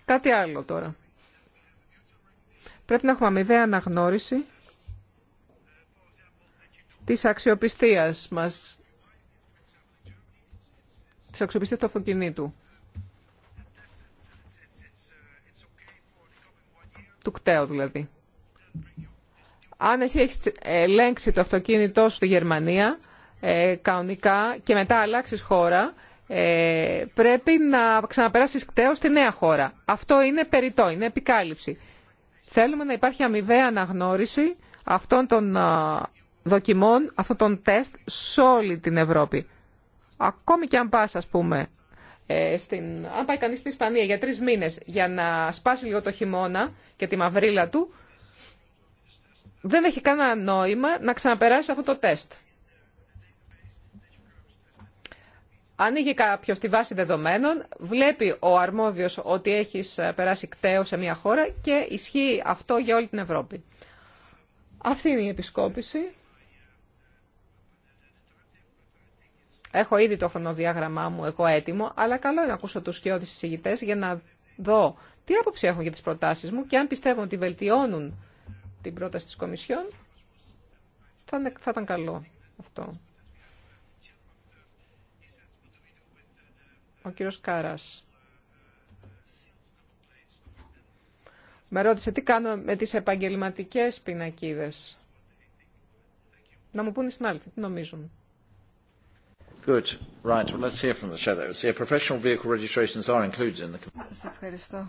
Κάτι άλλο τώρα. Πρέπει να έχουμε αμοιβαία αναγνώριση της αξιοπιστίας μας, της αξιοπιστίας του αυτοκινήτου, του κταίου δηλαδή. Αν εσύ έχεις ελέγξει το αυτοκίνητό σου στη Γερμανία, ε, κανονικά, και μετά αλλάξεις χώρα, ε, πρέπει να ξαναπεράσει κταίω στη νέα χώρα. Αυτό είναι περιττό, είναι επικάλυψη. Θέλουμε να υπάρχει αμοιβαία αναγνώριση αυτών των δοκιμών, αυτών των τεστ σε όλη την Ευρώπη. Ακόμη και αν πά, ας πούμε, ε, στην, αν πάει κανείς στην Ισπανία για τρεις μήνες για να σπάσει λίγο το χειμώνα και τη μαυρίλα του, δεν έχει κανένα νόημα να ξαναπεράσει αυτό το τεστ. ανοίγει κάποιο τη βάση δεδομένων, βλέπει ο αρμόδιος ότι έχει ε, περάσει κταίο σε μια χώρα και ισχύει αυτό για όλη την Ευρώπη. Αυτή είναι η επισκόπηση. Έχω ήδη το χρονοδιάγραμμά μου εγώ έτοιμο, αλλά καλό είναι να ακούσω τους σκιώδεις εισηγητές για να δω τι άποψη έχουν για τις προτάσεις μου και αν πιστεύουν ότι βελτιώνουν την πρόταση της Κομισιόν, θα ήταν καλό αυτό. Ο κύριος Κάρας. Με ρώτησε τι κάνω με τις επαγγελματικές πινακίδες. Να μου πούνε στην άλλη, τι νομίζουν. Good. Right. Well, let's hear from the shadows. Yeah, professional vehicle registrations are included in the... Σας ευχαριστώ.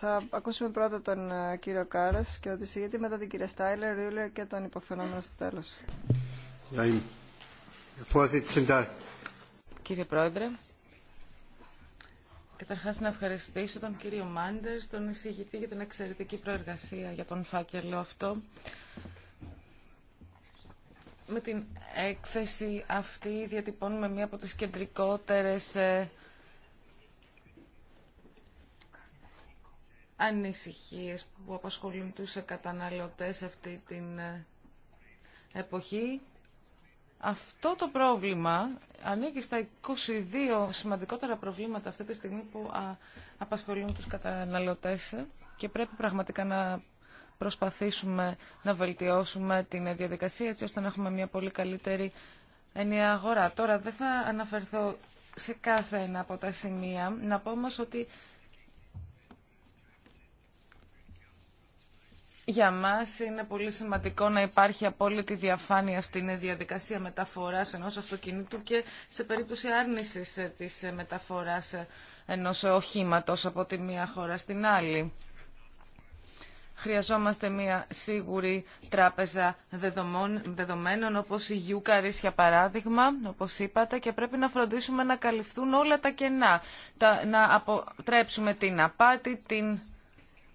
Θα ακούσουμε πρώτα τον ε, κύριο Κάρας και ότι συγγετή μετά την κυρία Στάιλερ, Ρίουλερ και τον υποφαινόμενο στο τέλος κύριε Πρόεδρε. Καταρχάς να ευχαριστήσω τον κύριο Μάντερς, τον εισηγητή για την εξαιρετική προεργασία για τον φάκελο αυτό. Με την έκθεση αυτή διατυπώνουμε μία από τις κεντρικότερες ε, ανησυχίες που απασχολούν τους καταναλωτές αυτή την ε, εποχή αυτό το πρόβλημα ανήκει στα 22 σημαντικότερα προβλήματα αυτή τη στιγμή που απασχολούν τους καταναλωτές και πρέπει πραγματικά να προσπαθήσουμε να βελτιώσουμε την διαδικασία έτσι ώστε να έχουμε μια πολύ καλύτερη ενιαία αγορά. Τώρα δεν θα αναφερθώ σε κάθε ένα από τα σημεία. Να πω ότι Για μας είναι πολύ σημαντικό να υπάρχει απόλυτη διαφάνεια στην διαδικασία μεταφορά ενό αυτοκινήτου και σε περίπτωση άρνησης ε, της ε, μεταφοράς ε, ενός οχήματος από τη μία χώρα στην άλλη. Χρειαζόμαστε μια σίγουρη τράπεζα δεδομών, τραπεζα όπως η Γιούκαρης για παράδειγμα, όπως είπατε, και πρέπει να φροντίσουμε να καλυφθούν όλα τα κενά, να αποτρέψουμε την απάτη, την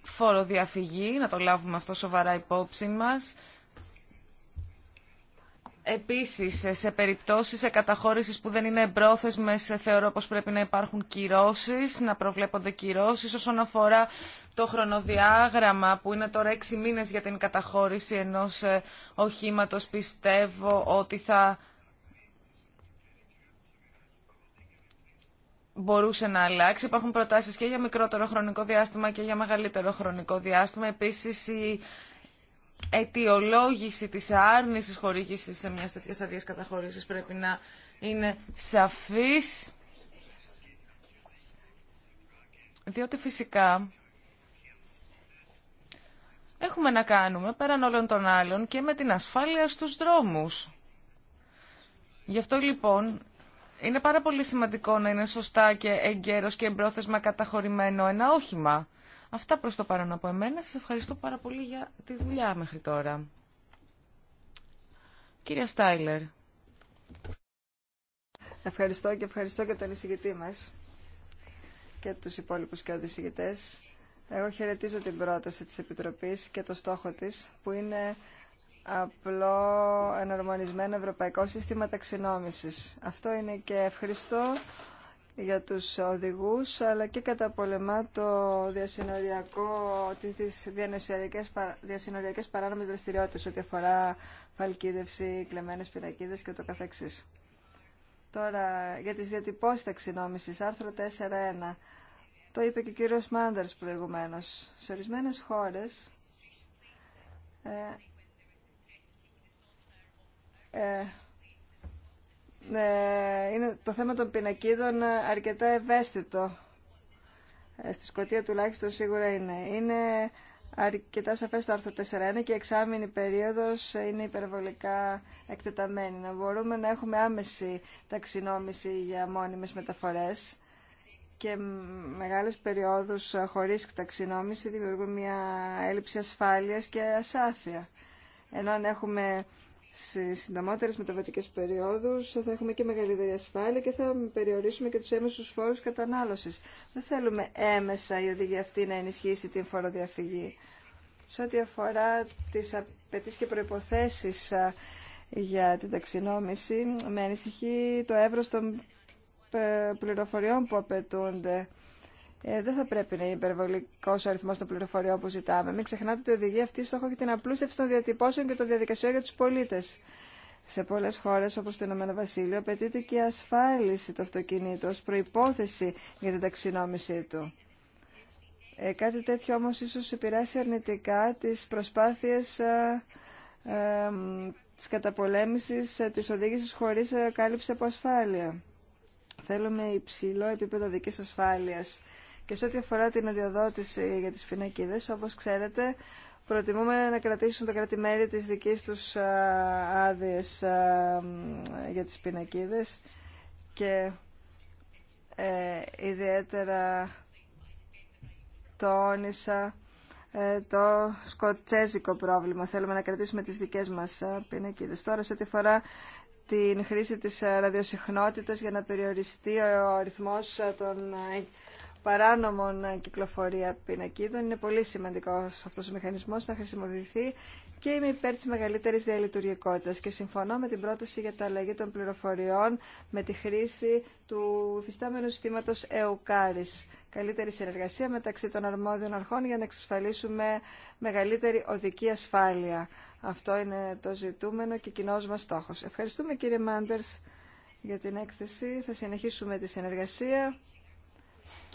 φοροδιαφυγή, να το λάβουμε αυτό σοβαρά υπόψη μας. Επίσης, σε περιπτώσεις σε καταχώρησης που δεν είναι εμπρόθεσμες, ε, θεωρώ πως πρέπει να υπάρχουν κυρώσεις, να προβλέπονται κυρώσεις όσον αφορά το χρονοδιάγραμμα που είναι τώρα έξι μήνες για την καταχώρηση ενός ε, οχήματος. Πιστεύω ότι θα μπορούσε να αλλάξει. Υπάρχουν προτάσει και για μικρότερο χρονικό διάστημα και για μεγαλύτερο χρονικό διάστημα. Επίση, η αιτιολόγηση τη άρνηση χορήγηση σε μια τέτοια αδείας καταχώρηση πρέπει να είναι σαφής. Διότι φυσικά έχουμε να κάνουμε πέραν όλων των άλλων και με την ασφάλεια στους δρόμους. Γι' αυτό λοιπόν είναι πάρα πολύ σημαντικό να είναι σωστά και εγκαίρος και εμπρόθεσμα καταχωρημένο ένα όχημα. Αυτά προς το παρόν από εμένα. Σα ευχαριστώ πάρα πολύ για τη δουλειά μέχρι τώρα. Κυρία Στάιλερ. Ευχαριστώ και ευχαριστώ και τον εισηγητή μας και τους υπόλοιπου και οδησηγητέ. Εγώ χαιρετίζω την πρόταση τη Επιτροπής και το στόχο της που είναι απλό εναρμονισμένο ευρωπαϊκό σύστημα ταξινόμησης. Αυτό είναι και ευχριστό για τους οδηγούς, αλλά και πολεμά το διασυνοριακό, τις διασυνοριακές, διασυνοριακές παράνομες δραστηριότητες ό,τι αφορά φαλκίδευση, κλεμμένες πινακίδες και το καθεξής. Τώρα, για τις διατυπώσεις ταξινόμησης, άρθρο 4.1. Το είπε και ο κύριος Μάντερς προηγουμένως. Σε ορισμένες χώρες ε, ε, ε, είναι το θέμα των πινακίδων αρκετά ευαίσθητο. Ε, στη σκοτία τουλάχιστον σίγουρα είναι. Είναι αρκετά σαφές το άρθρο 4.1 και η εξάμεινη περίοδος είναι υπερβολικά εκτεταμένη. Να μπορούμε να έχουμε άμεση ταξινόμηση για μόνιμες μεταφορές και μεγάλες περιόδους χωρίς ταξινόμηση δημιουργούν μια έλλειψη ασφάλειας και ασάφεια. Ενώ αν έχουμε σε συντομότερες μεταβατικές περιόδους θα έχουμε και μεγαλύτερη ασφάλεια και θα περιορίσουμε και τους έμεσους φόρους κατανάλωσης. Δεν θέλουμε έμεσα η οδηγία αυτή να ενισχύσει την φοροδιαφυγή. Σε ό,τι αφορά τις απαιτήσει και προϋποθέσεις για την ταξινόμηση, με ανησυχεί το εύρος των ε, πληροφοριών που απαιτούνται ε, δεν θα πρέπει να είναι υπερβολικό ο αριθμό των πληροφοριών που ζητάμε. Μην ξεχνάτε ότι η οδηγία αυτή στόχο και την απλούστευση των διατυπώσεων και των διαδικασιών για του πολίτε. Σε πολλέ χώρε, όπω το Ηνωμένο Βασίλειο, απαιτείται και η ασφάλιση του αυτοκινήτου ω προπόθεση για την ταξινόμησή του. Ε, κάτι τέτοιο όμω ίσω επηρεάσει αρνητικά τι προσπάθειε ε, ε, τη καταπολέμηση ε, τη οδήγηση χωρί ε, κάλυψη από ασφάλεια. Θέλουμε υψηλό επίπεδο δικής ασφάλειας και σε ό,τι αφορά την αδειοδότηση για τις φυνακίδες, όπως ξέρετε, προτιμούμε να κρατήσουν τα κρατημέρια της δικής τους άδειε για τις πινακίδες και ε, ιδιαίτερα τόνισα ε, το σκοτσέζικο πρόβλημα. Θέλουμε να κρατήσουμε τις δικές μας πινακίδες. Τώρα, σε ό,τι αφορά την χρήση της ραδιοσυχνότητας για να περιοριστεί ο αριθμός των παράνομων ε, κυκλοφορία πινακίδων. Είναι πολύ σημαντικό αυτό ο μηχανισμό να χρησιμοποιηθεί και είμαι υπέρ τη μεγαλύτερη διαλειτουργικότητα και συμφωνώ με την πρόταση για τα αλλαγή των πληροφοριών με τη χρήση του φυστάμενου συστήματο ΕΟΚΑΡΙ. Καλύτερη συνεργασία μεταξύ των αρμόδιων αρχών για να εξασφαλίσουμε μεγαλύτερη οδική ασφάλεια. Αυτό είναι το ζητούμενο και κοινό μα στόχο. Ευχαριστούμε κύριε Μάντερ για την έκθεση. Θα συνεχίσουμε τη συνεργασία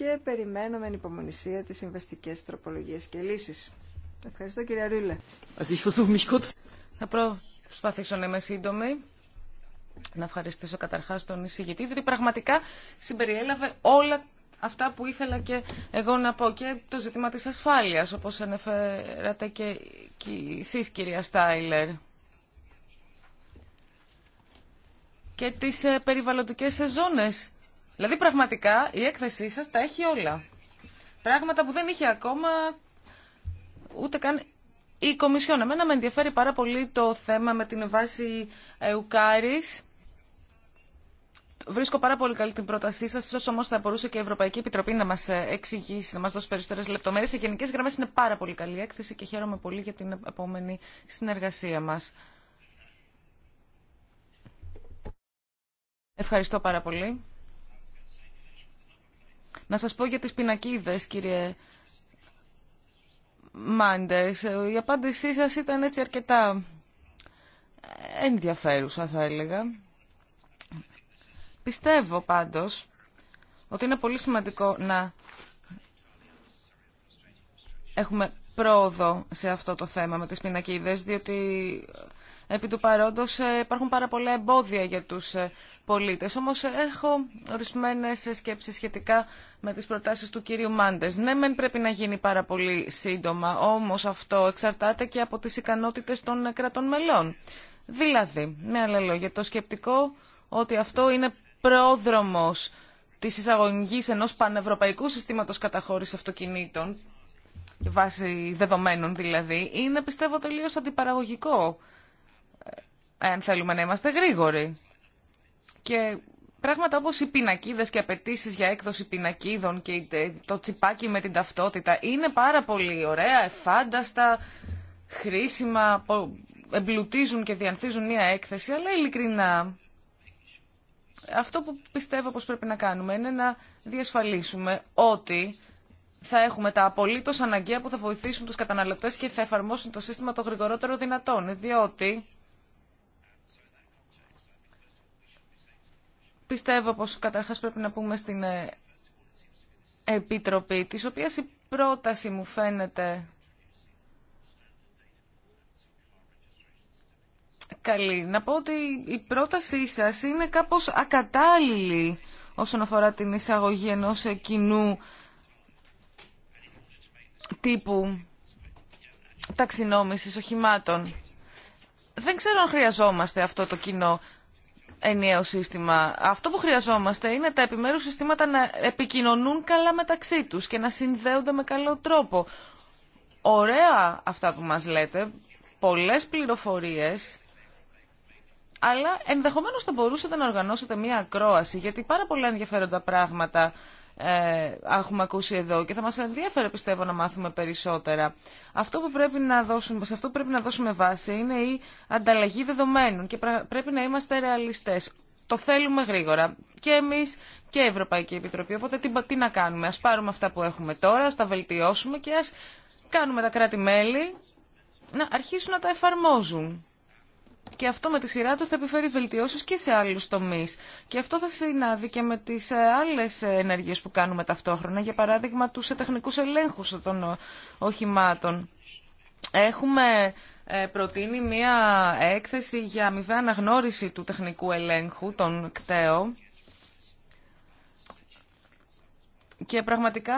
και περιμένω με ανυπομονησία τις συμβαστικές τροπολογίες και λύσεις. Ευχαριστώ κυρία Ρούλε. Θα προσπαθήσω να είμαι σύντομη. Να ευχαριστήσω καταρχάς τον εισηγητή, διότι πραγματικά συμπεριέλαβε όλα αυτά που ήθελα και εγώ να πω και το ζήτημα της ασφάλειας, όπως ανεφέρατε και, εσεί, κυρία Στάιλερ. Και τις ε, περιβαλλοντικές ζώνες Δηλαδή πραγματικά η έκθεσή σας τα έχει όλα. Πράγματα που δεν είχε ακόμα ούτε καν η Κομισιόν. Εμένα με ενδιαφέρει πάρα πολύ το θέμα με την βάση ε, Ουκάρης. Βρίσκω πάρα πολύ καλή την πρότασή σα. σω όμω θα μπορούσε και η Ευρωπαϊκή Επιτροπή να μα ε, εξηγήσει, να μα δώσει περισσότερε λεπτομέρειε. Σε γενικέ γραμμέ είναι πάρα πολύ καλή έκθεση και χαίρομαι πολύ για την επόμενη συνεργασία μα. Ευχαριστώ πάρα πολύ. Να σας πω για τις πινακίδες, κύριε Μάντες, Η απάντησή σας ήταν έτσι αρκετά ενδιαφέρουσα, θα έλεγα. Πιστεύω πάντως ότι είναι πολύ σημαντικό να έχουμε πρόοδο σε αυτό το θέμα με τις πινακίδες, διότι Επί του παρόντος ε, υπάρχουν πάρα πολλά εμπόδια για τους ε, πολίτες. Όμως ε, έχω ορισμένες σκέψεις σχετικά με τις προτάσεις του κύριου Μάντες. Ναι, μεν πρέπει να γίνει πάρα πολύ σύντομα, όμως αυτό εξαρτάται και από τις ικανότητες των κρατών μελών. Δηλαδή, με άλλα λόγια, το σκεπτικό ότι αυτό είναι πρόδρομος της εισαγωγή ενός πανευρωπαϊκού συστήματος καταχώρησης αυτοκινήτων, βάσει δεδομένων δηλαδή, είναι πιστεύω τελείως αντιπαραγωγικό αν θέλουμε να είμαστε γρήγοροι. Και πράγματα όπως οι πινακίδες και απαιτήσει για έκδοση πινακίδων και το τσιπάκι με την ταυτότητα είναι πάρα πολύ ωραία, εφάνταστα, χρήσιμα, εμπλουτίζουν και διανθίζουν μια έκθεση, αλλά ειλικρινά αυτό που πιστεύω πως πρέπει να κάνουμε είναι να διασφαλίσουμε ότι θα έχουμε τα απολύτως αναγκαία που θα βοηθήσουν τους καταναλωτές και θα εφαρμόσουν το σύστημα το γρηγορότερο δυνατόν, διότι πιστεύω πως καταρχάς πρέπει να πούμε στην ε, Επιτροπή, της οποίας η πρόταση μου φαίνεται καλή. Να πω ότι η πρότασή σας είναι κάπως ακατάλληλη όσον αφορά την εισαγωγή ενός κοινού τύπου ταξινόμησης οχημάτων. Δεν ξέρω αν χρειαζόμαστε αυτό το κοινό ενιαίο σύστημα. Αυτό που χρειαζόμαστε είναι τα επιμέρους συστήματα να επικοινωνούν καλά μεταξύ τους και να συνδέονται με καλό τρόπο. Ωραία αυτά που μας λέτε, πολλές πληροφορίες, αλλά ενδεχομένως θα μπορούσατε να οργανώσετε μία ακρόαση, γιατί πάρα πολλά ενδιαφέροντα πράγματα ε, έχουμε ακούσει εδώ και θα μας ενδιαφέρε πιστεύω να μάθουμε περισσότερα. Αυτό που πρέπει να δώσουμε, σε αυτό που πρέπει να δώσουμε βάση είναι η ανταλλαγή δεδομένων και πρέπει να είμαστε ρεαλιστές. Το θέλουμε γρήγορα και εμείς και η Ευρωπαϊκή Επιτροπή, οπότε τι, τι να κάνουμε. Ας πάρουμε αυτά που έχουμε τώρα, ας τα βελτιώσουμε και ας κάνουμε τα κράτη-μέλη να αρχίσουν να τα εφαρμόζουν. Και αυτό με τη σειρά του θα επιφέρει βελτιώσεις και σε άλλους τομείς. Και αυτό θα συνάδει και με τις ε, άλλες ενέργειες που κάνουμε ταυτόχρονα. Για παράδειγμα, τους ε, τεχνικούς ελέγχους των ε, οχημάτων. Έχουμε προτείνει μία έκθεση για αμοιβαία αναγνώριση του τεχνικού ελέγχου, των ΚΤΕΟ. Και πραγματικά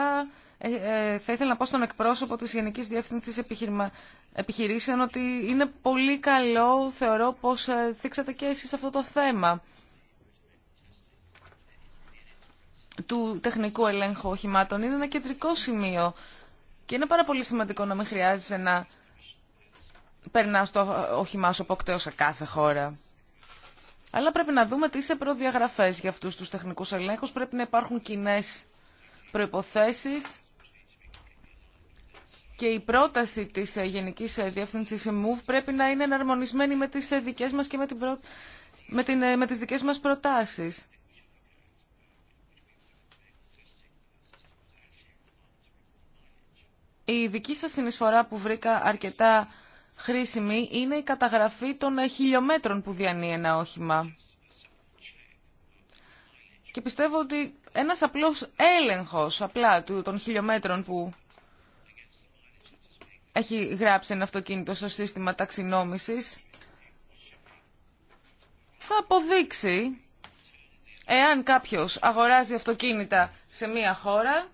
ε, ε, θα ήθελα να πω στον εκπρόσωπο της Γενικής Διεύθυνσης Επιχειρημα... Επιχειρήσεων ότι είναι πολύ καλό, θεωρώ, πως ε, θίξατε και εσείς αυτό το θέμα του τεχνικού ελέγχου οχημάτων. Είναι ένα κεντρικό σημείο και είναι πάρα πολύ σημαντικό να μην χρειάζεσαι να περνά το όχημά σου αποκτέω σε κάθε χώρα. Αλλά πρέπει να δούμε τι είσαι προδιαγραφές για αυτούς τους τεχνικούς ελέγχους. Πρέπει να υπάρχουν κοινέ προϋποθέσεις και η πρόταση της ε, Γενικής ε, Διεύθυνσης MOVE πρέπει να είναι εναρμονισμένη με τις ε, δικές μας και με, την με, τις δικές μας προτάσεις. Η δική σας συνεισφορά που βρήκα αρκετά χρήσιμη είναι η καταγραφή των χιλιόμετρων που διανύει ένα όχημα. Και πιστεύω ότι ένας απλός έλεγχος απλά των χιλιόμετρων που έχει γράψει ένα αυτοκίνητο στο σύστημα ταξινόμησης θα αποδείξει εάν κάποιος αγοράζει αυτοκίνητα σε μία χώρα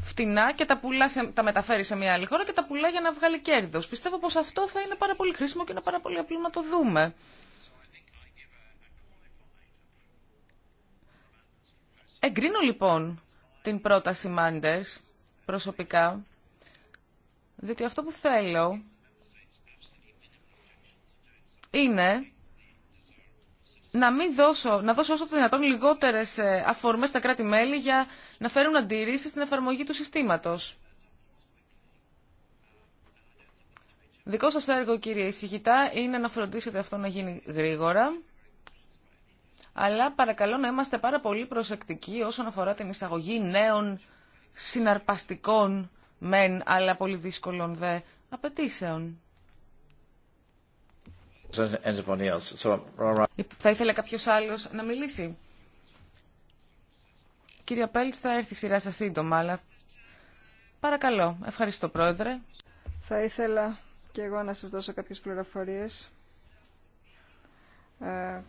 φτηνά και τα, πουλά σε, τα μεταφέρει σε μια άλλη χώρα και τα πουλά για να βγάλει κέρδος. Πιστεύω πως αυτό θα είναι πάρα πολύ χρήσιμο και είναι πάρα πολύ απλό να το δούμε. Εγκρίνω λοιπόν την πρόταση Μάντερς προσωπικά. Διότι αυτό που θέλω είναι να μην δώσω, να δώσω όσο το δυνατόν λιγότερες ε, αφορμές στα κράτη-μέλη για να φέρουν αντιρρήσεις στην εφαρμογή του συστήματος. Δικό σας έργο, κύριε Ισηγητά, είναι να φροντίσετε αυτό να γίνει γρήγορα, αλλά παρακαλώ να είμαστε πάρα πολύ προσεκτικοί όσον αφορά την εισαγωγή νέων συναρπαστικών μεν, αλλά πολύ δύσκολων δε απαιτήσεων. Θα ήθελα κάποιος άλλος να μιλήσει. Κυρία Πέλτς, θα έρθει η σειρά σας σύντομα, αλλά παρακαλώ. Ευχαριστώ, Πρόεδρε. Θα ήθελα και εγώ να σας δώσω κάποιες πληροφορίες, ε,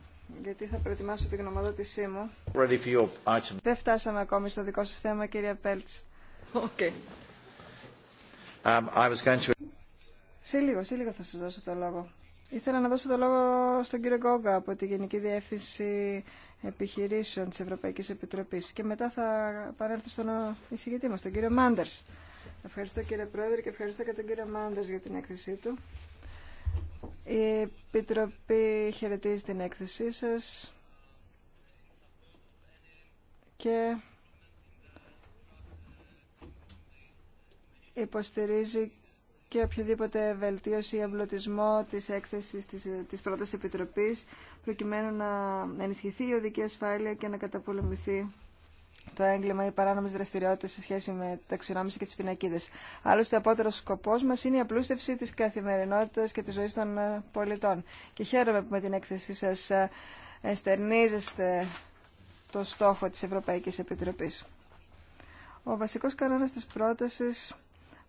γιατί θα προετοιμάσω την γνωμοδότησή μου. Δεν φτάσαμε ακόμη στο δικό σας θέμα, κυρία Πέλτς. Okay. Um, I was going to... Σε λίγο, σε λίγο θα σας δώσω το λόγο. Ήθελα να δώσω το λόγο στον κύριο Γκόγκα από τη Γενική Διεύθυνση Επιχειρήσεων της Ευρωπαϊκής Επιτροπής και μετά θα παρέλθω στον εισηγητή μας, τον κύριο Μάντερς. Ευχαριστώ κύριε Πρόεδρε και ευχαριστώ και τον κύριο Μάντερς για την έκθεσή του. Η Επιτροπή χαιρετίζει την έκθεσή σας και υποστηρίζει και οποιαδήποτε βελτίωση ή εμπλωτισμό της έκθεσης της, της πρώτης επιτροπής προκειμένου να ενισχυθεί η οδική ασφάλεια και να καταπολεμηθεί το έγκλημα ή παράνομε δραστηριότητε σε σχέση με τα ξυνόμιση και τι πινακίδε. Άλλωστε, απότερο σκοπό μα είναι η απλούστευση τη καθημερινότητα και τη ζωή των ε, πολιτών. Και χαίρομαι που με την έκθεσή σα ε, εστερνίζεστε το στόχο της Ευρωπαϊκής Επιτροπής. Ο βασικός κανόνας της πρότασης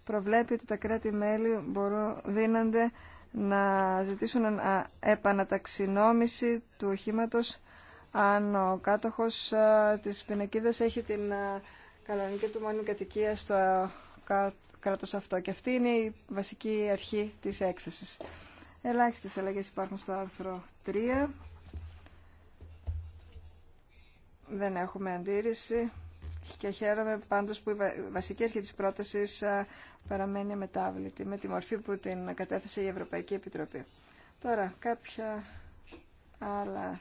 προβλέπει ότι τα κράτη-μέλη δίνονται να ζητήσουν επαναταξινόμηση του οχήματο αν ο κάτοχος της πινακίδας έχει την κανονική του μόνη κατοικία στο κράτος αυτό. Και αυτή είναι η βασική αρχή της έκθεσης. Ελάχιστες αλλαγές υπάρχουν στο άρθρο 3. Δεν έχουμε αντίρρηση και χαίρομαι πάντως που η βασική αρχή της πρότασης παραμένει μετάβλητη με τη μορφή που την κατέθεσε η Ευρωπαϊκή Επιτροπή. Τώρα, κάποια άλλα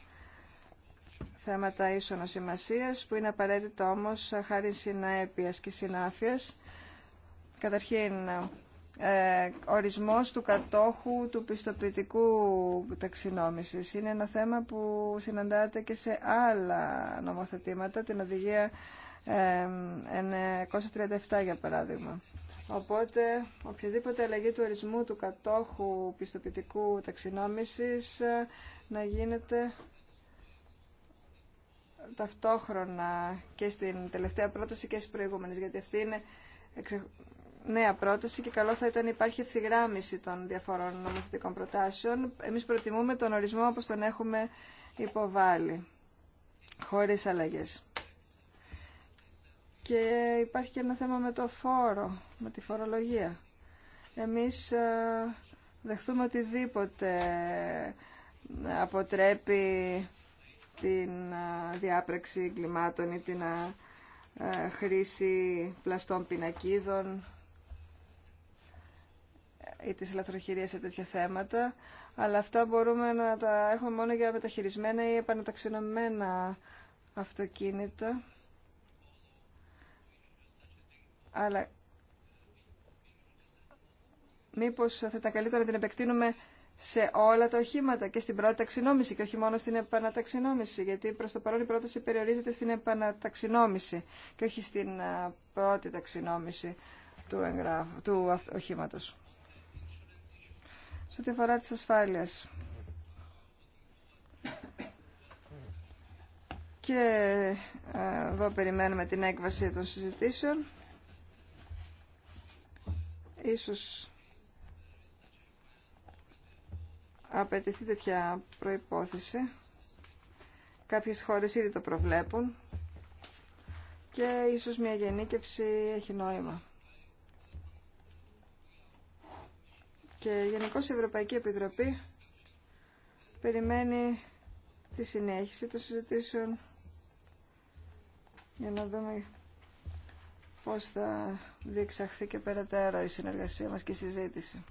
θέματα ίσονος σημασίας που είναι απαραίτητο όμως χάρη συνέπεια και συνάφειας. Καταρχήν, ε, ορισμός του κατόχου του πιστοποιητικού ταξινόμησης. Είναι ένα θέμα που συναντάται και σε άλλα νομοθετήματα, την οδηγία 937 για παράδειγμα. Οπότε οποιαδήποτε αλλαγή του ορισμού του κατόχου πιστοποιητικού ταξινόμησης ε, να γίνεται ταυτόχρονα και στην τελευταία πρόταση και στις προηγούμενες, γιατί αυτή είναι νέα πρόταση και καλό θα ήταν υπάρχει ευθυγράμμιση των διαφορών νομοθετικών προτάσεων. Εμείς προτιμούμε τον ορισμό όπως τον έχουμε υποβάλει, χωρίς αλλαγές. Και υπάρχει και ένα θέμα με το φόρο, με τη φορολογία. Εμείς ε, δεχθούμε οτιδήποτε αποτρέπει την ε, διάπραξη κλιμάτων ή την ε, χρήση πλαστών πινακίδων ή τις λαθροχειρίες σε τέτοια θέματα, αλλά αυτά μπορούμε να τα έχουμε μόνο για μεταχειρισμένα ή επαναταξινομημένα αυτοκίνητα αλλά μήπως θα ήταν καλύτερο να την επεκτείνουμε σε όλα τα οχήματα και στην πρώτη ταξινόμηση και όχι μόνο στην επαναταξινόμηση, γιατί προς το παρόν η πρόταση περιορίζεται στην επαναταξινόμηση και όχι στην πρώτη ταξινόμηση του, εγγράφου, του οχήματος. Σε ό,τι αφορά τις ασφάλειες. Και εδώ περιμένουμε την έκβαση των συζητήσεων. Ίσως απαιτηθεί τέτοια προϋπόθεση. Κάποιες χώρες ήδη το προβλέπουν και ίσως μια γενίκευση έχει νόημα. Και γενικώ η Ευρωπαϊκή Επιτροπή περιμένει τη συνέχιση των συζητήσεων για να δούμε πώς θα διεξαχθεί και περαιτέρω η συνεργασία μας και η συζήτηση.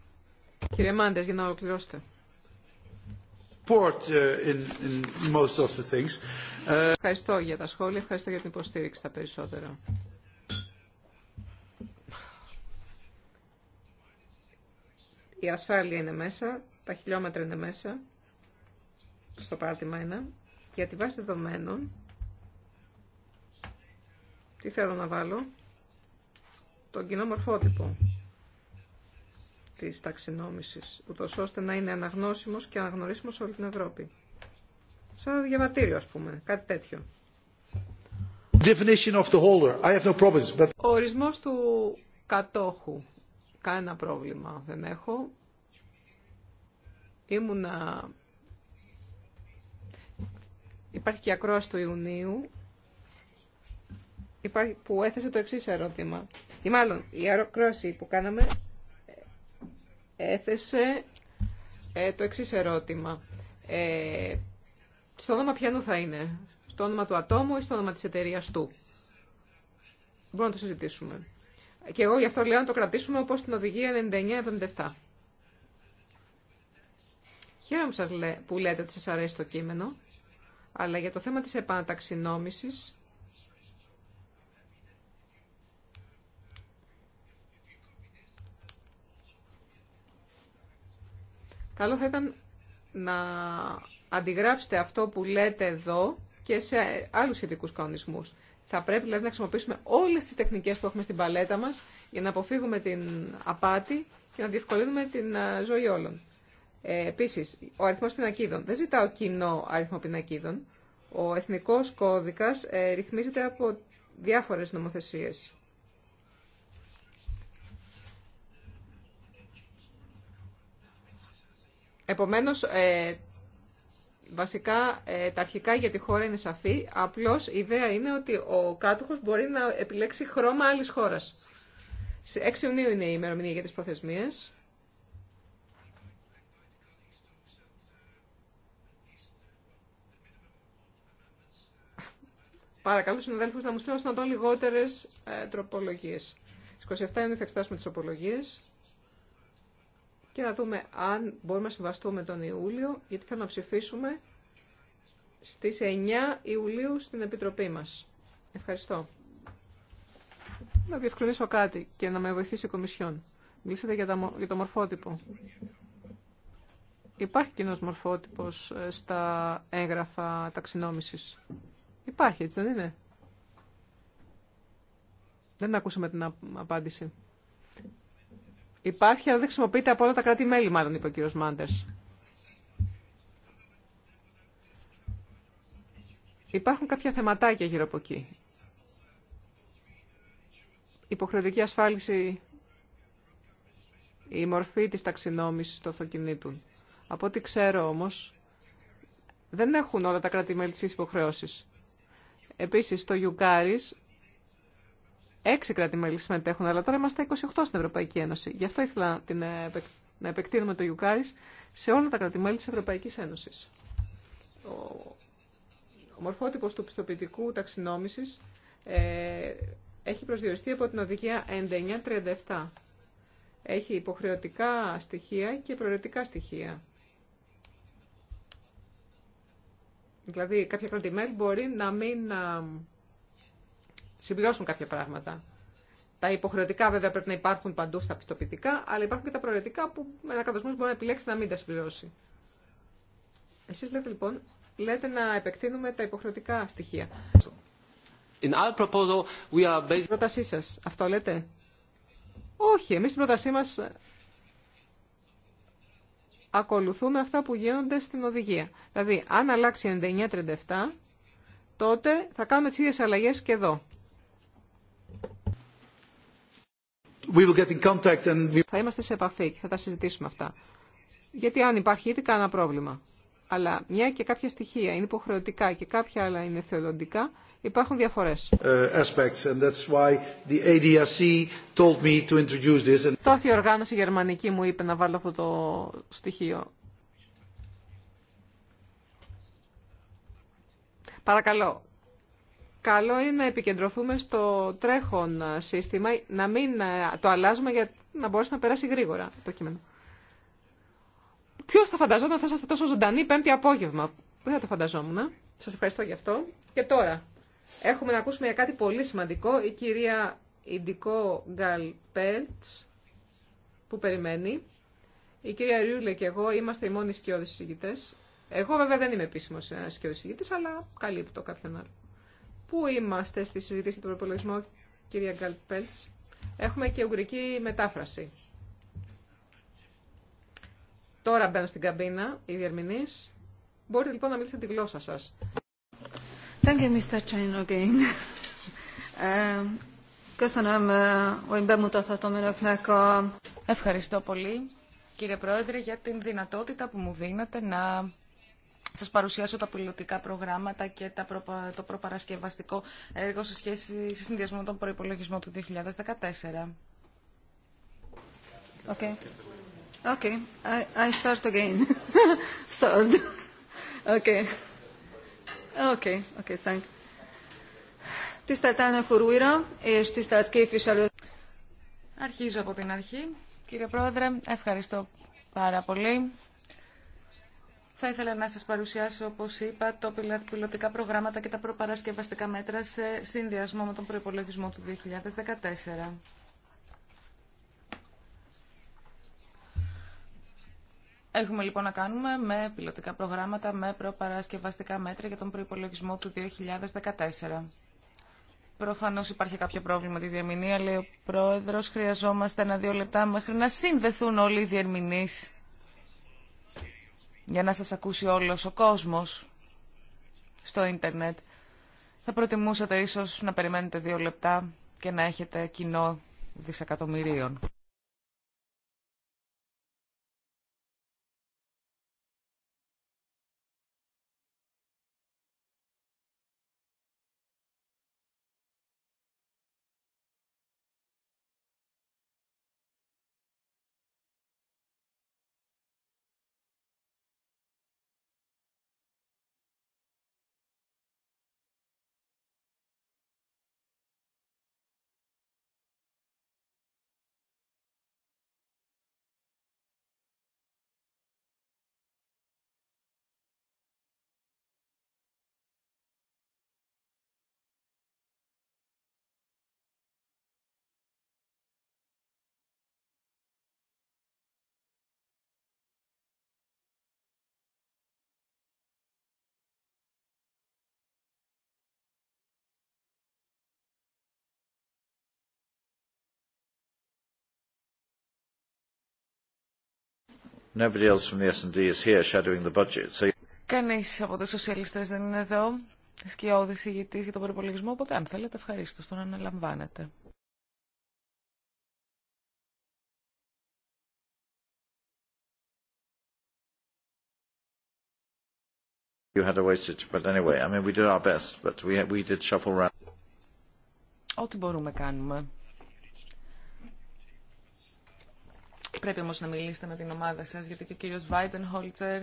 Κύριε Μάντες, για να ολοκληρώσετε. Uh, uh, ευχαριστώ για τα σχόλια, ευχαριστώ για την υποστήριξη τα περισσότερα. Η ασφάλεια είναι μέσα, τα χιλιόμετρα είναι μέσα, στο παράδειγμα ένα. Για τη βάση δεδομένων, τι θέλω να βάλω, τον κοινό μορφότυπο της ταξινόμησης, ούτως ώστε να είναι αναγνώσιμος και αναγνωρίσιμος σε όλη την Ευρώπη. Σαν διαβατήριο, ας πούμε, κάτι τέτοιο. Ο ορισμός του κατόχου. Κάνα πρόβλημα δεν έχω. Ήμουνα... Υπάρχει και ακρόαση του Ιουνίου που έθεσε το εξής ερώτημα ή μάλλον η μαλλον η κρόση που κάναμε ε, έθεσε ε, το εξή ερώτημα. Ε, στο όνομα ποιανού θα είναι, στο όνομα του ατόμου ή στο όνομα της εταιρεία του. Μπορούμε να το συζητήσουμε. Και εγώ γι' αυτό λέω να το κρατήσουμε όπως την οδηγία 99-77. Χαίρομαι σας που λέτε ότι σας αρέσει το κείμενο, αλλά για το θέμα της επαναταξινόμησης Καλό θα ήταν να αντιγράψετε αυτό που λέτε εδώ και σε άλλους σχετικούς κανονισμούς. Θα πρέπει δηλαδή να χρησιμοποιήσουμε όλες τις τεχνικές που έχουμε στην παλέτα μας για να αποφύγουμε την απάτη και να διευκολύνουμε την ε, ζωή όλων. Ε, επίσης, ο αριθμός πινακίδων. Δεν ζητάω κοινό αριθμό πινακίδων. Ο εθνικός κώδικας ε, ρυθμίζεται από διάφορες νομοθεσίες. Επομένως, ε, βασικά ε, τα αρχικά για τη χώρα είναι σαφή, απλώς η ιδέα είναι ότι ο κάτοχος μπορεί να επιλέξει χρώμα άλλης χώρας. Σε 6 Ιουνίου είναι η ημερομηνία για τις προθεσμίες. Παρακαλώ συναδέλφους να μου στείλουν να λιγότερες ε, τροπολογίες. 27 Ιουνίου θα εξετάσουμε τις τροπολογίες και να δούμε αν μπορούμε να συμβαστούμε τον Ιούλιο, γιατί θέλουμε να ψηφίσουμε στις 9 Ιουλίου στην Επιτροπή μας. Ευχαριστώ. Να διευκρινίσω κάτι και να με βοηθήσει η Κομισιόν. Μιλήσατε για, το μορφότυπο. Υπάρχει κοινό μορφότυπος ε, στα έγγραφα ταξινόμησης. Υπάρχει, έτσι δεν είναι. Δεν ακούσαμε την απάντηση. Υπάρχει, αλλά δεν χρησιμοποιείται από όλα τα κράτη-μέλη, μάλλον, είπε ο κύριος Μάντερς. Υπάρχουν κάποια θεματάκια γύρω από εκεί. Υποχρεωτική ασφάλιση, η μορφή της ταξινόμησης των αυτοκινήτων. Από ό,τι ξέρω όμως, δεν έχουν όλα τα κράτη-μέλη τις υποχρεώσεις. Επίσης, το Ιουκάρις Έξι κράτη-μέλη συμμετέχουν, αλλά τώρα είμαστε 28 στην Ευρωπαϊκή Ένωση. Γι' αυτό ήθελα την, ε, να επεκτείνουμε το Ιουκάρι σε όλα τα κράτη-μέλη της Ευρωπαϊκής Ένωσης. Ο, ο μορφότυπος του πιστοποιητικού ταξινόμησης ε, έχει προσδιοριστεί από την οδηγία 9937. Έχει υποχρεωτικά στοιχεία και προαιρετικά στοιχεία. Δηλαδή, κάποια κράτη-μέλη μπορεί να μην ε, συμπληρώσουν κάποια πράγματα. Τα υποχρεωτικά βέβαια πρέπει να υπάρχουν παντού στα πιστοποιητικά, αλλά υπάρχουν και τα προαιρετικά που ένα κατασμό μπορεί να επιλέξει να μην τα συμπληρώσει. Εσεί λέτε λοιπόν, λέτε να επεκτείνουμε τα υποχρεωτικά στοιχεία. In our proposal, we are based... Στην πρότασή σα, αυτό λέτε. Όχι, εμεί στην πρότασή μα ακολουθούμε αυτά που γίνονται στην οδηγία. Δηλαδή, αν αλλάξει 9937, τότε θα κάνουμε τι ίδιε αλλαγέ και εδώ. Θα είμαστε σε επαφή και θα τα συζητήσουμε αυτά. Γιατί αν υπάρχει ήδη κανένα πρόβλημα. Αλλά μια και κάποια στοιχεία είναι υποχρεωτικά και κάποια άλλα είναι θελοντικά, υπάρχουν διαφορές. Uh, Τότε η οργάνωση γερμανική μου είπε να βάλω αυτό το στοιχείο. Παρακαλώ, καλό είναι να επικεντρωθούμε στο τρέχον σύστημα, να μην ε, το αλλάζουμε για να μπορέσει να περάσει γρήγορα το κείμενο. Ποιο θα φανταζόταν θα είσαστε τόσο ζωντανή πέμπτη απόγευμα. Δεν θα το φανταζόμουν. Ε. Σα ευχαριστώ γι' αυτό. Και τώρα έχουμε να ακούσουμε για κάτι πολύ σημαντικό. Η κυρία Ιντικό Γκαλπέλτ που περιμένει. Η κυρία Ριούλε και εγώ είμαστε οι μόνοι σκιώδει συζητητές. Εγώ βέβαια δεν είμαι επίσημο ε, σκιώδει συζητητή, αλλά καλύπτω κάποιον άλλο. Πού είμαστε στη συζήτηση του προπολογισμού, κυρία Γκαλπέλτς. Έχουμε και ουγγρική μετάφραση. Τώρα μπαίνω στην καμπίνα η Διερμηνής. Μπορείτε λοιπόν να μιλήσετε τη γλώσσα σας. Ε, ε, Ευχαριστώ πολύ, κύριε Πρόεδρε, για την δυνατότητα που μου δίνετε να σα παρουσιάσω τα πιλωτικά προγράμματα και τα το προπαρασκευαστικό έργο σε σχέση σε συνδυασμό με τον προϋπολογισμό του 2014. Okay. Okay. I, I start again. (laughs) okay. Okay. Okay. Thank. Αρχίζω από την αρχή. Κύριε Πρόεδρε, ευχαριστώ πάρα πολύ. Θα ήθελα να σας παρουσιάσω, όπως είπα, το πιλωτικά προγράμματα και τα προπαρασκευαστικά μέτρα σε συνδυασμό με τον προϋπολογισμό του 2014. Έχουμε λοιπόν να κάνουμε με πιλωτικά προγράμματα, με προπαρασκευαστικά μέτρα για τον προϋπολογισμό του 2014. Προφανώ υπάρχει κάποιο πρόβλημα τη διαμηνία, λέει ο προεδρος χρειαζομαστε Χρειαζόμαστε ένα-δύο λεπτά μέχρι να συνδεθούν όλοι οι διερμηνεί για να σας ακούσει όλος ο κόσμος στο ίντερνετ. Θα προτιμούσατε ίσως να περιμένετε δύο λεπτά και να έχετε κοινό δισεκατομμυρίων. Nobody else from the S&D is here shadowing the budget. So... Κανείς από τους σοσιαλιστές δεν είναι εδώ, σκιώδης ηγητής για τον προπολογισμό, οπότε αν θέλετε ευχαρίστω τον αναλαμβάνετε. You had a wastage, but anyway, I mean, we did our best, but we, we did shuffle around. Ό,τι μπορούμε κάνουμε. Πρέπει όμως να μιλήσετε με την ομάδα σας, γιατί και ο κύριος Βάιντεν Χόλτσερ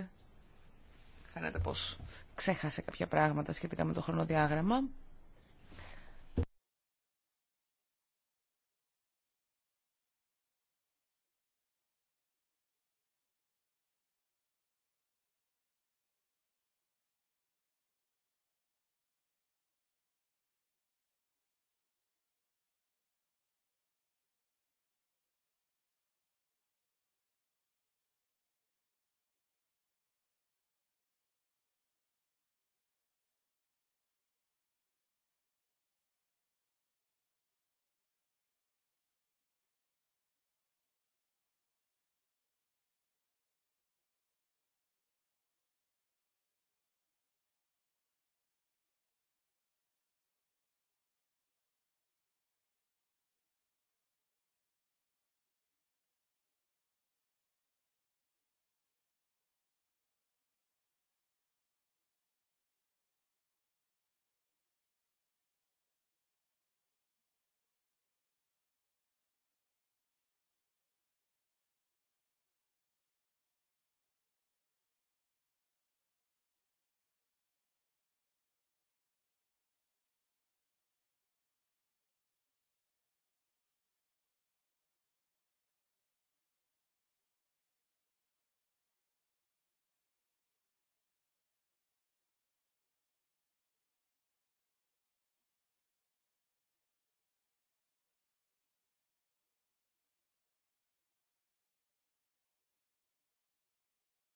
φαίνεται πως ξέχασε κάποια πράγματα σχετικά με το χρονοδιάγραμμα.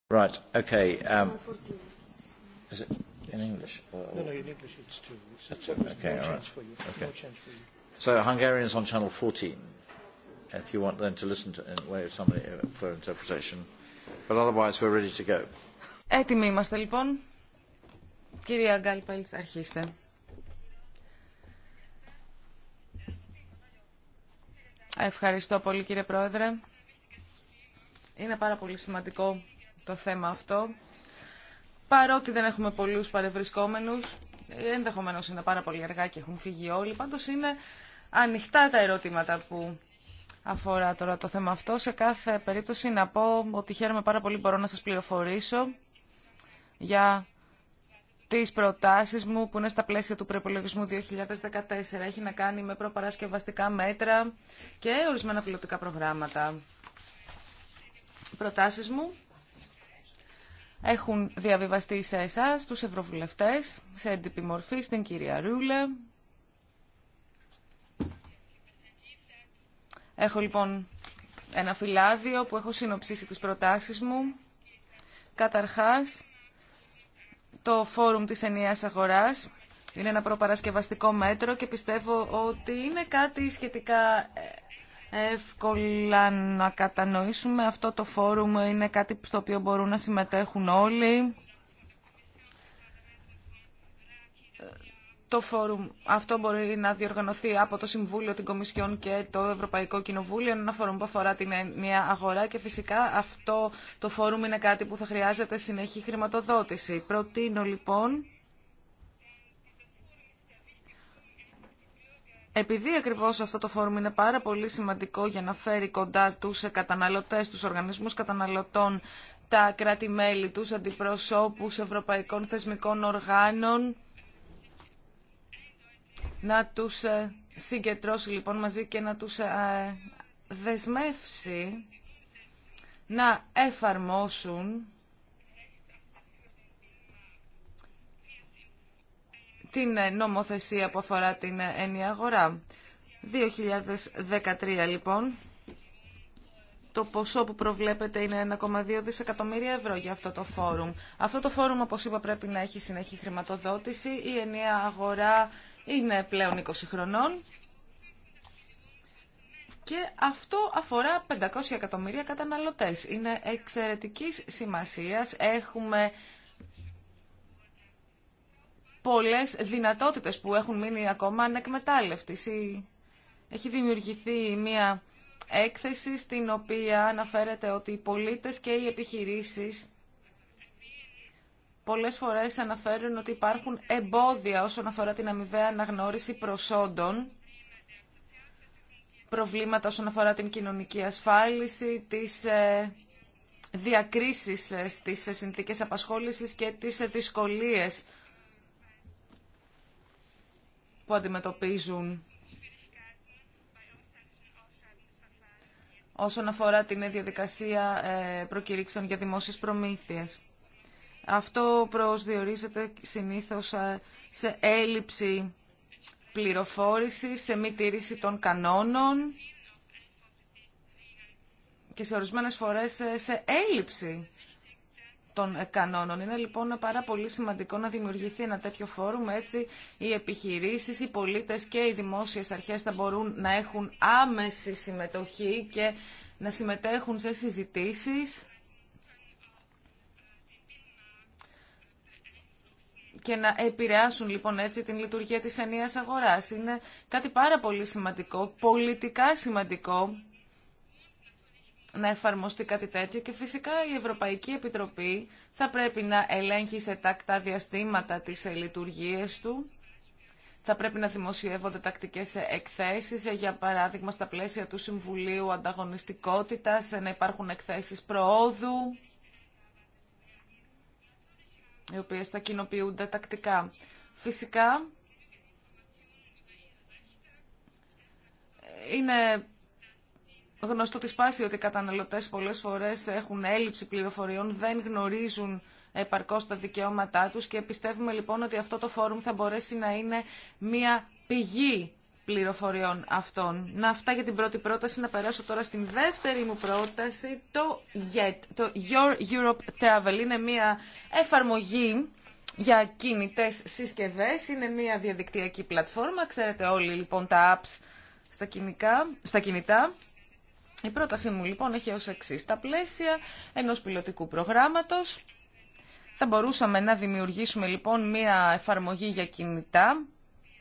Right, okay. Um, is it in English? Or? No, no, in English it's two. It's, Okay, no all right. For you. Okay. No chance for you. So Hungarian's on channel 14, if you want them to listen to in way of somebody for interpretation. But otherwise we're ready to go. Έτοιμοι είμαστε λοιπόν. Κυρία Γκάλ αρχίστε. Ευχαριστώ πολύ κύριε Πρόεδρε. Είναι πάρα πολύ σημαντικό το θέμα αυτό. Παρότι δεν έχουμε πολλούς παρευρισκόμενους, ε, ενδεχομένως είναι πάρα πολύ αργά και έχουν φύγει όλοι, πάντως είναι ανοιχτά τα ερωτήματα που αφορά τώρα το θέμα αυτό. Σε κάθε περίπτωση να πω ότι χαίρομαι πάρα πολύ μπορώ να σας πληροφορήσω για τις προτάσεις μου που είναι στα πλαίσια του προπολογισμού 2014. Έχει να κάνει με προπαρασκευαστικά μέτρα και ορισμένα πιλωτικά προγράμματα. προτάσεις μου έχουν διαβιβαστεί σε εσάς, τους ευρωβουλευτές, σε έντυπη μορφή, στην κυρία Ρούλε. Έχω λοιπόν ένα φυλάδιο που έχω συνοψίσει τις προτάσεις μου. Καταρχάς, το φόρουμ της ενιαίας αγοράς είναι ένα προπαρασκευαστικό μέτρο και πιστεύω ότι είναι κάτι σχετικά ε, εύκολα να κατανοήσουμε. Αυτό το φόρουμ είναι κάτι στο οποίο μπορούν να συμμετέχουν όλοι. Το φόρουμ αυτό μπορεί να διοργανωθεί από το Συμβούλιο, την Κομισιόν και το Ευρωπαϊκό Κοινοβούλιο. Είναι ένα φόρουμ που αφορά την ενιαία αγορά και φυσικά αυτό το φόρουμ είναι κάτι που θα χρειάζεται συνεχή χρηματοδότηση. Προτείνω λοιπόν Επειδή ακριβώ αυτό το φόρουμ είναι πάρα πολύ σημαντικό για να φέρει κοντά τους καταναλωτέ, τους οργανισμού καταναλωτών, τα κράτη-μέλη τους, αντιπροσώπους ευρωπαϊκών θεσμικών οργάνων, να του ε, συγκεντρώσει λοιπόν μαζί και να του ε, δεσμεύσει να εφαρμόσουν την ε, νομοθεσία που αφορά την έννοια ε, αγορά. 2013 λοιπόν, το ποσό που προβλέπεται είναι 1,2 δισεκατομμύρια ευρώ για αυτό το φόρουμ. Αυτό το φόρουμ, όπως είπα, πρέπει να έχει συνεχή χρηματοδότηση. Η ενιαία αγορά είναι πλέον 20 χρονών. Και αυτό αφορά 500 εκατομμύρια καταναλωτές. Είναι εξαιρετικής σημασίας. Έχουμε Πολλέ δυνατότητες που έχουν μείνει ακόμα ανεκμετάλλευτες. Έχει δημιουργηθεί μια έκθεση στην οποία αναφέρεται ότι οι πολίτες και οι επιχειρήσεις πολλές φορές αναφέρουν ότι υπάρχουν εμπόδια όσον αφορά την αμοιβαία αναγνώριση προσόντων, προβλήματα όσον αφορά την κοινωνική ασφάλιση, τις ε, διακρίσεις ε, στις συνθήκες απασχόλησης και τις ε, δυσκολίες που αντιμετωπίζουν όσον αφορά την διαδικασία ε, προκηρύξεων για δημόσιες προμήθειες. Αυτό προσδιορίζεται συνήθως ε, σε έλλειψη πληροφόρηση, σε μη τήρηση των κανόνων και σε ορισμένες φορές ε, σε έλλειψη των κανόνων. Είναι λοιπόν πάρα πολύ σημαντικό να δημιουργηθεί ένα τέτοιο φόρουμ, έτσι οι επιχειρήσεις, οι πολίτες και οι δημόσιες αρχές θα μπορούν να έχουν άμεση συμμετοχή και να συμμετέχουν σε συζητήσεις και να επηρεάσουν λοιπόν έτσι την λειτουργία της ενίας αγοράς. Είναι κάτι πάρα πολύ σημαντικό, πολιτικά σημαντικό να εφαρμοστεί κάτι τέτοιο και φυσικά η Ευρωπαϊκή Επιτροπή θα πρέπει να ελέγχει σε τακτά διαστήματα τις ε, λειτουργίες του. Θα πρέπει να δημοσιεύονται τακτικές ε, εκθέσεις, ε, για παράδειγμα στα πλαίσια του Συμβουλίου Ανταγωνιστικότητας, να υπάρχουν εκθέσεις προόδου, οι οποίες θα κοινοποιούνται τακτικά. Φυσικά, είναι γνωστό τη πάση ότι οι καταναλωτές πολλές φορές έχουν έλλειψη πληροφοριών, δεν γνωρίζουν επαρκώς τα δικαιώματά τους και πιστεύουμε λοιπόν ότι αυτό το φόρουμ θα μπορέσει να είναι μια πηγή πληροφοριών αυτών. Να αυτά για την πρώτη πρόταση, να περάσω τώρα στην δεύτερη μου πρόταση, το YET, το Your Europe Travel. Είναι μια εφαρμογή για κινητές συσκευές, είναι μια διαδικτυακή πλατφόρμα, ξέρετε όλοι λοιπόν τα apps στα, στα κινητά. Η πρότασή μου λοιπόν έχει ως εξή τα πλαίσια ενός πιλωτικού προγράμματος θα μπορούσαμε να δημιουργήσουμε λοιπόν μια εφαρμογή για κινητά,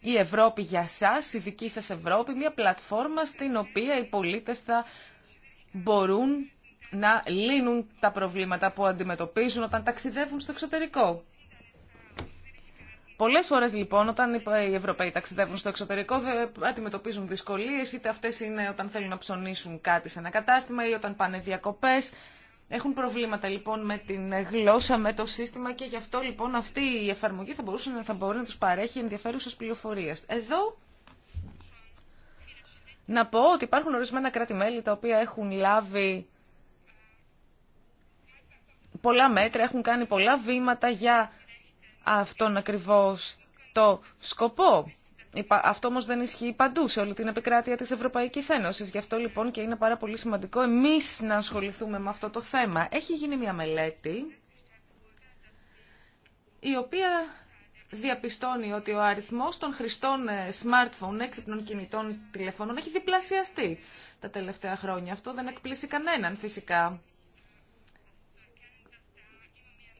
η Ευρώπη για σας, η δική σας Ευρώπη, μια πλατφόρμα στην οποία οι πολίτες θα μπορούν να λύνουν τα προβλήματα που αντιμετωπίζουν όταν ταξιδεύουν στο εξωτερικό. Πολλέ φορέ λοιπόν, όταν οι Ευρωπαίοι ταξιδεύουν στο εξωτερικό, αντιμετωπίζουν δυσκολίε, είτε αυτέ είναι όταν θέλουν να ψωνίσουν κάτι σε ένα κατάστημα ή όταν πάνε διακοπέ. Έχουν προβλήματα λοιπόν με την γλώσσα, με το σύστημα και γι' αυτό λοιπόν αυτή η εφαρμογή θα, μπορούσε, θα μπορεί να τους παρέχει ενδιαφέρουσε πληροφορίε. Εδώ να πω ότι υπάρχουν ορισμένα κράτη-μέλη τα οποία έχουν λάβει πολλά μέτρα, έχουν κάνει πολλά βήματα για αυτόν ακριβώς το σκοπό. Αυτό όμω δεν ισχύει παντού σε όλη την επικράτεια της Ευρωπαϊκής Ένωσης. Γι' αυτό λοιπόν και είναι πάρα πολύ σημαντικό εμείς να ασχοληθούμε με αυτό το θέμα. Έχει γίνει μια μελέτη η οποία διαπιστώνει ότι ο αριθμός των χρηστών ε, smartphone, έξυπνων κινητών τηλεφώνων έχει διπλασιαστεί τα τελευταία χρόνια. Αυτό δεν εκπλήσει κανέναν φυσικά.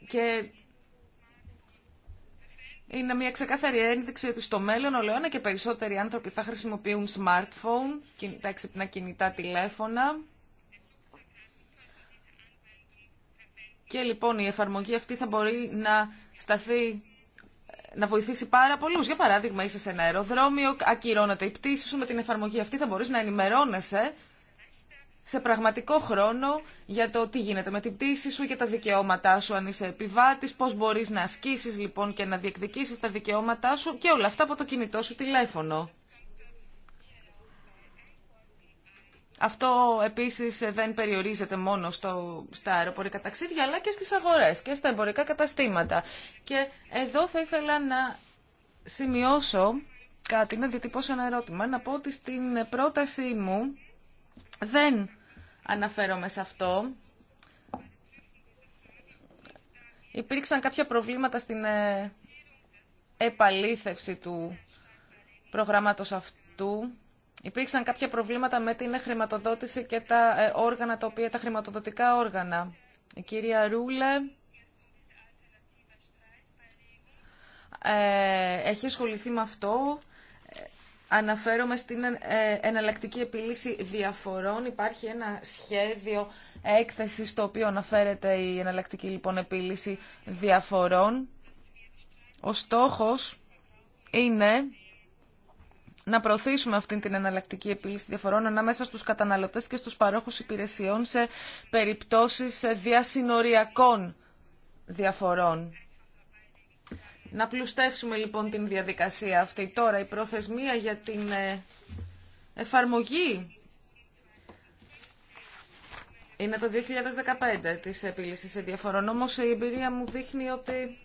Και είναι μια ξεκάθαρη ένδειξη ότι στο μέλλον ο Λεώνα και περισσότεροι άνθρωποι θα χρησιμοποιούν smartphone, τα ξυπνά κινητά τηλέφωνα. Και λοιπόν η εφαρμογή αυτή θα μπορεί να σταθεί να βοηθήσει πάρα πολλού. Για παράδειγμα, είσαι σε ένα αεροδρόμιο, ακυρώνεται η πτήση σου. Με την εφαρμογή αυτή θα μπορεί να ενημερώνεσαι σε πραγματικό χρόνο για το τι γίνεται με την πτήση σου και τα δικαιώματά σου αν είσαι επιβάτης, πώς μπορείς να ασκήσεις λοιπόν και να διεκδικήσεις τα δικαιώματά σου και όλα αυτά από το κινητό σου τηλέφωνο. Αυτό επίσης δεν περιορίζεται μόνο στο, στα αεροπορικά ταξίδια αλλά και στις αγορές και στα εμπορικά καταστήματα. Και εδώ θα ήθελα να σημειώσω κάτι, να διατυπώσω ένα ερώτημα, να πω ότι στην πρότασή μου δεν αναφέρομαι σε αυτό. Υπήρξαν κάποια προβλήματα στην ε, επαλήθευση του προγράμματος αυτού. Υπήρξαν κάποια προβλήματα με την χρηματοδότηση και τα ε, όργανα τα οποία τα χρηματοδοτικά όργανα. Η κυρία Ρούλε ε, έχει ασχοληθεί με αυτό. Αναφέρομαι στην ε, εναλλακτική επίλυση διαφορών. Υπάρχει ένα σχέδιο έκθεση στο οποίο αναφέρεται η εναλλακτική λοιπόν επίλυση διαφορών. Ο στόχος είναι να προωθήσουμε αυτή την εναλλακτική επίλυση διαφορών ανάμεσα στους καταναλωτές και στους παρόχους υπηρεσιών σε περιπτώσεις διασυνοριακών διαφορών. Να πλουστεύσουμε λοιπόν την διαδικασία αυτή. Τώρα η προθεσμία για την ε, εφαρμογή είναι το 2015 της επίλυσης διαφορών. Όμως η εμπειρία μου δείχνει ότι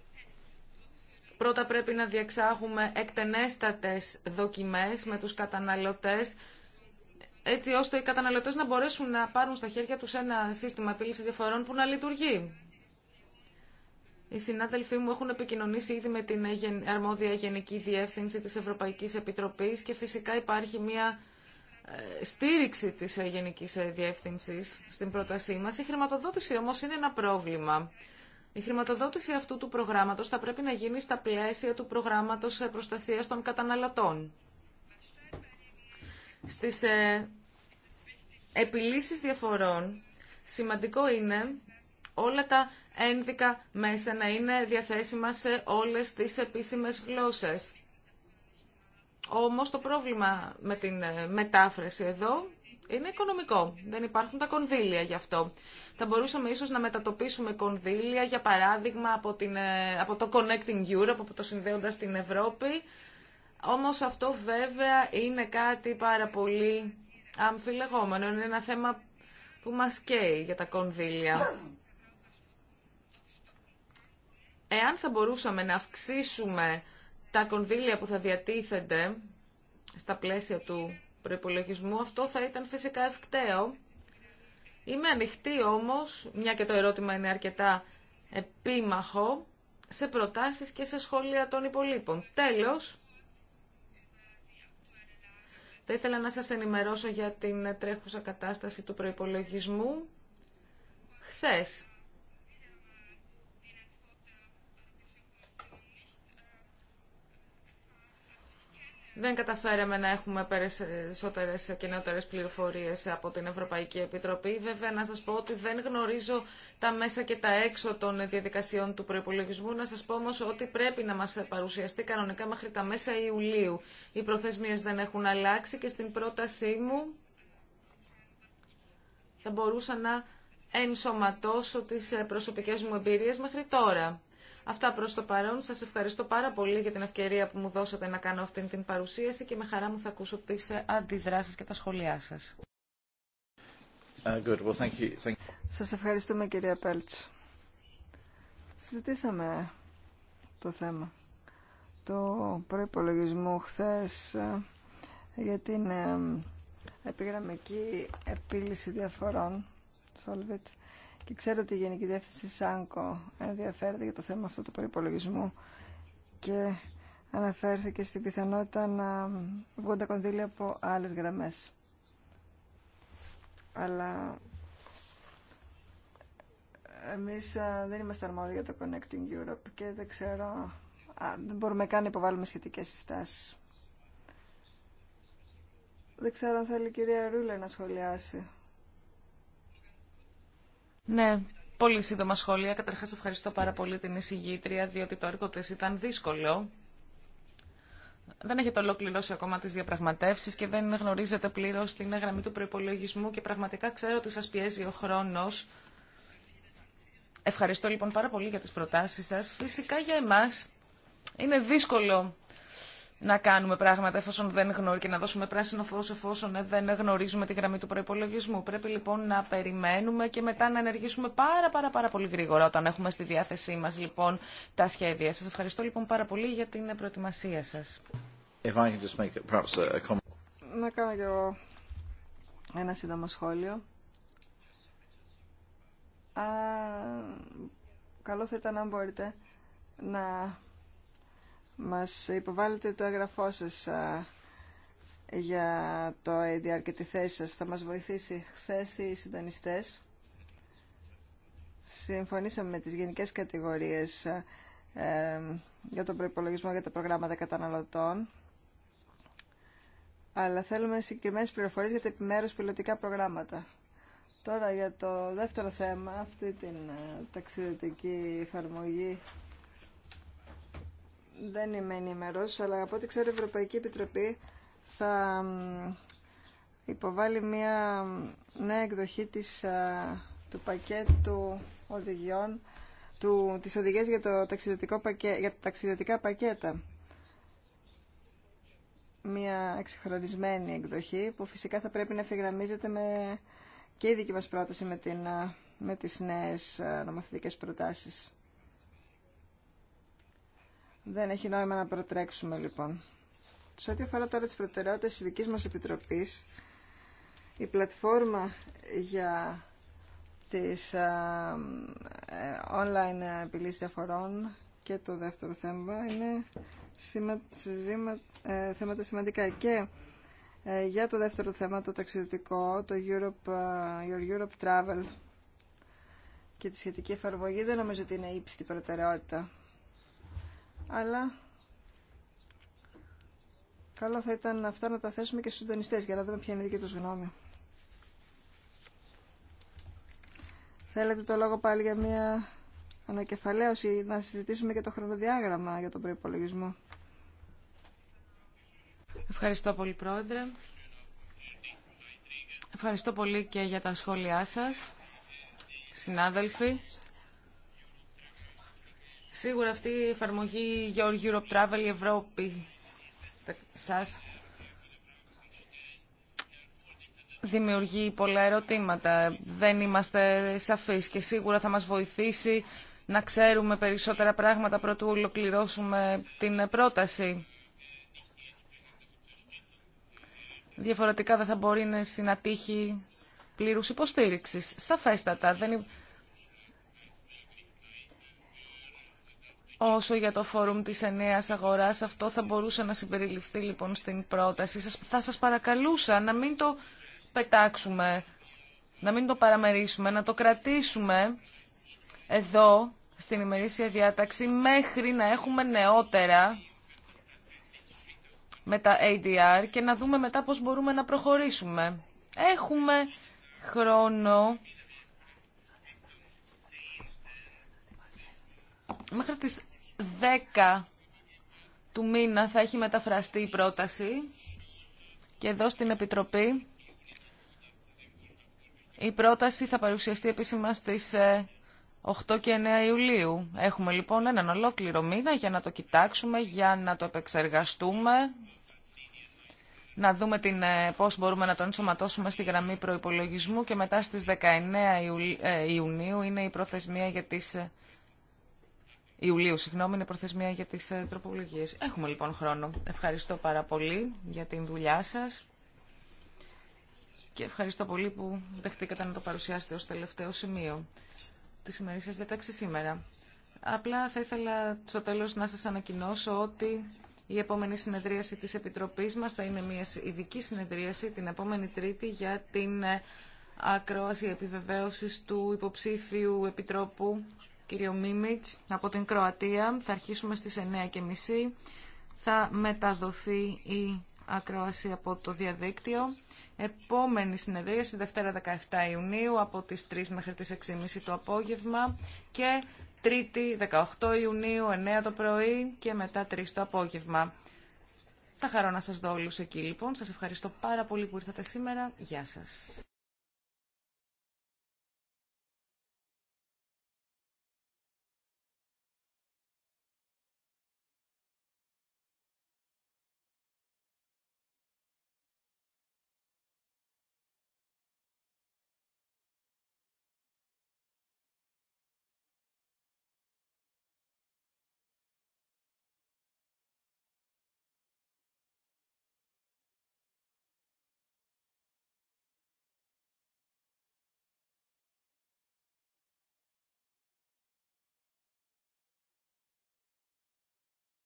πρώτα πρέπει να διεξάγουμε εκτενέστατες δοκιμές με τους καταναλωτές έτσι ώστε οι καταναλωτές να μπορέσουν να πάρουν στα χέρια τους ένα σύστημα επίλυσης διαφορών που να λειτουργεί. Οι συνάδελφοί μου έχουν επικοινωνήσει ήδη με την αρμόδια Γενική Διεύθυνση της Ευρωπαϊκής Επιτροπής και φυσικά υπάρχει μια ε, στήριξη της ε, Γενικής ε, Διεύθυνσης στην πρότασή μας. Η χρηματοδότηση όμως είναι ένα πρόβλημα. Η χρηματοδότηση αυτού του προγράμματος θα πρέπει να γίνει στα πλαίσια του προγράμματος προστασίας των καταναλωτών. Στις επιλύσεις διαφορών σημαντικό είναι όλα τα ένδικα μέσα να είναι διαθέσιμα σε όλες τις επίσημες γλώσσες. Όμως το πρόβλημα με την ε, μετάφραση εδώ είναι οικονομικό. Δεν υπάρχουν τα κονδύλια γι' αυτό. Θα μπορούσαμε ίσως να μετατοπίσουμε κονδύλια, για παράδειγμα, από, την, ε, από το Connecting Europe, από το Συνδέοντας την Ευρώπη. Όμως αυτό βέβαια είναι κάτι πάρα πολύ αμφιλεγόμενο. Είναι ένα θέμα που μας καίει για τα κονδύλια. Εάν θα μπορούσαμε να αυξήσουμε τα κονδύλια που θα διατίθενται στα πλαίσια του προϋπολογισμού, αυτό θα ήταν φυσικά ευκταίο. Είμαι ανοιχτή όμως, μια και το ερώτημα είναι αρκετά επίμαχο, σε προτάσεις και σε σχόλια των υπολείπων. Τέλος, θα ήθελα να σας ενημερώσω για την τρέχουσα κατάσταση του προϋπολογισμού. Χθες δεν καταφέραμε να έχουμε περισσότερε και νεότερε πληροφορίε από την Ευρωπαϊκή Επιτροπή. Βέβαια, να σα πω ότι δεν γνωρίζω τα μέσα και τα έξω των διαδικασιών του προπολογισμού. Να σα πω όμω ότι πρέπει να μα παρουσιαστεί κανονικά μέχρι τα μέσα Ιουλίου. Οι προθεσμίε δεν έχουν αλλάξει και στην πρότασή μου θα μπορούσα να ενσωματώσω τις προσωπικές μου εμπειρίες μέχρι τώρα. Αυτά προς το παρόν. Σας ευχαριστώ πάρα πολύ για την ευκαιρία που μου δώσατε να κάνω αυτή την παρουσίαση και με χαρά μου θα ακούσω τις ε, αντιδράσεις και τα σχόλιά σας. Uh, good. Well, thank Thank ευχαριστούμε κυρία Πέλτ. Συζητήσαμε το θέμα του προϋπολογισμού χθες ε, για την ε, επιγραμμική επίλυση διαφορών Solvit. Και ξέρω ότι η Γενική Διεύθυνση ΣΑΝΚΟ ενδιαφέρεται για το θέμα αυτό του προπολογισμού και αναφέρθηκε στην πιθανότητα να βγουν τα κονδύλια από άλλες γραμμές. Αλλά εμείς δεν είμαστε αρμόδιοι για το Connecting Europe και δεν ξέρω, α, δεν μπορούμε καν να υποβάλουμε σχετικές συστάσεις. Δεν ξέρω αν θέλει η κυρία Ρούλε να σχολιάσει. Ναι, πολύ σύντομα σχόλια. Καταρχάς ευχαριστώ πάρα πολύ την εισηγήτρια, διότι το έργο τη ήταν δύσκολο. Δεν έχετε ολοκληρώσει ακόμα τι διαπραγματεύσεις και δεν γνωρίζετε πλήρως την γραμμή του προπολογισμού και πραγματικά ξέρω ότι σας πιέζει ο χρόνος. Ευχαριστώ λοιπόν πάρα πολύ για τις προτάσεις σα Φυσικά για εμά. είναι δύσκολο να κάνουμε πράγματα εφόσον δεν γνωρίζουμε και να δώσουμε πράσινο φως εφόσον δεν γνωρίζουμε τη γραμμή του προπολογισμού. Πρέπει λοιπόν να περιμένουμε και μετά να ενεργήσουμε πάρα πάρα πάρα πολύ γρήγορα όταν έχουμε στη διάθεσή μας λοιπόν τα σχέδια. Σας ευχαριστώ λοιπόν πάρα πολύ για την προετοιμασία σας. να κάνω εγώ ένα σύντομο σχόλιο. Α, καλό θα ήταν αν μπορείτε να μας υποβάλλετε το εγγραφό σας για το ADR και τη θέση σας. Θα μας βοηθήσει χθε οι συντονιστές. Συμφωνήσαμε με τις γενικές κατηγορίες για τον προϋπολογισμό για τα προγράμματα καταναλωτών αλλά θέλουμε συγκεκριμένε πληροφορίες για τα επιμέρους πιλωτικά προγράμματα. Τώρα για το δεύτερο θέμα, αυτή την ε, ταξιδιωτική εφαρμογή δεν είμαι ενήμερο, αλλά από ό,τι ξέρω η Ευρωπαϊκή Επιτροπή θα υποβάλει μια νέα εκδοχή της, του πακέτου οδηγιών, του, της για, το για τα ταξιδιωτικά πακέτα. Μια εξυγχρονισμένη εκδοχή που φυσικά θα πρέπει να ευθυγραμμίζεται με και η δική μας πρόταση με, την, με τις νέες νομοθετικές προτάσεις. Δεν έχει νόημα να προτρέξουμε λοιπόν. Σε ό,τι αφορά τώρα τις προτεραιότητες της δικής μας Επιτροπής, η πλατφόρμα για τις ε, online επιλύσεις διαφορών και το δεύτερο θέμα είναι ε, θέματα σημαντικά και ε, για το δεύτερο θέμα το ταξιδιωτικό, το Europe, Your Europe Travel και τη σχετική εφαρμογή δεν νομίζω ότι είναι ύψιστη προτεραιότητα αλλά καλό θα ήταν αυτά να τα θέσουμε και στους συντονιστές για να δούμε ποια είναι η δική τους γνώμη. Θέλετε το λόγο πάλι για μια ανακεφαλαίωση, να συζητήσουμε και το χρονοδιάγραμμα για τον προϋπολογισμό. Ευχαριστώ πολύ, Πρόεδρε. Ευχαριστώ πολύ και για τα σχόλιά σας, συνάδελφοι. Σίγουρα αυτή η εφαρμογή Your Europe Travel, η Ευρώπη σας δημιουργεί πολλά ερωτήματα. Δεν είμαστε σαφείς και σίγουρα θα μας βοηθήσει να ξέρουμε περισσότερα πράγματα πρωτού ολοκληρώσουμε την πρόταση. Διαφορετικά δεν θα μπορεί να συνατύχει πλήρους υποστήριξης. Σαφέστατα. Δεν όσο για το φόρουμ της ενέας αγοράς. Αυτό θα μπορούσε να συμπεριληφθεί λοιπόν στην πρόταση. Θα σας παρακαλούσα να μην το πετάξουμε, να μην το παραμερίσουμε, να το κρατήσουμε εδώ στην ημερήσια διάταξη μέχρι να έχουμε νεότερα με τα ADR και να δούμε μετά πώς μπορούμε να προχωρήσουμε. Έχουμε χρόνο μέχρι τις 10 του μήνα θα έχει μεταφραστεί η πρόταση και εδώ στην Επιτροπή η πρόταση θα παρουσιαστεί επίσημα στις 8 ε, και 9 Ιουλίου. Έχουμε λοιπόν έναν ολόκληρο μήνα για να το κοιτάξουμε, για να το επεξεργαστούμε, να δούμε την, ε, πώς μπορούμε να τον ενσωματώσουμε στη γραμμή προϋπολογισμού και μετά στις 19 ε, Ιουνίου είναι η προθεσμία για τις Ιουλίου, συγγνώμη, είναι προθεσμία για τις ε, τροπολογίες. Έχουμε λοιπόν χρόνο. Ευχαριστώ πάρα πολύ για την δουλειά σας και ευχαριστώ πολύ που δεχτήκατε να το παρουσιάσετε ως τελευταίο σημείο της ημερήσιας διατάξης σήμερα. Απλά θα ήθελα στο τέλος να σας ανακοινώσω ότι η επόμενη συνεδρίαση της Επιτροπής μας θα είναι μια ειδική συνεδρίαση την επόμενη Τρίτη για την ε, ακρόαση επιβεβαίωσης του υποψήφιου Επιτρόπου κύριο Μίμιτς από την Κροατία. Θα αρχίσουμε στις 9.30. Θα μεταδοθεί η ακρόαση από το διαδίκτυο. Επόμενη συνεδρίαση, Δευτέρα 17 Ιουνίου, από τις 3 μέχρι τις 6.30 το απόγευμα και Τρίτη 18 Ιουνίου, 9 το πρωί και μετά 3 το απόγευμα. Θα χαρώ να σας δω όλους εκεί λοιπόν. Σας ευχαριστώ πάρα πολύ που ήρθατε σήμερα. Γεια σας.